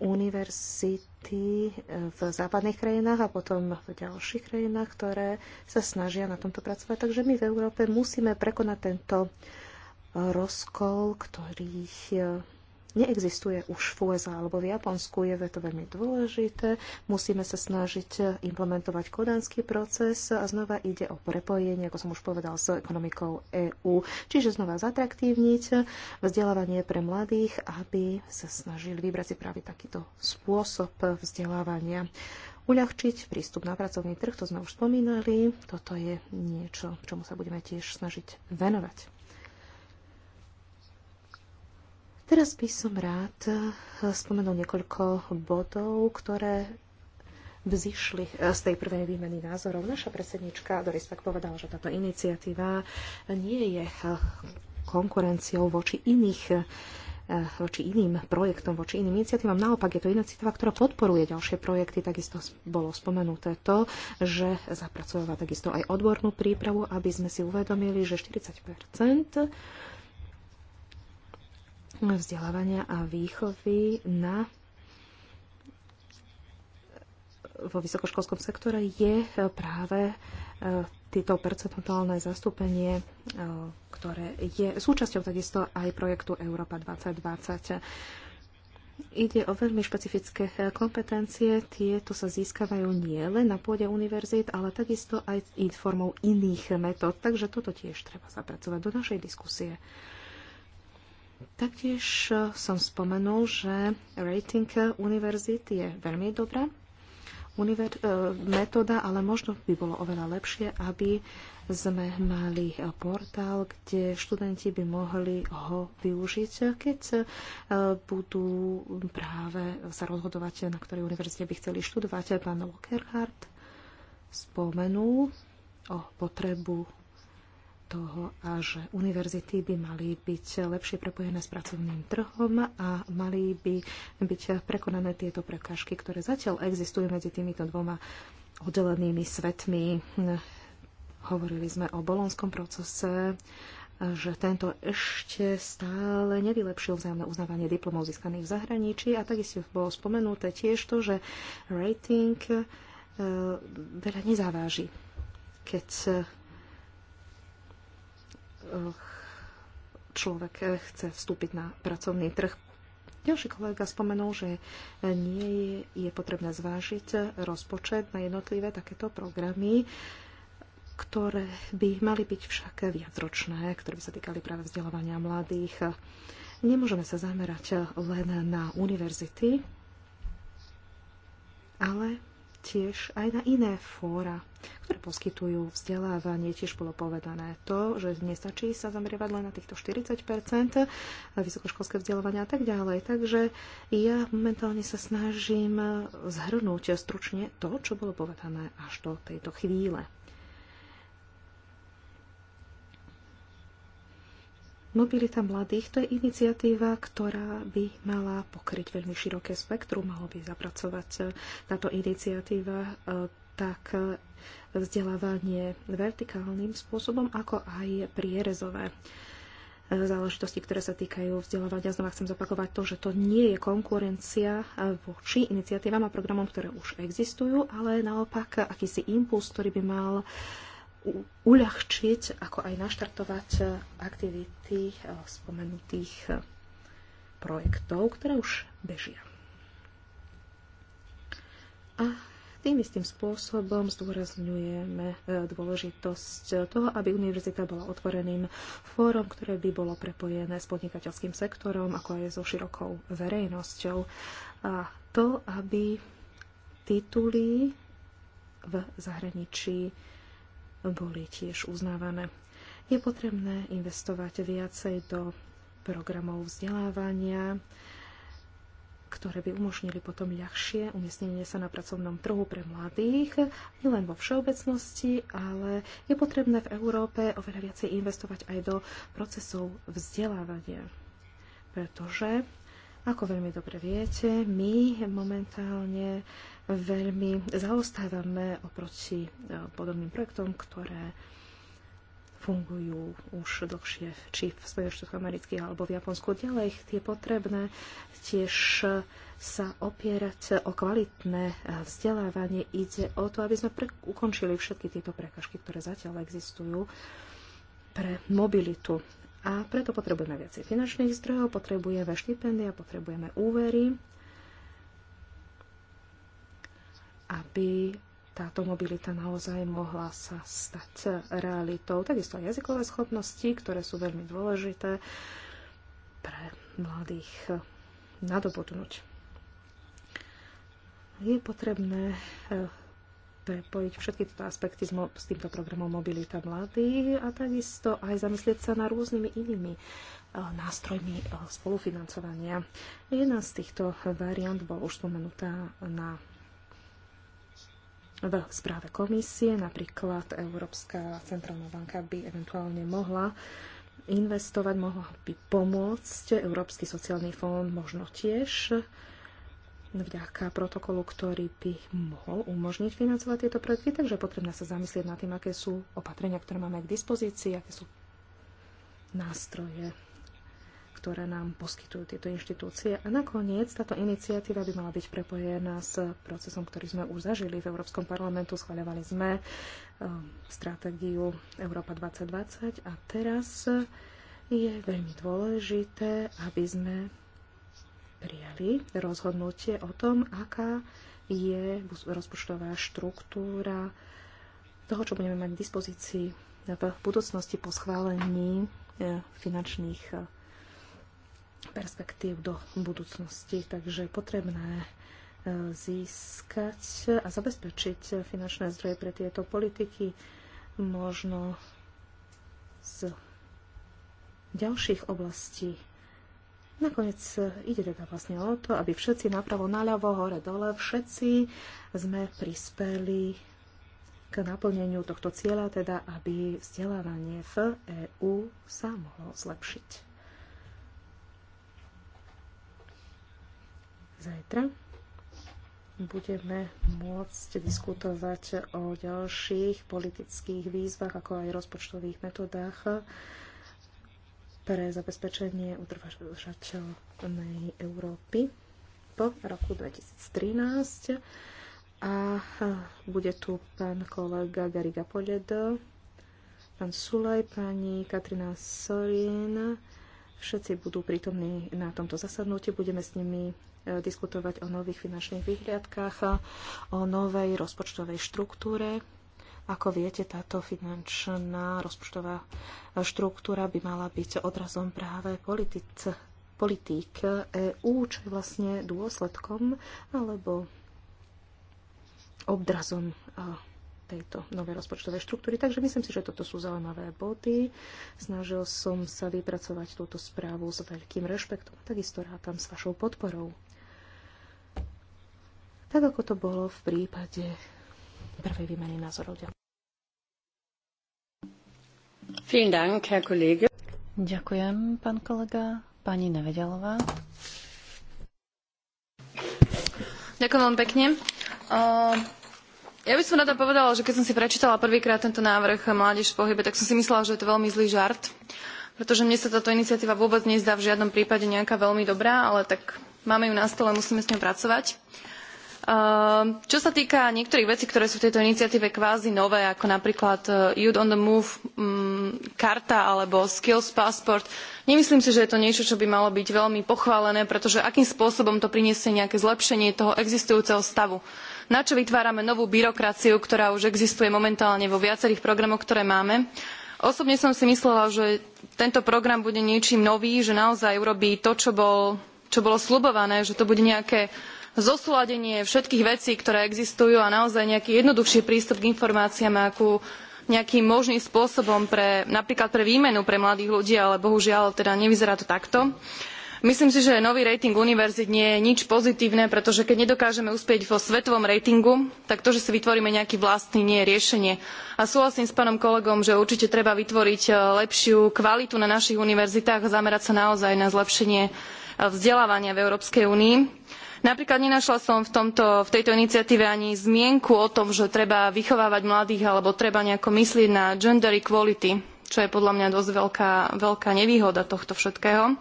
univerzity, tí eh, v západných krajinách a potom v ďalších krajinách, ktoré sa snažia na tomto pracovať. Takže my v Európe musíme prekonať tento eh, rozkol, ktorých eh, neexistuje už v USA alebo v Japonsku, je to veľmi dôležité. Musíme sa snažiť implementovať kodanský proces a znova ide o prepojenie, ako som už povedal, s ekonomikou EÚ. Čiže znova zatraktívniť vzdelávanie pre mladých, aby sa snažili vybrať si práve takýto spôsob vzdelávania uľahčiť prístup na pracovný trh, to sme už spomínali. Toto je niečo, čomu sa budeme tiež snažiť venovať. Teraz by som rád eh, spomenul niekoľko bodov, ktoré vzýšli eh, z tej prvej výmeny názorov. Naša predsednička Doris tak povedala, že táto iniciatíva nie je eh, konkurenciou voči iných voči iným projektom, voči iným iniciatívam. Naopak je to iniciatíva, ktorá podporuje ďalšie projekty. Takisto bolo spomenuté to, že zapracováva takisto aj odbornú prípravu, aby sme si uvedomili, že 40 vzdelávania a výchovy na vo vysokoškolskom sektore je práve e, tieto percentuálne zastúpenie, e, ktoré je súčasťou takisto aj projektu Európa 2020. Ide o veľmi špecifické e, kompetencie. Tieto sa získavajú nie len na pôde univerzít, ale takisto aj formou iných metód. Takže toto tiež treba zapracovať do našej diskusie. Taktiež e, som spomenul, že rating Univerzity je veľmi dobrá univer- e, metóda, ale možno by bolo oveľa lepšie, aby sme mali portál, kde študenti by mohli ho využiť, keď e, budú práve sa rozhodovať, na ktorej univerzite by chceli študovať. Pán Lockerhart spomenul o potrebu toho a že univerzity by mali byť lepšie prepojené s pracovným trhom a mali by byť prekonané tieto prekážky, ktoré zatiaľ existujú medzi týmito dvoma oddelenými svetmi. Hovorili sme o bolonskom procese, že tento ešte stále nevylepšil vzájomné uznávanie diplomov získaných v zahraničí a takisto bolo spomenuté tiež to, že rating eh, veľa nezaváži, keď človek eh, chce vstúpiť na pracovný trh. Ďalší kolega spomenul, že nie je, je potrebné zvážiť rozpočet na jednotlivé takéto programy, ktoré by mali byť však viacročné, ktoré by sa týkali práve vzdelávania mladých. Nemôžeme sa zamerať len na univerzity, ale tiež aj na iné fóra ktoré poskytujú vzdelávanie. Tiež bolo povedané to, že nestačí sa zameriavať len na týchto 40 vysokoškolské vzdelávania a tak ďalej. Takže ja momentálne sa snažím zhrnúť stručne to, čo bolo povedané až do tejto chvíle. Mobilita mladých to je iniciatíva, ktorá by mala pokryť veľmi široké spektrum, malo by zapracovať táto iniciatíva e, tak e, vzdelávanie vertikálnym spôsobom, ako aj prierezové e, záležitosti, ktoré sa týkajú vzdelávania. Znova chcem zopakovať to, že to nie je konkurencia e, voči iniciatívam a programom, ktoré už existujú, ale naopak akýsi impuls, ktorý by mal uľahčiť, ako aj naštartovať aktivity spomenutých projektov, ktoré už bežia. A tým istým spôsobom zdôrazňujeme e, dôležitosť toho, aby univerzita bola otvoreným fórom, ktoré by bolo prepojené s podnikateľským sektorom, ako aj so širokou verejnosťou. A to, aby tituly v zahraničí boli tiež uznávané. Je potrebné investovať viacej do programov vzdelávania, ktoré by umožnili potom ľahšie umiestnenie sa na pracovnom trhu pre mladých, nielen vo všeobecnosti, ale je potrebné v Európe oveľa viacej investovať aj do procesov vzdelávania. Pretože, ako veľmi dobre viete, my momentálne veľmi zaostávame oproti eh, podobným projektom, ktoré fungujú už dlhšie, či v Spojených amerických alebo v Japonsku. Ďalej je potrebné tiež sa opierať o kvalitné vzdelávanie. Ide o to, aby sme ukončili všetky tieto prekažky, ktoré zatiaľ existujú pre mobilitu. A preto potrebujeme viacej finančných zdrojov, potrebujeme štipendia, potrebujeme úvery, aby táto mobilita naozaj mohla sa stať realitou. Takisto aj jazykové schopnosti, ktoré sú veľmi dôležité pre mladých nadobudnúť. Je potrebné eh, prepojiť všetky tieto aspekty s, s týmto programom Mobilita mladých a takisto aj zamyslieť sa na rôznymi inými eh, nástrojmi eh, spolufinancovania. Jedna z týchto variant bol už spomenutá na v správe komisie. Napríklad Európska centrálna banka by eventuálne mohla investovať, mohla by pomôcť. Európsky sociálny fond možno tiež vďaka protokolu, ktorý by mohol umožniť financovať tieto projekty, takže potrebné sa zamyslieť nad tým, aké sú opatrenia, ktoré máme k dispozícii, aké sú nástroje ktoré nám poskytujú tieto inštitúcie. A nakoniec táto iniciatíva by mala byť prepojená s procesom, ktorý sme už zažili v Európskom parlamentu. Schváľovali sme ehm, stratégiu Európa 2020 a teraz je veľmi dôležité, aby sme prijali rozhodnutie o tom, aká je rozpočtová štruktúra toho, čo budeme mať k dispozícii v budúcnosti po schválení eh, finančných eh, perspektív do budúcnosti. Takže je potrebné e, získať a zabezpečiť finančné zdroje pre tieto politiky možno z ďalších oblastí. Nakoniec e, ide teda vlastne o to, aby všetci napravo, naľavo, hore, dole, všetci sme prispeli k naplneniu tohto cieľa, teda aby vzdelávanie v EÚ sa mohlo zlepšiť. Zajtra budeme môcť diskutovať o ďalších politických výzvach, ako aj rozpočtových metodách pre zabezpečenie udržateľnej Európy po roku 2013. A bude tu pán kolega Gariga Poledo, pán Sulaj, pani Katrina Sorin. Všetci budú prítomní na tomto zasadnutí. Budeme s nimi diskutovať o nových finančných vyhliadkách, o novej rozpočtovej štruktúre. Ako viete, táto finančná rozpočtová štruktúra by mala byť odrazom práve politic, politík EÚ, čo je vlastne dôsledkom alebo obrazom tejto novej rozpočtovej štruktúry. Takže myslím si, že toto sú zaujímavé body. Snažil som sa vypracovať túto správu s veľkým rešpektom. Takisto rátam s vašou podporou tak ako to bolo v prípade prvej výmeny názorov. Ďakujem. Ďakujem, pán kolega. Pani Nevedelová. Ďakujem veľmi pekne. Uh, ja by som rada povedala, že keď som si prečítala prvýkrát tento návrh Mládež v pohybe, tak som si myslela, že je to veľmi zlý žart, pretože mne sa táto iniciatíva vôbec nezdá v žiadnom prípade nejaká veľmi dobrá, ale tak máme ju na stole, musíme s ňou pracovať. Uh, Ehm, čo sa týka niektorých vecí, ktoré sú v tejto iniciatíve kvázi nové, ako napríklad e, Youth on the Move um, karta alebo Skills Passport, nemyslím si, že je to niečo, čo by malo byť veľmi pochválené, pretože akým spôsobom to priniesie nejaké zlepšenie toho existujúceho stavu. Na čo vytvárame novú byrokraciu, ktorá už existuje momentálne vo viacerých programoch, ktoré máme? Osobne som si myslela, že tento program bude niečím nový, že naozaj urobí to, čo, bol, čo bolo slubované, že to bude nejaké zosúladenie všetkých vecí, ktoré existujú a naozaj nejaký jednoduchší prístup k informáciám ako nejakým možným spôsobom pre, napríklad pre výmenu pre mladých ľudí, ale bohužiaľ teda nevyzerá to takto. Myslím si, že nový rating univerzít nie je nič pozitívne, pretože keď nedokážeme uspieť vo svetovom ratingu, tak to, že si vytvoríme nejaký vlastný, nie je riešenie. A súhlasím s pánom kolegom, že určite treba vytvoriť e, lepšiu kvalitu na našich univerzitách a zamerať sa naozaj na zlepšenie e, vzdelávania v Európskej únii Napríklad nenašla som v, tomto, v tejto iniciatíve ani zmienku o tom, že treba vychovávať mladých alebo treba nejako myslieť na gender equality, čo je podľa mňa dosť veľká, veľká nevýhoda tohto všetkého.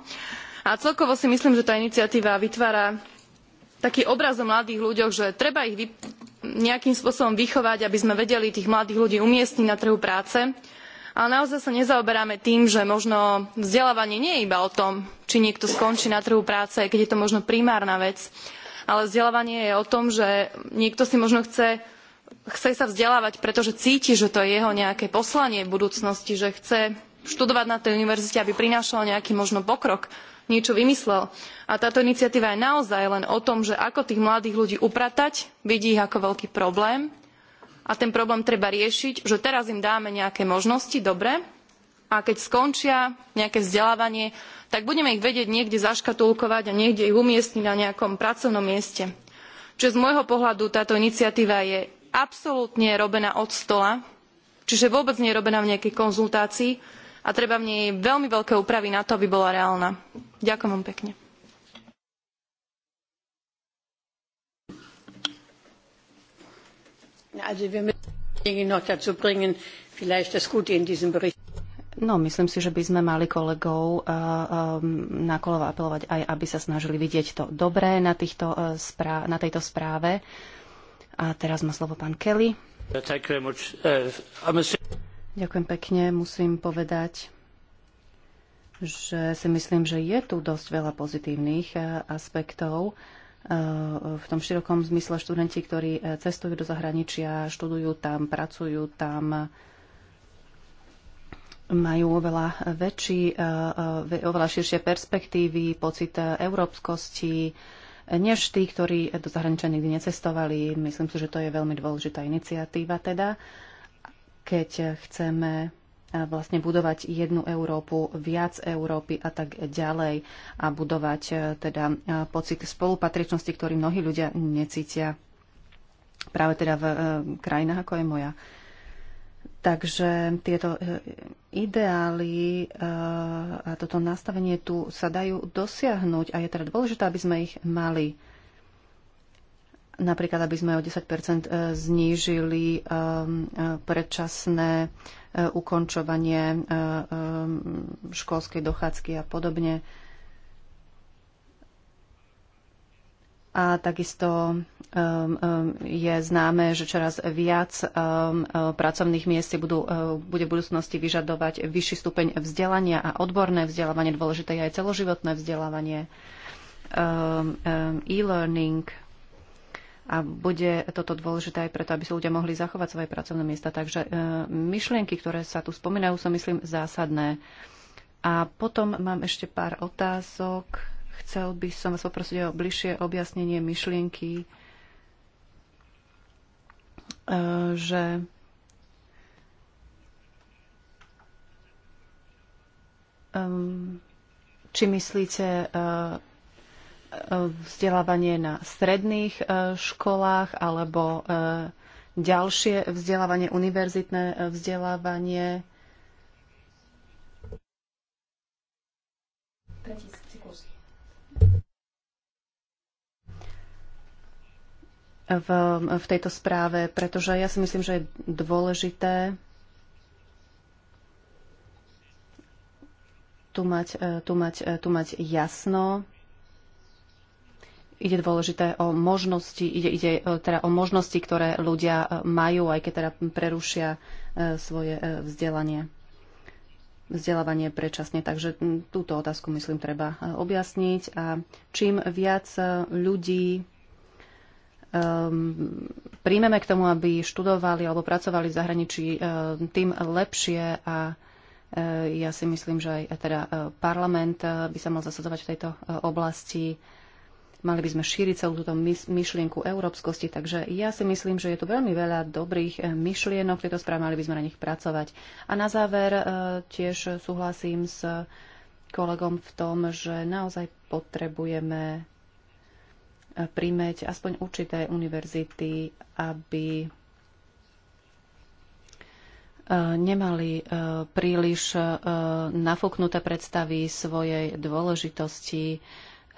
A celkovo si myslím, že tá iniciatíva vytvára taký obraz o mladých ľuďoch, že treba ich vy... nejakým spôsobom vychovať, aby sme vedeli tých mladých ľudí umiestniť na trhu práce, ale naozaj sa nezaoberáme tým, že možno vzdelávanie nie je iba o tom, či niekto skončí na trhu práce, keď je to možno primárna vec, ale vzdelávanie je o tom, že niekto si možno chce chce sa vzdelávať, pretože cíti, že to je jeho nejaké poslanie v budúcnosti, že chce študovať na tej univerzite, aby prinášal nejaký možno pokrok, niečo vymyslel. A táto iniciatíva je naozaj len o tom, že ako tých mladých ľudí upratať, vidí ich ako veľký problém a ten problém treba riešiť, že teraz im dáme nejaké možnosti, dobre, a keď skončia nejaké vzdelávanie, tak budeme ich vedieť niekde zaškatulkovať a niekde ich umiestniť na nejakom pracovnom mieste. Čiže z môjho pohľadu táto iniciatíva je absolútne robená od stola, čiže vôbec nie je robená v nejakej konzultácii a treba v nej veľmi veľké úpravy na to, aby bola reálna. Ďakujem vám pekne. No, myslím si, že by sme mali kolegov eh, eh, na kolovo apelovať aj, aby sa snažili vidieť to dobré na, týchto, eh, na tejto správe. A teraz má slovo pán Kelly. Ďakujem pekne. Musím povedať, že si myslím, že je tu dosť veľa pozitívnych aspektov v tom širokom zmysle študenti, ktorí eh, cestujú do zahraničia, študujú tam, pracujú tam, majú oveľa väčší, eh, eh, oveľa širšie perspektívy, pocit európskosti, než tí, ktorí do zahraničia nikdy necestovali. Myslím si, že to je veľmi dôležitá iniciatíva teda, keď chceme vlastne budovať jednu Európu, viac Európy a tak ďalej a budovať e, teda e, pocit spolupatričnosti, ktorý mnohí ľudia necítia práve teda v e, krajinách, ako je moja. Takže tieto ideály a toto nastavenie tu sa dajú dosiahnuť a je teda dôležité, aby sme ich mali napríklad, aby sme o 10 znížili predčasné E, ukončovanie e, e, školskej dochádzky a podobne. A takisto je známe, že čoraz viac pracovných miest budú, bude v budúcnosti vyžadovať vyšší stupeň vzdelania a odborné vzdelávanie. Dôležité je aj celoživotné vzdelávanie, e-learning a bude toto dôležité aj preto, aby si ľudia mohli zachovať svoje pracovné miesta. Takže e, myšlienky, ktoré sa tu spomínajú, sú myslím zásadné. A potom mám ešte pár otázok. Chcel by som vás poprosiť o bližšie objasnenie myšlienky, e, že um, či myslíte e, vzdelávanie na stredných e, školách alebo e, ďalšie vzdelávanie, univerzitné vzdelávanie. V, v tejto správe, pretože ja si myslím, že je dôležité tu mať, e, tu mať, tu mať jasno ide dôležité o možnosti, ide, ide e, teda o možnosti, ktoré ľudia e, majú, aj keď teda prerušia e, svoje vzdelanie vzdelávanie predčasne. Takže túto otázku, myslím, treba objasniť. A čím viac ľudí um, príjmeme k tomu, aby študovali alebo pracovali v zahraničí, um, tým lepšie a ja si myslím, že aj teda parlament by sa mal zasadzovať v tejto oblasti Mali by sme šíriť celú túto myšlienku európskosti, takže ja si myslím, že je tu veľmi veľa dobrých eh, myšlienok v tejto správe, mali by sme na nich pracovať. A na záver eh, tiež súhlasím s kolegom v tom, že naozaj potrebujeme eh, prímeť aspoň určité univerzity, aby nemali príliš nafúknuté predstavy svojej dôležitosti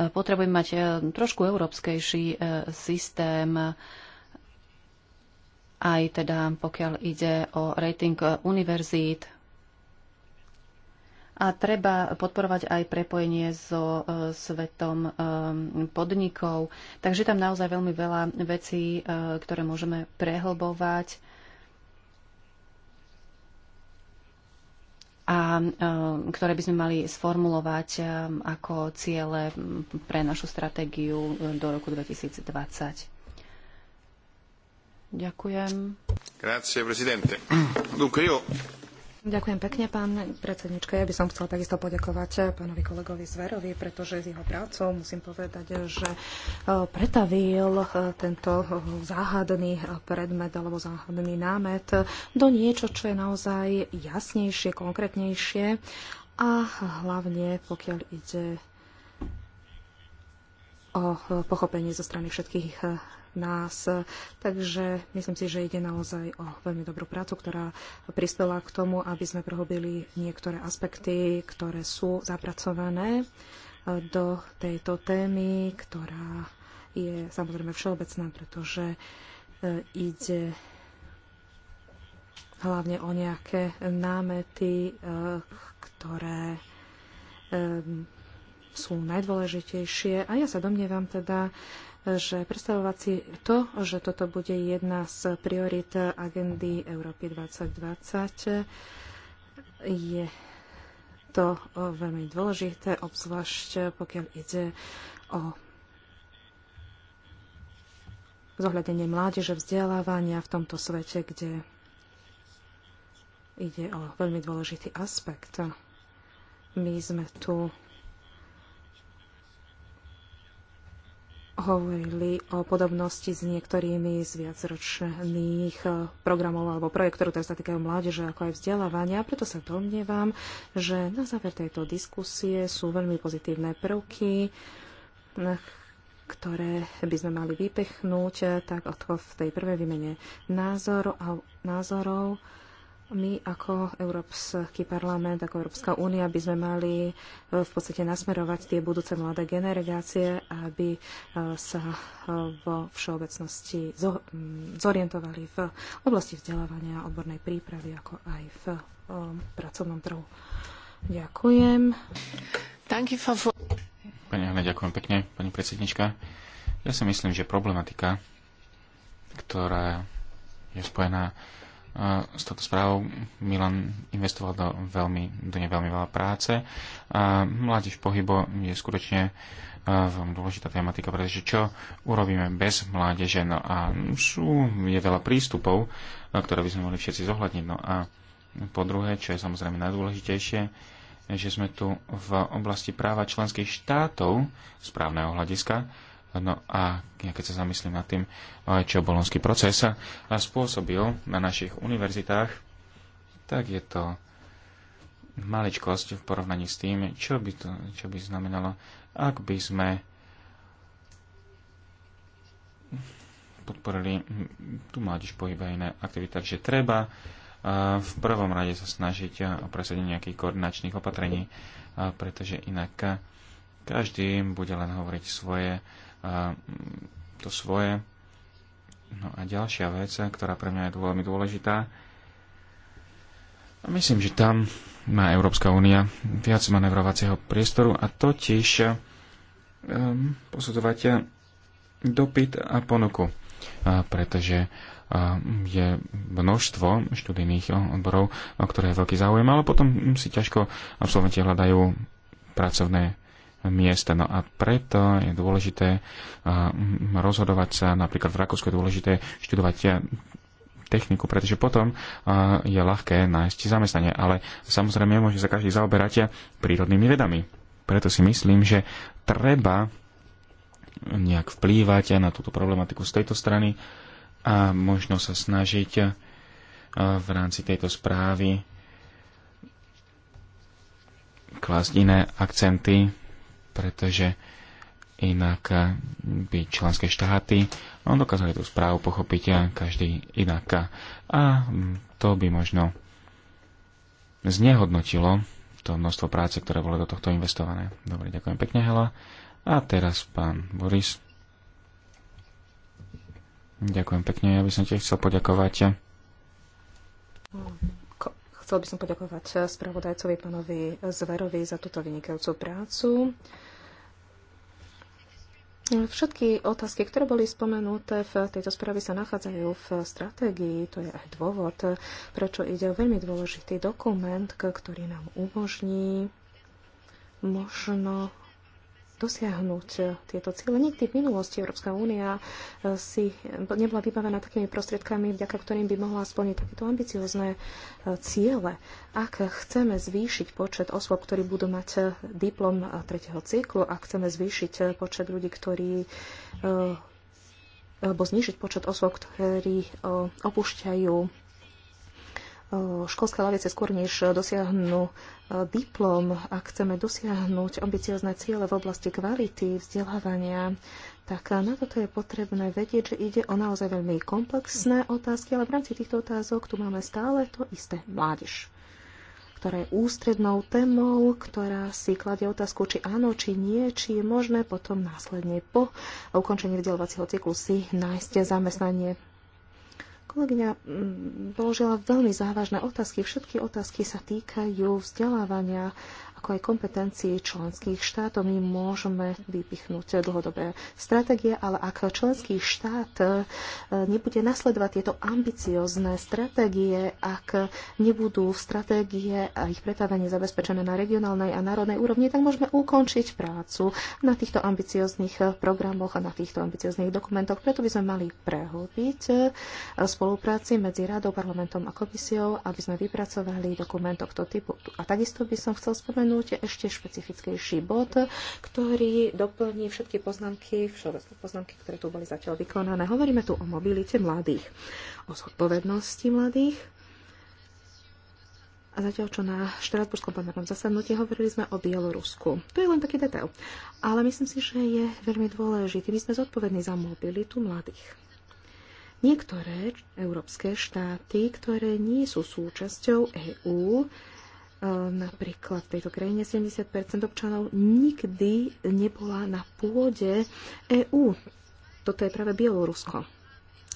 Potrebujeme mať eh, trošku európskejší eh, systém, aj teda pokiaľ ide o rating eh, univerzít. A treba podporovať aj prepojenie so svetom podnikov. Takže tam naozaj veľmi veľa vecí, ktoré môžeme prehlbovať a eh, ktoré by sme mali sformulovať eh, ako ciele mm, pre našu stratégiu eh, do roku 2020. Ďakujem. Grazie, presidente. Dunque io Ďakujem pekne, pán predsednička. Ja by som chcela takisto poďakovať eh, pánovi kolegovi Zverovi, pretože z jeho prácou musím povedať, eh, že eh, pretavil tento záhadný predmet alebo záhadný námet do niečo, čo je naozaj jasnejšie, konkrétnejšie a hlavne pokiaľ ide o pochopenie zo strany všetkých nás. Takže myslím si, že ide naozaj o veľmi dobrú prácu, ktorá prispela k tomu, aby sme prohobili niektoré aspekty, ktoré sú zapracované eh, do tejto témy, ktorá je samozrejme všeobecná, pretože eh, ide hlavne o nejaké námety, eh, ktoré sú najdôležitejšie. A ja sa domnievam teda, že predstavovať si to, že toto bude jedna z priorit agendy Európy 2020, je to eh, veľmi dôležité, obzvlášť eh, pokiaľ ide o zohľadenie mládeže, vzdelávania v tomto svete, kde ide o veľmi dôležitý aspekt. My sme tu hovorili o podobnosti s niektorými z viacročných eh, programov alebo projektov, ktoré sa týkajú mládeže, ako aj vzdelávania. Preto sa domnievam, že na záver tejto diskusie sú veľmi pozitívne prvky, eh, ktoré by sme mali vypechnúť, eh, tak v tej prvej výmene názor, názorov my ako Európsky parlament, ako Európska únia by sme mali e, v podstate nasmerovať tie budúce mladé generácie, aby e, sa e, vo všeobecnosti zorientovali v oblasti vzdelávania, odbornej prípravy, ako aj v pracovnom trhu. Ďakujem. Pani Hane, ďakujem pekne, pani predsednička. Ja si myslím, že problematika, ktorá je spojená s touto správou Milan investoval do, veľmi, do nej veľmi veľa práce. A mládež pohybo je skutočne e, veľmi dôležitá tematika, pretože čo urobíme bez mládeže? No a sú, je veľa prístupov, e, ktoré by sme mohli všetci zohľadniť. No a po druhé, čo je samozrejme najdôležitejšie, že sme tu v oblasti práva členských štátov správneho hľadiska, No a ja keď sa zamyslím nad tým, eh, čo bolonský proces a spôsobil na našich univerzitách, tak je to maličkosť v porovnaní s tým, čo by, to, čo by znamenalo, ak by sme podporili tú mládež pohyba iné aktivity. Takže treba eh, v prvom rade sa snažiť o presadenie nejakých koordinačných opatrení, eh, pretože inak každý bude len hovoriť svoje to svoje. No a ďalšia vec, ktorá pre mňa je veľmi dôležitá, myslím, že tam má Európska únia viac manevrovacieho priestoru a totiž um, posudzovať dopyt a ponuku. A pretože ehm, je množstvo študijných odborov, o ktoré je veľký záujem, ale potom si ťažko absolventi hľadajú pracovné miesta. No a preto je dôležité rozhodovať sa, napríklad v Rakúsku je dôležité študovať techniku, pretože potom je ľahké nájsť zamestnanie, ale samozrejme môže sa každý zaoberať prírodnými vedami. Preto si myslím, že treba nejak vplývať na túto problematiku z tejto strany a možno sa snažiť v rámci tejto správy klásť iné akcenty pretože inak by členské štáty no, dokázali tú správu pochopiť a každý inak. A to by možno znehodnotilo to množstvo práce, ktoré bolo do tohto investované. Dobre, ďakujem pekne, Hela. A teraz pán Boris. Ďakujem pekne, ja by som tiež chcel poďakovať. Chcel by som poďakovať spravodajcovi pánovi Zverovi za túto vynikajúcu prácu. Všetky otázky, ktoré boli spomenuté v tejto správe, sa nachádzajú v stratégii. To je aj dôvod, prečo ide o veľmi dôležitý dokument, ktorý nám umožní možno dosiahnuť e, tieto ciele. Nikdy v minulosti Európska únia e, si nebola vybavená takými prostriedkami, vďaka ktorým by mohla splniť takéto ambiciozne e, ciele. Ak chceme zvýšiť počet osôb, ktorí budú mať diplom tretieho cyklu, ak chceme zvýšiť počet ľudí, ktorí alebo znižiť počet osôb, ktorí opúšťajú Eh, školské lavice skôr, než dosiahnu eh, diplom. Ak chceme dosiahnuť ambiciozne ciele v oblasti kvality vzdelávania, tak na toto je potrebné vedieť, že ide o naozaj veľmi komplexné otázky, ale v rámci týchto otázok tu máme stále to isté mládež ktorá je ústrednou témou, ktorá si kladie otázku, či áno, či nie, či je možné potom následne po ukončení vzdelávacieho cyklu si nájsť zamestnanie Kolegyňa mm, položila veľmi závažné otázky. Všetky otázky sa týkajú vzdelávania ako aj kompetencie členských štátov. My môžeme vypichnúť dlhodobé stratégie, ale ak členský štát e, nebude nasledovať tieto ambiciozne stratégie, ak nebudú stratégie a ich pretávanie zabezpečené na regionálnej a národnej úrovni, tak môžeme ukončiť prácu na týchto ambicioznych programoch a na týchto ambicioznych dokumentoch. Preto by sme mali prehlbiť e, spolupráci medzi Radou, parlamentom a komisiou, aby sme vypracovali dokument tohto typu. A takisto by som chcel spomenúť, spomenúť ešte špecifickejší bod, ktorý doplní všetky poznámky, všeobecné poznámky, ktoré tu boli zatiaľ vykonané. Hovoríme tu o mobilite mladých, o zodpovednosti mladých, a zatiaľ, čo na Štrasburskom plenárnom zasadnutí hovorili sme o Bielorusku. To je len taký detail. Ale myslím si, že je veľmi dôležitý. My sme zodpovední za mobilitu mladých. Niektoré európske štáty, ktoré nie sú súčasťou EÚ, E, napríklad v tejto krajine 70 občanov nikdy nebola na pôde EÚ. Toto je práve Bielorusko.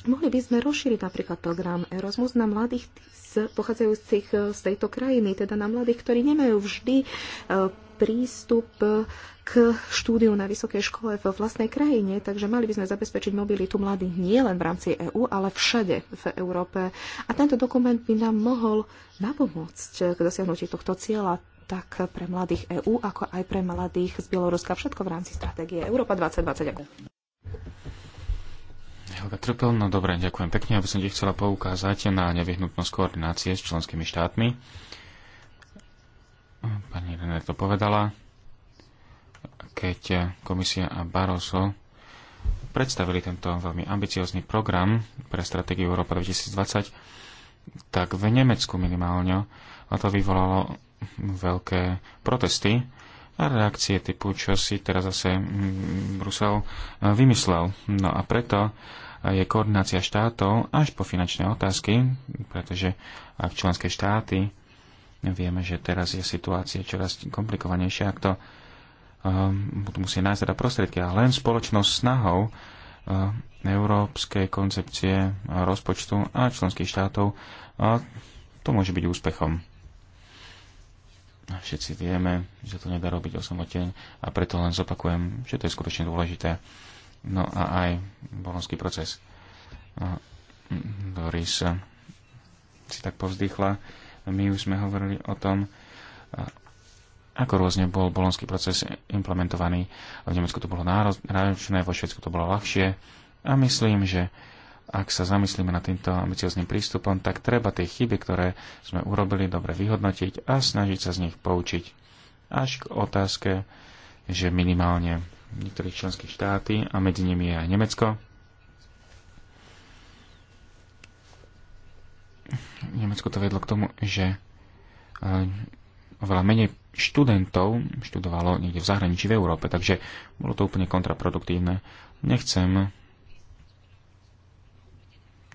Mohli by sme rozšíriť napríklad program Erasmus na mladých z, pochádzajúcich z tejto krajiny, teda na mladých, ktorí nemajú vždy e, prístup k štúdiu na vysokej škole vo vlastnej krajine, takže mali by sme zabezpečiť mobilitu mladých nie len v rámci EÚ, ale všade v Európe. A tento dokument by nám mohol napomôcť k dosiahnutí tohto cieľa tak pre mladých EÚ, ako aj pre mladých z Bieloruska. Všetko v rámci stratégie Európa 2020. Helga Trpel, no dobre, ďakujem pekne. aby som ti chcela poukázať na nevyhnutnosť koordinácie s členskými štátmi pani René to povedala, keď komisia a Barroso predstavili tento veľmi ambiciózny program pre stratégiu Európa 2020, tak v Nemecku minimálne a to vyvolalo veľké protesty a reakcie typu, čo si teraz zase mm, Brusel e, vymyslel. No a preto je koordinácia štátov až po finančné otázky, pretože ak členské štáty Vieme, že teraz je situácia čoraz komplikovanejšia, ak to um, musí nájsť teda prostriedky. A len spoločnosť snahou uh, európskej koncepcie rozpočtu a členských štátov a to môže byť úspechom. Všetci vieme, že to nedá robiť osamoteň a preto len zopakujem, že to je skutočne dôležité. No a aj bolonský proces. Mm, Doris si tak povzdychla my už sme hovorili o tom, ako rôzne bol bolonský proces implementovaný. V Nemecku to bolo náročné, vo Švedsku to bolo ľahšie. A myslím, že ak sa zamyslíme nad týmto ambiciozným prístupom, tak treba tie chyby, ktoré sme urobili, dobre vyhodnotiť a snažiť sa z nich poučiť. Až k otázke, že minimálne niektorých členských štáty a medzi nimi je aj Nemecko, Nemecko to vedlo k tomu, že eh, oveľa menej študentov študovalo niekde v zahraničí v Európe, takže bolo to úplne kontraproduktívne. Nechcem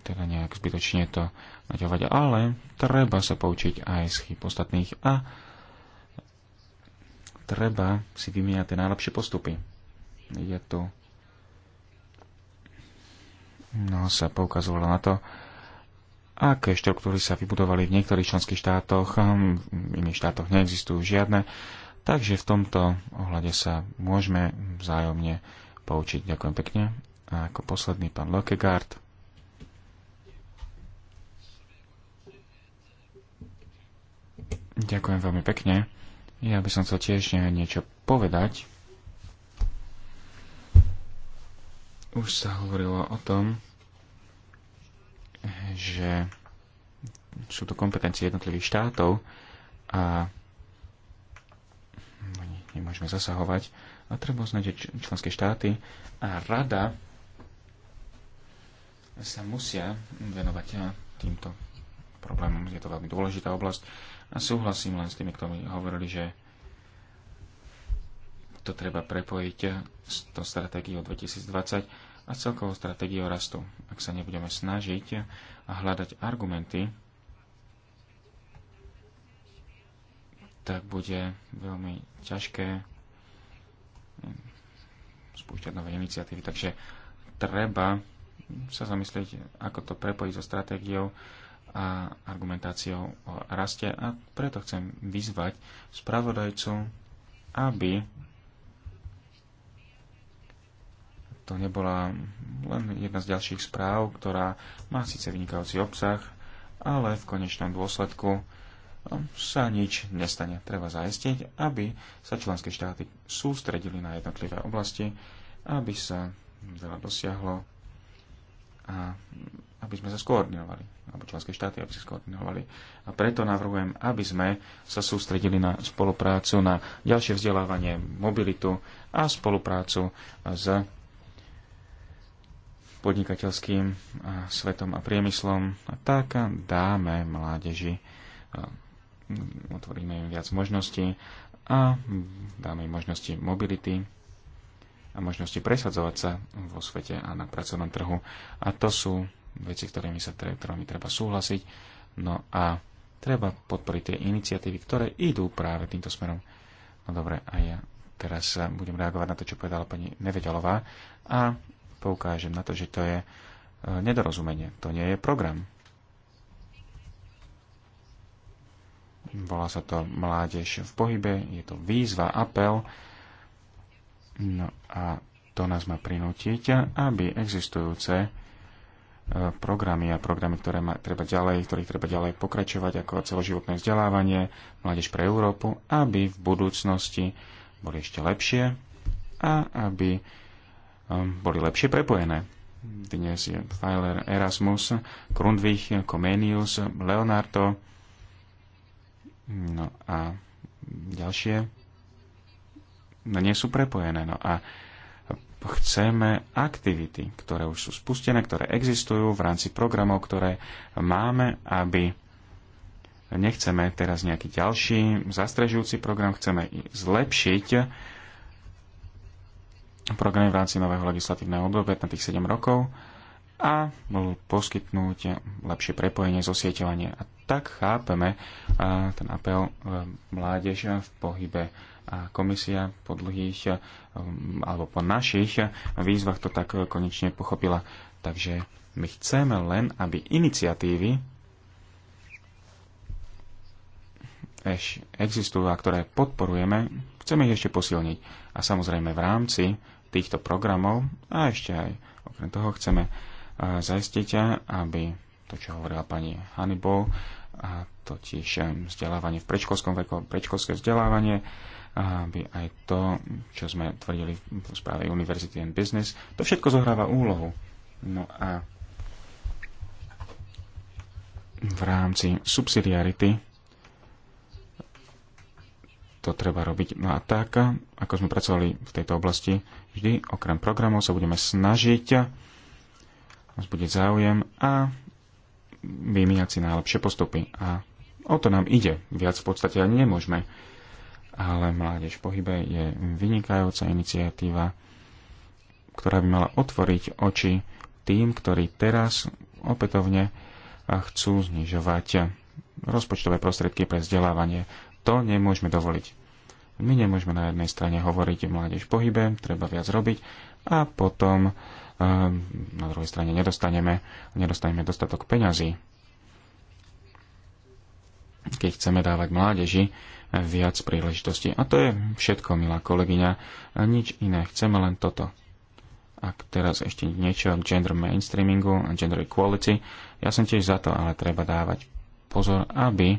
teda nejak zbytočne to naťahovať, ale treba sa poučiť aj z chyb ostatných a treba si vymieňať tie najlepšie postupy. Je tu. No, sa poukazovalo na to, aké štruktúry sa vybudovali v niektorých členských štátoch, um, v iných štátoch neexistujú žiadne. Takže v tomto ohľade sa môžeme vzájomne poučiť. Ďakujem pekne. A ako posledný pán Lokegaard. Ďakujem veľmi pekne. Ja by som chcel tiež niečo povedať. Už sa hovorilo o tom, že sú to kompetencie jednotlivých štátov a nemôžeme zasahovať. A treba uznať, členské štáty a rada sa musia venovať týmto problémom. Je to veľmi dôležitá oblasť a súhlasím len s tými, ktorí hovorili, že to treba prepojiť s tou stratégiou 2020 a celkovou stratégiou rastu. Ak sa nebudeme snažiť a hľadať argumenty, tak bude veľmi ťažké hm, spúšťať nové iniciatívy. Takže treba sa zamyslieť, ako to prepojiť so stratégiou a argumentáciou o raste a preto chcem vyzvať spravodajcu, aby to nebola len jedna z ďalších správ, ktorá má síce vynikajúci obsah, ale v konečnom dôsledku um, sa nič nestane. Treba zaistiť, aby sa členské štáty sústredili na jednotlivé oblasti, aby sa veľa dosiahlo a aby sme sa skoordinovali, alebo členské štáty, aby sa skoordinovali. A preto navrhujem, aby sme sa sústredili na spoluprácu, na ďalšie vzdelávanie, mobilitu a spoluprácu s podnikateľským svetom a priemyslom, tak dáme mládeži, otvoríme im viac možností a dáme im možnosti mobility a možnosti presadzovať sa vo svete a na pracovnom trhu. A to sú veci, ktorými sa ktorými treba súhlasiť. No a treba podporiť tie iniciatívy, ktoré idú práve týmto smerom. No dobre, a ja teraz budem reagovať na to, čo povedala pani Nevedalová a poukážem na to, že to je e, nedorozumenie. To nie je program. Volá sa to Mládež v pohybe, je to výzva, apel. No a to nás má prinútiť, aby existujúce e, programy a programy, ktoré má, treba ďalej, ktorých treba ďalej pokračovať, ako celoživotné vzdelávanie, Mládež pre Európu, aby v budúcnosti boli ešte lepšie a aby boli lepšie prepojené. Dnes je Pfeiler, Erasmus, Grundvich, Comenius, Leonardo no a ďalšie no nie sú prepojené. No a chceme aktivity, ktoré už sú spustené, ktoré existujú v rámci programov, ktoré máme, aby nechceme teraz nejaký ďalší zastrežujúci program, chceme zlepšiť programy v rámci nového legislatívneho obdobia na tých 7 rokov a poskytnúť lepšie prepojenie, zosieťovanie. A tak chápeme ten apel e, mládeža v pohybe a komisia po dlhých e, alebo po našich výzvach to tak konečne pochopila. Takže my chceme len, aby iniciatívy existujú a ktoré podporujeme, chceme ich ešte posilniť. A samozrejme v rámci týchto programov a ešte aj okrem toho chceme eh, zaistiť, eh, aby to, čo hovorila pani Hannibal, a totiž eh, vzdelávanie v predškolskom veku, predškolské vzdelávanie, aby aj to, čo sme tvrdili v správe University and Business, to všetko zohráva úlohu. No a v rámci subsidiarity to treba robiť. No a tak, ako sme pracovali v tejto oblasti, vždy okrem programov sa budeme snažiť vzbudiť záujem a vymieňať si najlepšie postupy. A o to nám ide. Viac v podstate ani nemôžeme. Ale Mládež v pohybe je vynikajúca iniciatíva, ktorá by mala otvoriť oči tým, ktorí teraz opätovne chcú znižovať rozpočtové prostriedky pre vzdelávanie to nemôžeme dovoliť. My nemôžeme na jednej strane hovoriť, mládež pohybe, treba viac robiť a potom eh, na druhej strane nedostaneme, nedostaneme dostatok peňazí. Keď chceme dávať mládeži eh, viac príležitostí. A to je všetko, milá kolegyňa. A nič iné. Chceme len toto. Ak teraz ešte niečo o gender mainstreamingu a gender equality, ja som tiež za to, ale treba dávať pozor, aby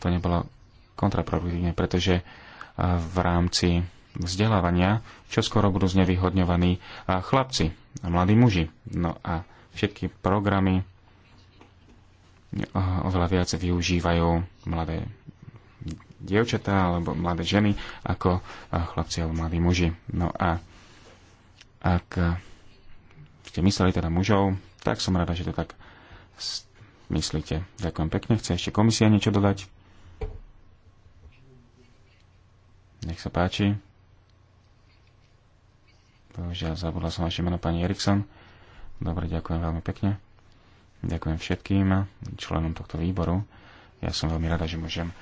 to nebolo kontraproduktívne, pretože e, v rámci vzdelávania čo skoro budú znevýhodňovaní e, chlapci, mladí muži. No a všetky programy e, oveľa viac využívajú mladé dievčatá alebo mladé ženy ako chlapci alebo mladí muži. No a ak ste mysleli teda mužov, tak som rada, že to tak myslíte. Ďakujem pekne. Chce ešte komisia niečo dodať? Nech sa páči. Bohužiaľ, zabudla som vaše meno pani Erikson. Dobre, ďakujem veľmi pekne. Ďakujem všetkým členom tohto výboru. Ja som veľmi rada, že môžem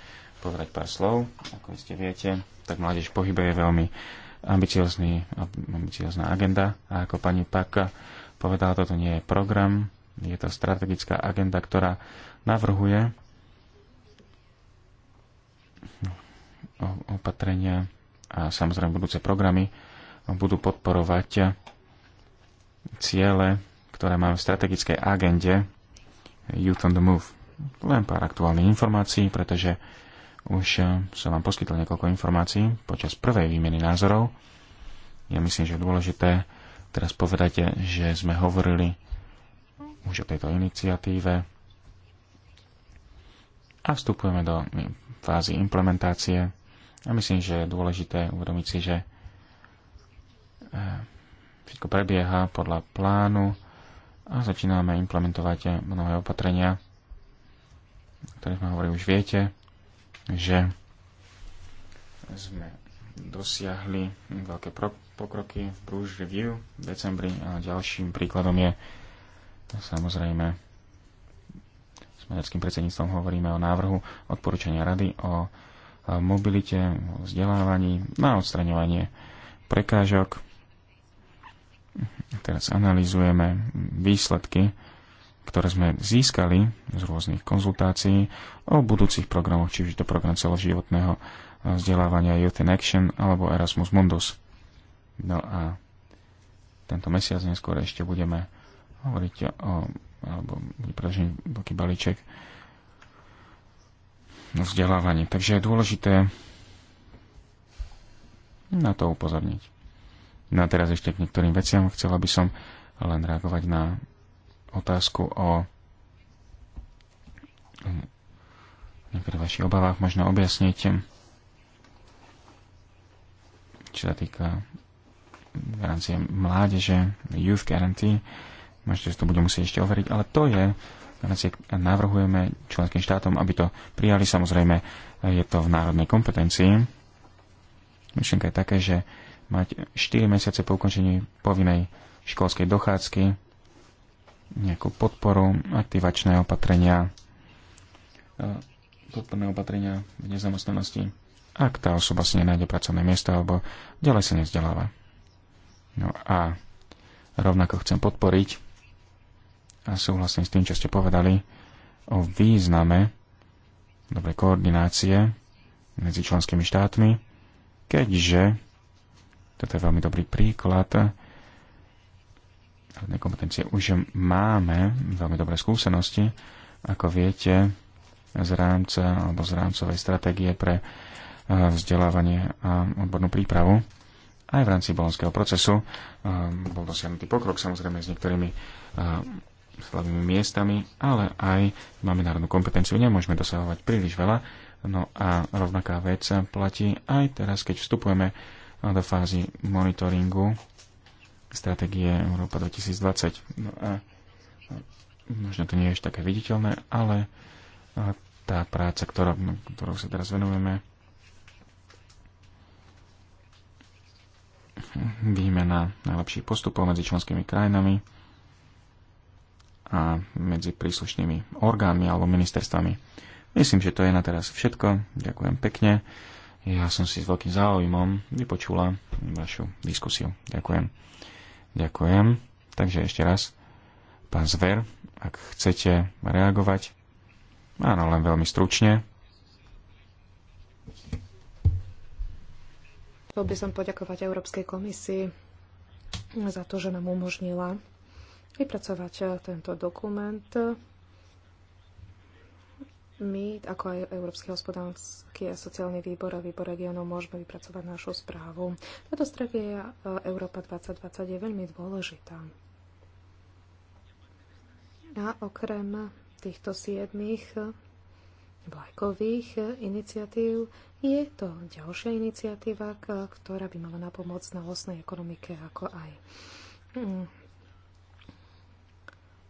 povedať pár slov. Ako ste viete, tak Mládež v pohybe je veľmi ambiciozný, ambiciozná agenda. A ako pani Paka povedala, toto nie je program, je to strategická agenda, ktorá navrhuje opatrenia a samozrejme budúce programy budú podporovať ciele, ktoré máme v strategickej agende Youth on the Move. Len pár aktuálnych informácií, pretože už som vám poskytol niekoľko informácií počas prvej výmeny názorov. Ja myslím, že je dôležité teraz povedať, že sme hovorili už o tejto iniciatíve a vstupujeme do fázi implementácie. A myslím, že je dôležité uvedomiť si, že eh, všetko prebieha podľa plánu a začíname implementovať mnohé opatrenia, o ktorých sme hovorili, už viete, že sme dosiahli veľké pokroky v Bruges Review v decembri a ďalším príkladom je samozrejme maďarským predsedníctvom hovoríme o návrhu odporúčania rady o e, mobilite, o vzdelávaní, na odstraňovanie prekážok. Teraz analizujeme výsledky, ktoré sme získali z rôznych konzultácií o budúcich programoch, či už to program celoživotného e, vzdelávania Youth in Action alebo Erasmus Mundus. No a tento mesiac neskôr ešte budeme hovoriť o alebo predložený veľký balíček na vzdelávanie. Takže je dôležité na to upozorniť. No a teraz ešte k niektorým veciam. Chcela by som len reagovať na otázku o niektorých vašich obavách možno objasniť, čo sa týka garancie mládeže, Youth Guarantee, ešte si to budem musieť ešte overiť, ale to je navrhujeme členským štátom, aby to prijali. Samozrejme, je to v národnej kompetencii. Myšlienka je také, že mať 4 mesiace po ukončení povinnej školskej dochádzky, nejakú podporu, aktivačné opatrenia, e, podporné opatrenia v nezamestnanosti, ak tá osoba si nenájde pracovné miesto alebo ďalej sa nevzdeláva. No a rovnako chcem podporiť a súhlasím s tým, čo ste povedali o význame dobrej koordinácie medzi členskými štátmi, keďže toto je veľmi dobrý príklad ale kompetencie už máme veľmi dobré skúsenosti, ako viete, z rámca alebo z rámcovej stratégie pre eh, vzdelávanie a odbornú prípravu. Aj v rámci bolonského procesu eh, bol dosiahnutý pokrok, samozrejme s niektorými eh, slabými miestami, ale aj máme národnú kompetenciu, nemôžeme dosahovať príliš veľa. No a rovnaká vec platí aj teraz, keď vstupujeme do fázy monitoringu stratégie Európa 2020. No a možno to nie je ešte také viditeľné, ale tá práca, ktorou, ktorou sa teraz venujeme, výmena najlepších postupov medzi členskými krajinami, a medzi príslušnými orgánmi alebo ministerstvami. Myslím, že to je na teraz všetko. Ďakujem pekne. Ja som si s veľkým záujmom vypočula vašu diskusiu. Ďakujem. Ďakujem. Takže ešte raz, pán Zver, ak chcete reagovať, áno, len veľmi stručne. Chcel by som poďakovať Európskej komisii za to, že nám umožnila vypracovať eh, tento dokument. My, ako aj Európsky hospodársky a sociálny výbor a výbor regionov, môžeme vypracovať našu správu. Táto stratégia eh, Európa 2020 je veľmi dôležitá. A okrem týchto siedmých eh, vlajkových iniciatív je to ďalšia iniciatíva, ktorá by mala napomôcť na vlastnej ekonomike, ako aj mm,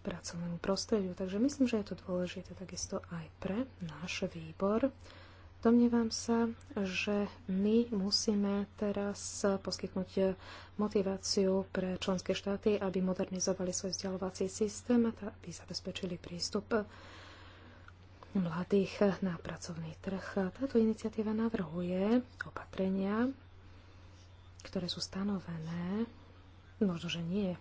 pracovnému prostrediu. Takže myslím, že je to dôležité takisto aj pre náš výbor. Domnievam sa, že my musíme teraz poskytnúť motiváciu pre členské štáty, aby modernizovali svoj vzdelávací systém, aby zabezpečili prístup mladých na pracovný trh. Táto iniciatíva navrhuje opatrenia, ktoré sú stanovené, možno, že nie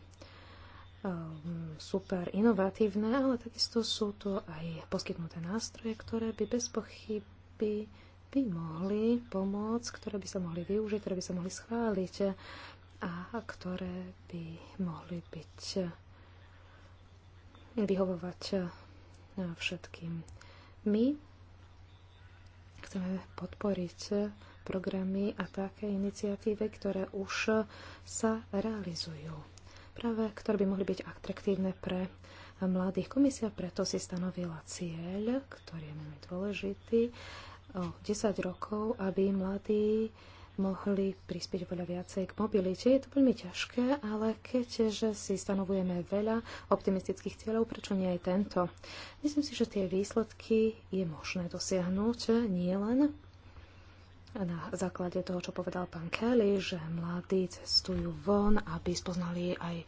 Ehm, super inovatívne, ale takisto sú tu aj poskytnuté nástroje, ktoré by bez pochyby by mohli pomôcť, ktoré by sa mohli využiť, ktoré by sa mohli schváliť a ktoré by mohli byť eh, vyhovovať eh, všetkým. My chceme podporiť eh, programy a také iniciatívy, ktoré už sa realizujú práve ktoré by mohli byť atraktívne pre mladých. Komisia preto si stanovila cieľ, ktorý je veľmi dôležitý, o 10 rokov, aby mladí mohli prispieť veľa viacej k mobilite. Je to veľmi ťažké, ale keďže si stanovujeme veľa optimistických cieľov, prečo nie aj tento? Myslím si, že tie výsledky je možné dosiahnuť nielen na základe toho, čo povedal pán Kelly, že mladí cestujú von, aby spoznali aj e,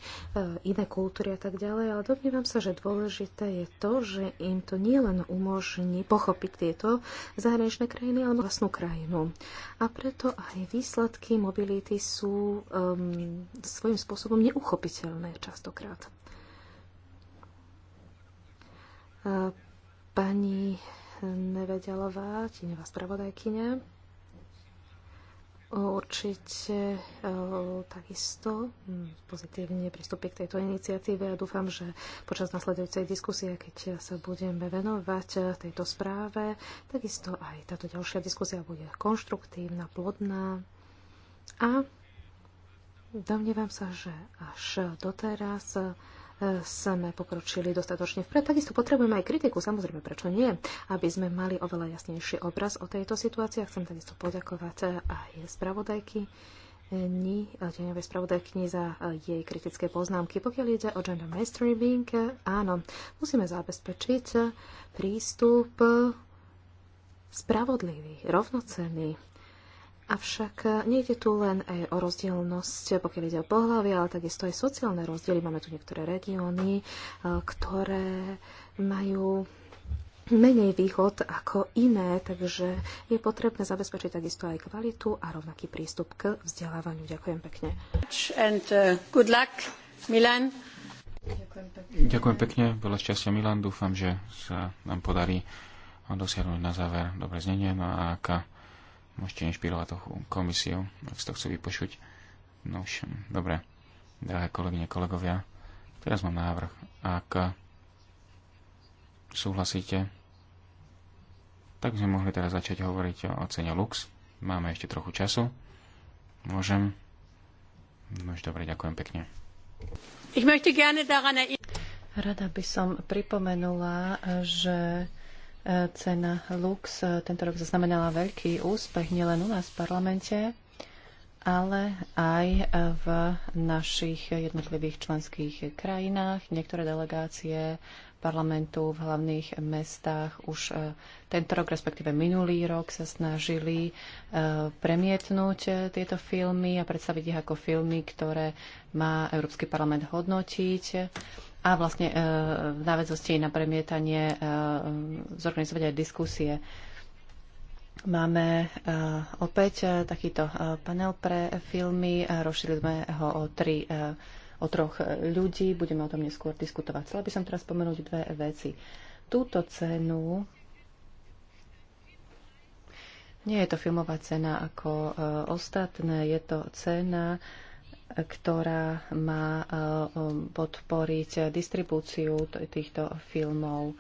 iné kultúry a tak ďalej, ale domnívam sa, že dôležité je to, že im to nielen umožní pochopiť tieto zahraničné krajiny, ale vlastnú krajinu. A preto aj výsledky mobility sú um, svojím spôsobom neuchopiteľné častokrát. E, pani Nevedelová, tieňová spravodajkyňa, určite eh, takisto hm, pozitívne pristúpi k tejto iniciatíve a dúfam, že počas nasledujúcej diskusie, keď sa budeme venovať eh, tejto správe, takisto aj táto ďalšia diskusia bude konštruktívna, plodná a domnievam sa, že až doteraz eh, sme pokročili dostatočne vpred. Takisto potrebujeme aj kritiku, samozrejme, prečo nie, aby sme mali oveľa jasnejší obraz o tejto situácii. A chcem takisto poďakovať aj spravodajky eh, ni, deňovej eh, spravodajkni za eh, jej kritické poznámky. Pokiaľ ide o gender mainstreaming, áno, musíme zabezpečiť prístup spravodlivý, rovnocenný Avšak e, nejde tu len aj e, o rozdielnosť, e, pokiaľ ide o pohľavy, ale takisto aj sociálne rozdiely. Máme tu niektoré regióny, ktoré majú menej výhod ako iné, takže je potrebné zabezpečiť takisto aj kvalitu a rovnaký prístup k vzdelávaniu. Ďakujem pekne. And, uh, good luck, Milan. Ďakujem pekne. Ďakujem pekne, veľa šťastia Milan, dúfam, že sa nám podarí dosiahnuť na záver dobre znenie. No a aká môžete inšpirovať tú komisiu, ak si to chcú vypočuť. No už, dobre, drahé kolegyne, kolegovia, teraz mám návrh. Ak súhlasíte, tak sme mohli teraz začať hovoriť o cene Lux. Máme ešte trochu času. Môžem? No už dobre, ďakujem pekne. Ich möchte gerne daran Rada by som pripomenula, že Cena Lux e, tento rok zaznamenala veľký úspech nielen u nás v parlamente, ale aj e, v našich jednotlivých členských krajinách. Niektoré delegácie parlamentu v hlavných mestách už e, tento rok, respektíve minulý rok, sa snažili premietnúť tieto filmy a predstaviť ich ako filmy, ktoré má Európsky parlament hodnotiť a vlastne e, v návedzosti na premietanie e, zorganizovať aj diskusie. Máme e, opäť takýto panel pre filmy. Rozšírili sme ho o tri o troch ľudí. Budeme o tom neskôr diskutovať. Chcela by som teraz spomenúť dve veci. Túto cenu nie je to filmová cena ako ostatné, je to cena, ktorá má e, um, podporiť distribúciu týchto filmov.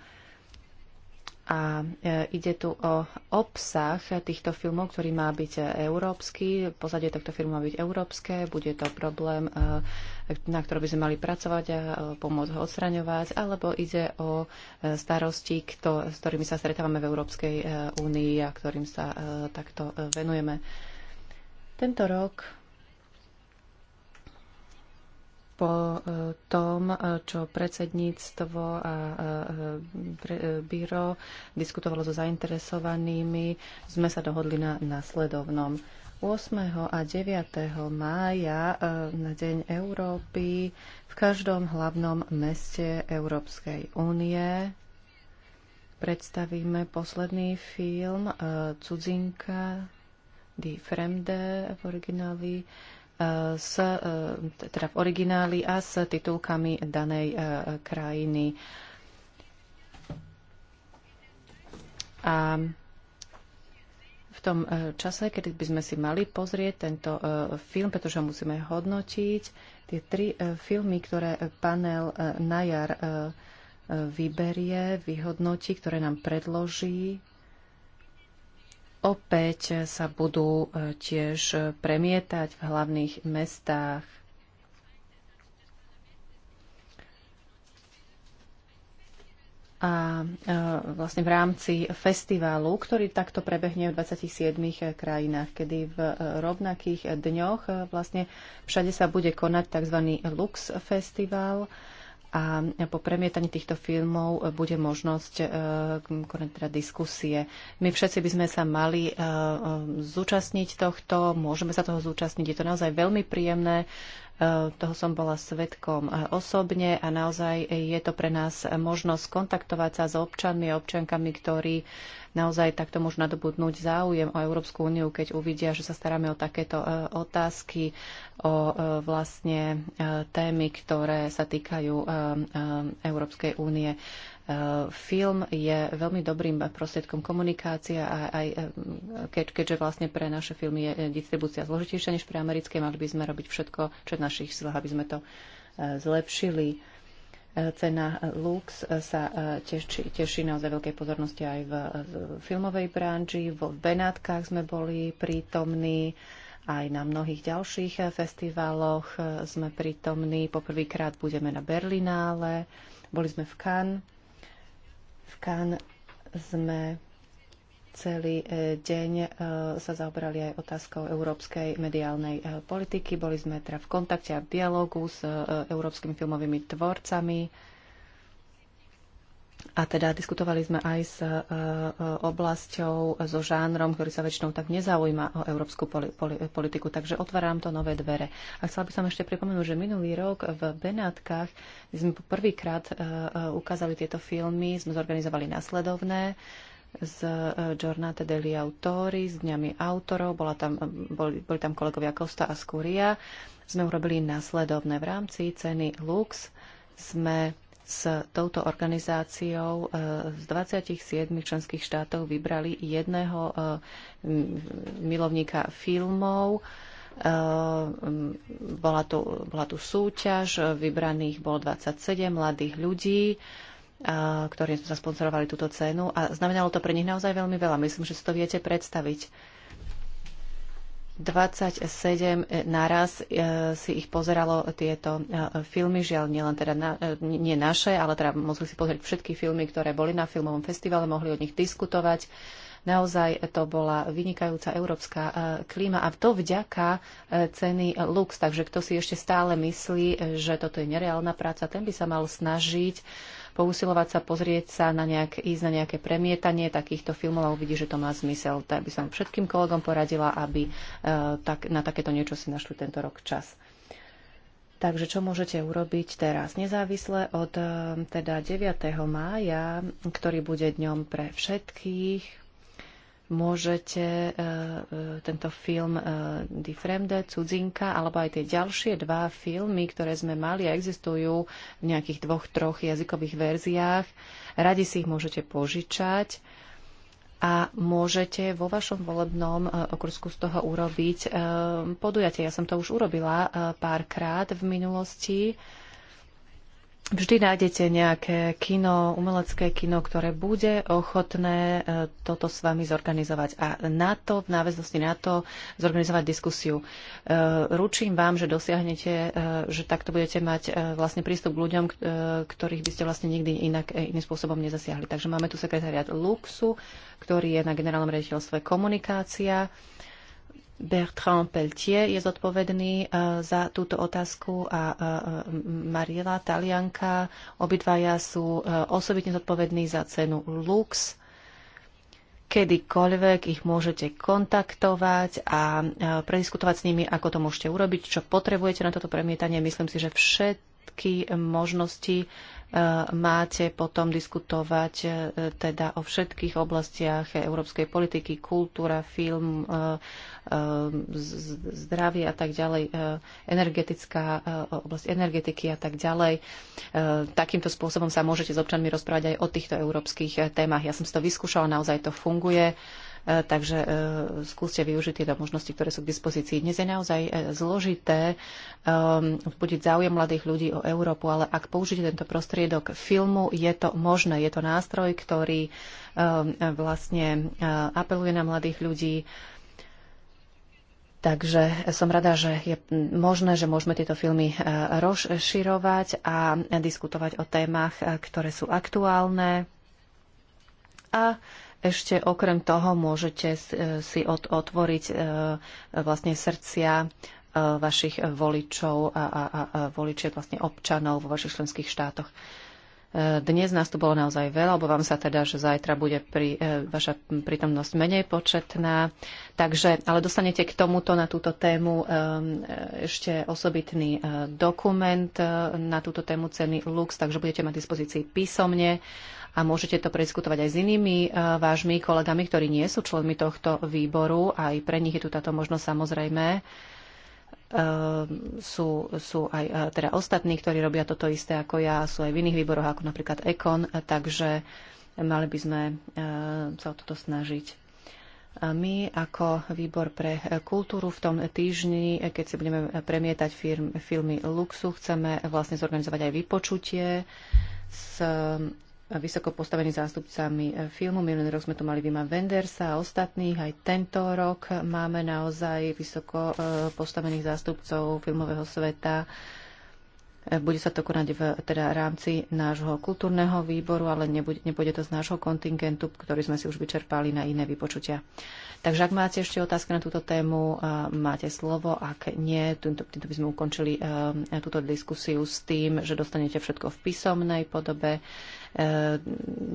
A e, ide tu o obsah týchto filmov, ktorý má byť európsky. Pozadie tohto filmu má byť európske. Bude to problém, e, na ktorý by sme mali pracovať a pomôcť ho odstraňovať. Alebo ide o starosti, s ktorými sa stretávame v Európskej únii a ktorým sa takto venujeme. Tento rok po e, tom, e, čo predsedníctvo a e, byro diskutovalo so zainteresovanými, sme sa dohodli na nasledovnom. 8. a 9. mája na Deň Európy v každom hlavnom meste Európskej únie predstavíme posledný film Cudzinka Die Fremde v origináli s, e, teda v origináli a s titulkami danej e, krajiny. A v tom e, čase, kedy by sme si mali pozrieť tento film, pretože ho musíme hodnotiť, tie tri filmy, ktoré panel na jar vyberie, vyhodnotí, ktoré nám predloží opäť sa budú e, tiež e, premietať v hlavných mestách. A e, vlastne v rámci festivalu, ktorý takto prebehne v 27 krajinách, kedy v rovnakých dňoch vlastne všade sa bude konať tzv. Lux Festival, a po premietaní týchto filmov bude možnosť e, konať teda diskusie. My všetci by sme sa mali e, e, zúčastniť tohto, môžeme sa toho zúčastniť. Je to naozaj veľmi príjemné E, toho som bola svetkom e, osobne a naozaj je to pre nás možnosť kontaktovať sa s občanmi a občankami, ktorí naozaj takto môžu nadobudnúť záujem o Európsku úniu, keď uvidia, že sa staráme o takéto e, otázky, o vlastne témy, ktoré sa týkajú Európskej únie. Eh, film je veľmi dobrým prostriedkom komunikácia a aj eh, keď, keďže vlastne pre naše filmy je eh, distribúcia zložitejšia než pre americké, mali by sme robiť všetko, čo je v našich silách, aby sme to zlepšili. Cena Lux sa teší, teší naozaj veľkej pozornosti aj v filmovej branži. V Benátkach sme boli prítomní aj na mnohých ďalších festivaloch sme prítomní. Poprvýkrát budeme na Berlinále, boli sme v Cannes v Kán sme celý e, deň e, sa zaoberali aj otázkou európskej mediálnej e, politiky. Boli sme teda v kontakte a v dialogu s európskymi filmovými tvorcami a teda diskutovali sme aj s e, e, oblasťou, so žánrom, ktorý sa väčšinou tak nezaujíma o európsku politiku, takže otváram to nové dvere. A chcela by som ešte pripomenúť, že minulý rok v Benátkach sme prvýkrát e, ukázali tieto filmy, sme zorganizovali následovné z Giornate degli Autori, s Dňami autorov, bola tam, boli, boli tam kolegovia Kosta a Skúria. Sme urobili následovné v rámci ceny Lux. Sme s touto organizáciou e, z 27 členských štátov vybrali jedného e, milovníka filmov. E, bola tu, bola tu súťaž, vybraných bolo 27 mladých ľudí ktorým sme sponzorovali túto cenu a znamenalo to pre nich naozaj veľmi veľa. Myslím, že si to viete predstaviť. 27 e, naraz e, si ich pozeralo tieto e, filmy, žiaľ len teda na, nie naše, ale teda mohli si pozrieť všetky filmy, ktoré boli na filmovom festivale, mohli o nich diskutovať. Naozaj to bola vynikajúca európska klíma a to vďaka ceny Lux. Takže kto si ešte stále myslí, že toto je nereálna práca, ten by sa mal snažiť pousilovať sa, pozrieť sa, na nejak, ísť na nejaké premietanie takýchto filmov a uvidí, že to má zmysel. Tak by som všetkým kolegom poradila, aby e, tak, na takéto niečo si našli tento rok čas. Takže čo môžete urobiť teraz? Nezávisle od e, teda 9. mája, ktorý bude dňom pre všetkých, môžete e, e, tento film e, Die Fremde, Cudzinka, alebo aj tie ďalšie dva filmy, ktoré sme mali a existujú v nejakých dvoch, troch jazykových verziách. Radi si ich môžete požičať a môžete vo vašom volebnom okrsku z toho urobiť podujatie. Ja som to už urobila párkrát v minulosti Vždy nájdete nejaké kino, umelecké kino, ktoré bude ochotné e, toto s vami zorganizovať. A na to, v náväznosti na to, zorganizovať diskusiu. E, ručím vám, že dosiahnete, e, že takto budete mať vlastne prístup k ľuďom, ktorých by ste vlastne nikdy inak iným spôsobom nezasiahli. Takže máme tu sekretariat Luxu, ktorý je na generálnom rediteľstve komunikácia Bertrand Peltier je zodpovedný e, za túto otázku a e, e, Mariela Talianka. Obidvaja sú osobitne zodpovední za cenu Lux. Kedykoľvek ich môžete kontaktovať a prediskutovať s nimi, ako to môžete urobiť, čo potrebujete na toto premietanie. Myslím si, že všetky možnosti máte potom diskutovať e, teda o všetkých oblastiach európskej politiky, kultúra, film, e, e, zdravie a tak ďalej, energetická oblasť energetiky a tak ďalej. Takýmto spôsobom sa môžete s občanmi rozprávať aj o týchto európskych témach. Ja som si to vyskúšala, naozaj to funguje. E, takže e, skúste využiť tieto možnosti, ktoré sú k dispozícii. Dnes je naozaj e, zložité vzbudiť záujem mladých ľudí o Európu, ale ak použite tento prostriedok filmu, je to možné. Je to nástroj, ktorý vlastne apeluje na mladých ľudí. Takže som rada, že je možné, že môžeme tieto filmy rozširovať a diskutovať o témach, ktoré sú aktuálne a ešte okrem toho môžete e, si od, otvoriť e, vlastne srdcia e, vašich voličov a, a, a voličiek vlastne občanov vo vašich členských štátoch. Dnes nás tu bolo naozaj veľa, obávam sa teda, že zajtra bude pri, vaša prítomnosť menej početná. Takže, ale dostanete k tomuto na túto tému ešte osobitný dokument na túto tému ceny Lux, takže budete mať dispozícii písomne a môžete to prediskutovať aj s inými e, vášmi kolegami, ktorí nie sú členmi tohto výboru. Aj pre nich je tu táto možnosť samozrejme. E, sú, sú aj e, teda ostatní, ktorí robia toto isté ako ja, sú aj v iných výboroch, ako napríklad Ekon, takže mali by sme sa o toto snažiť. A my ako výbor pre kultúru v tom týždni, keď si budeme premietať firmy, filmy Luxu, chceme vlastne zorganizovať aj vypočutie s vysoko postavení zástupcami e, filmu. Minulý rok sme tu mali Vima Wendersa a ostatných. Aj tento rok máme naozaj vysoko e, postavených zástupcov filmového sveta. E, bude sa to konať v teda, rámci nášho kultúrneho výboru, ale nebude, nebude to z nášho kontingentu, ktorý sme si už vyčerpali na iné vypočutia. Takže ak máte ešte otázky na túto tému, máte slovo. Ak nie, týmto, týmto by sme ukončili túto diskusiu s tým, že dostanete všetko v písomnej podobe Eh,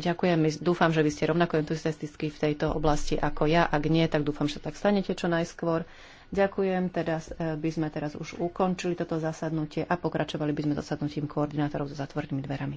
ďakujem, dúfam, že vy ste rovnako entuziastickí v tejto oblasti ako ja. Ak nie, tak dúfam, že tak stanete čo najskôr. Ďakujem, teraz eh, by sme teraz už ukončili toto zasadnutie a pokračovali by sme zasadnutím koordinátorov so zatvorenými dverami.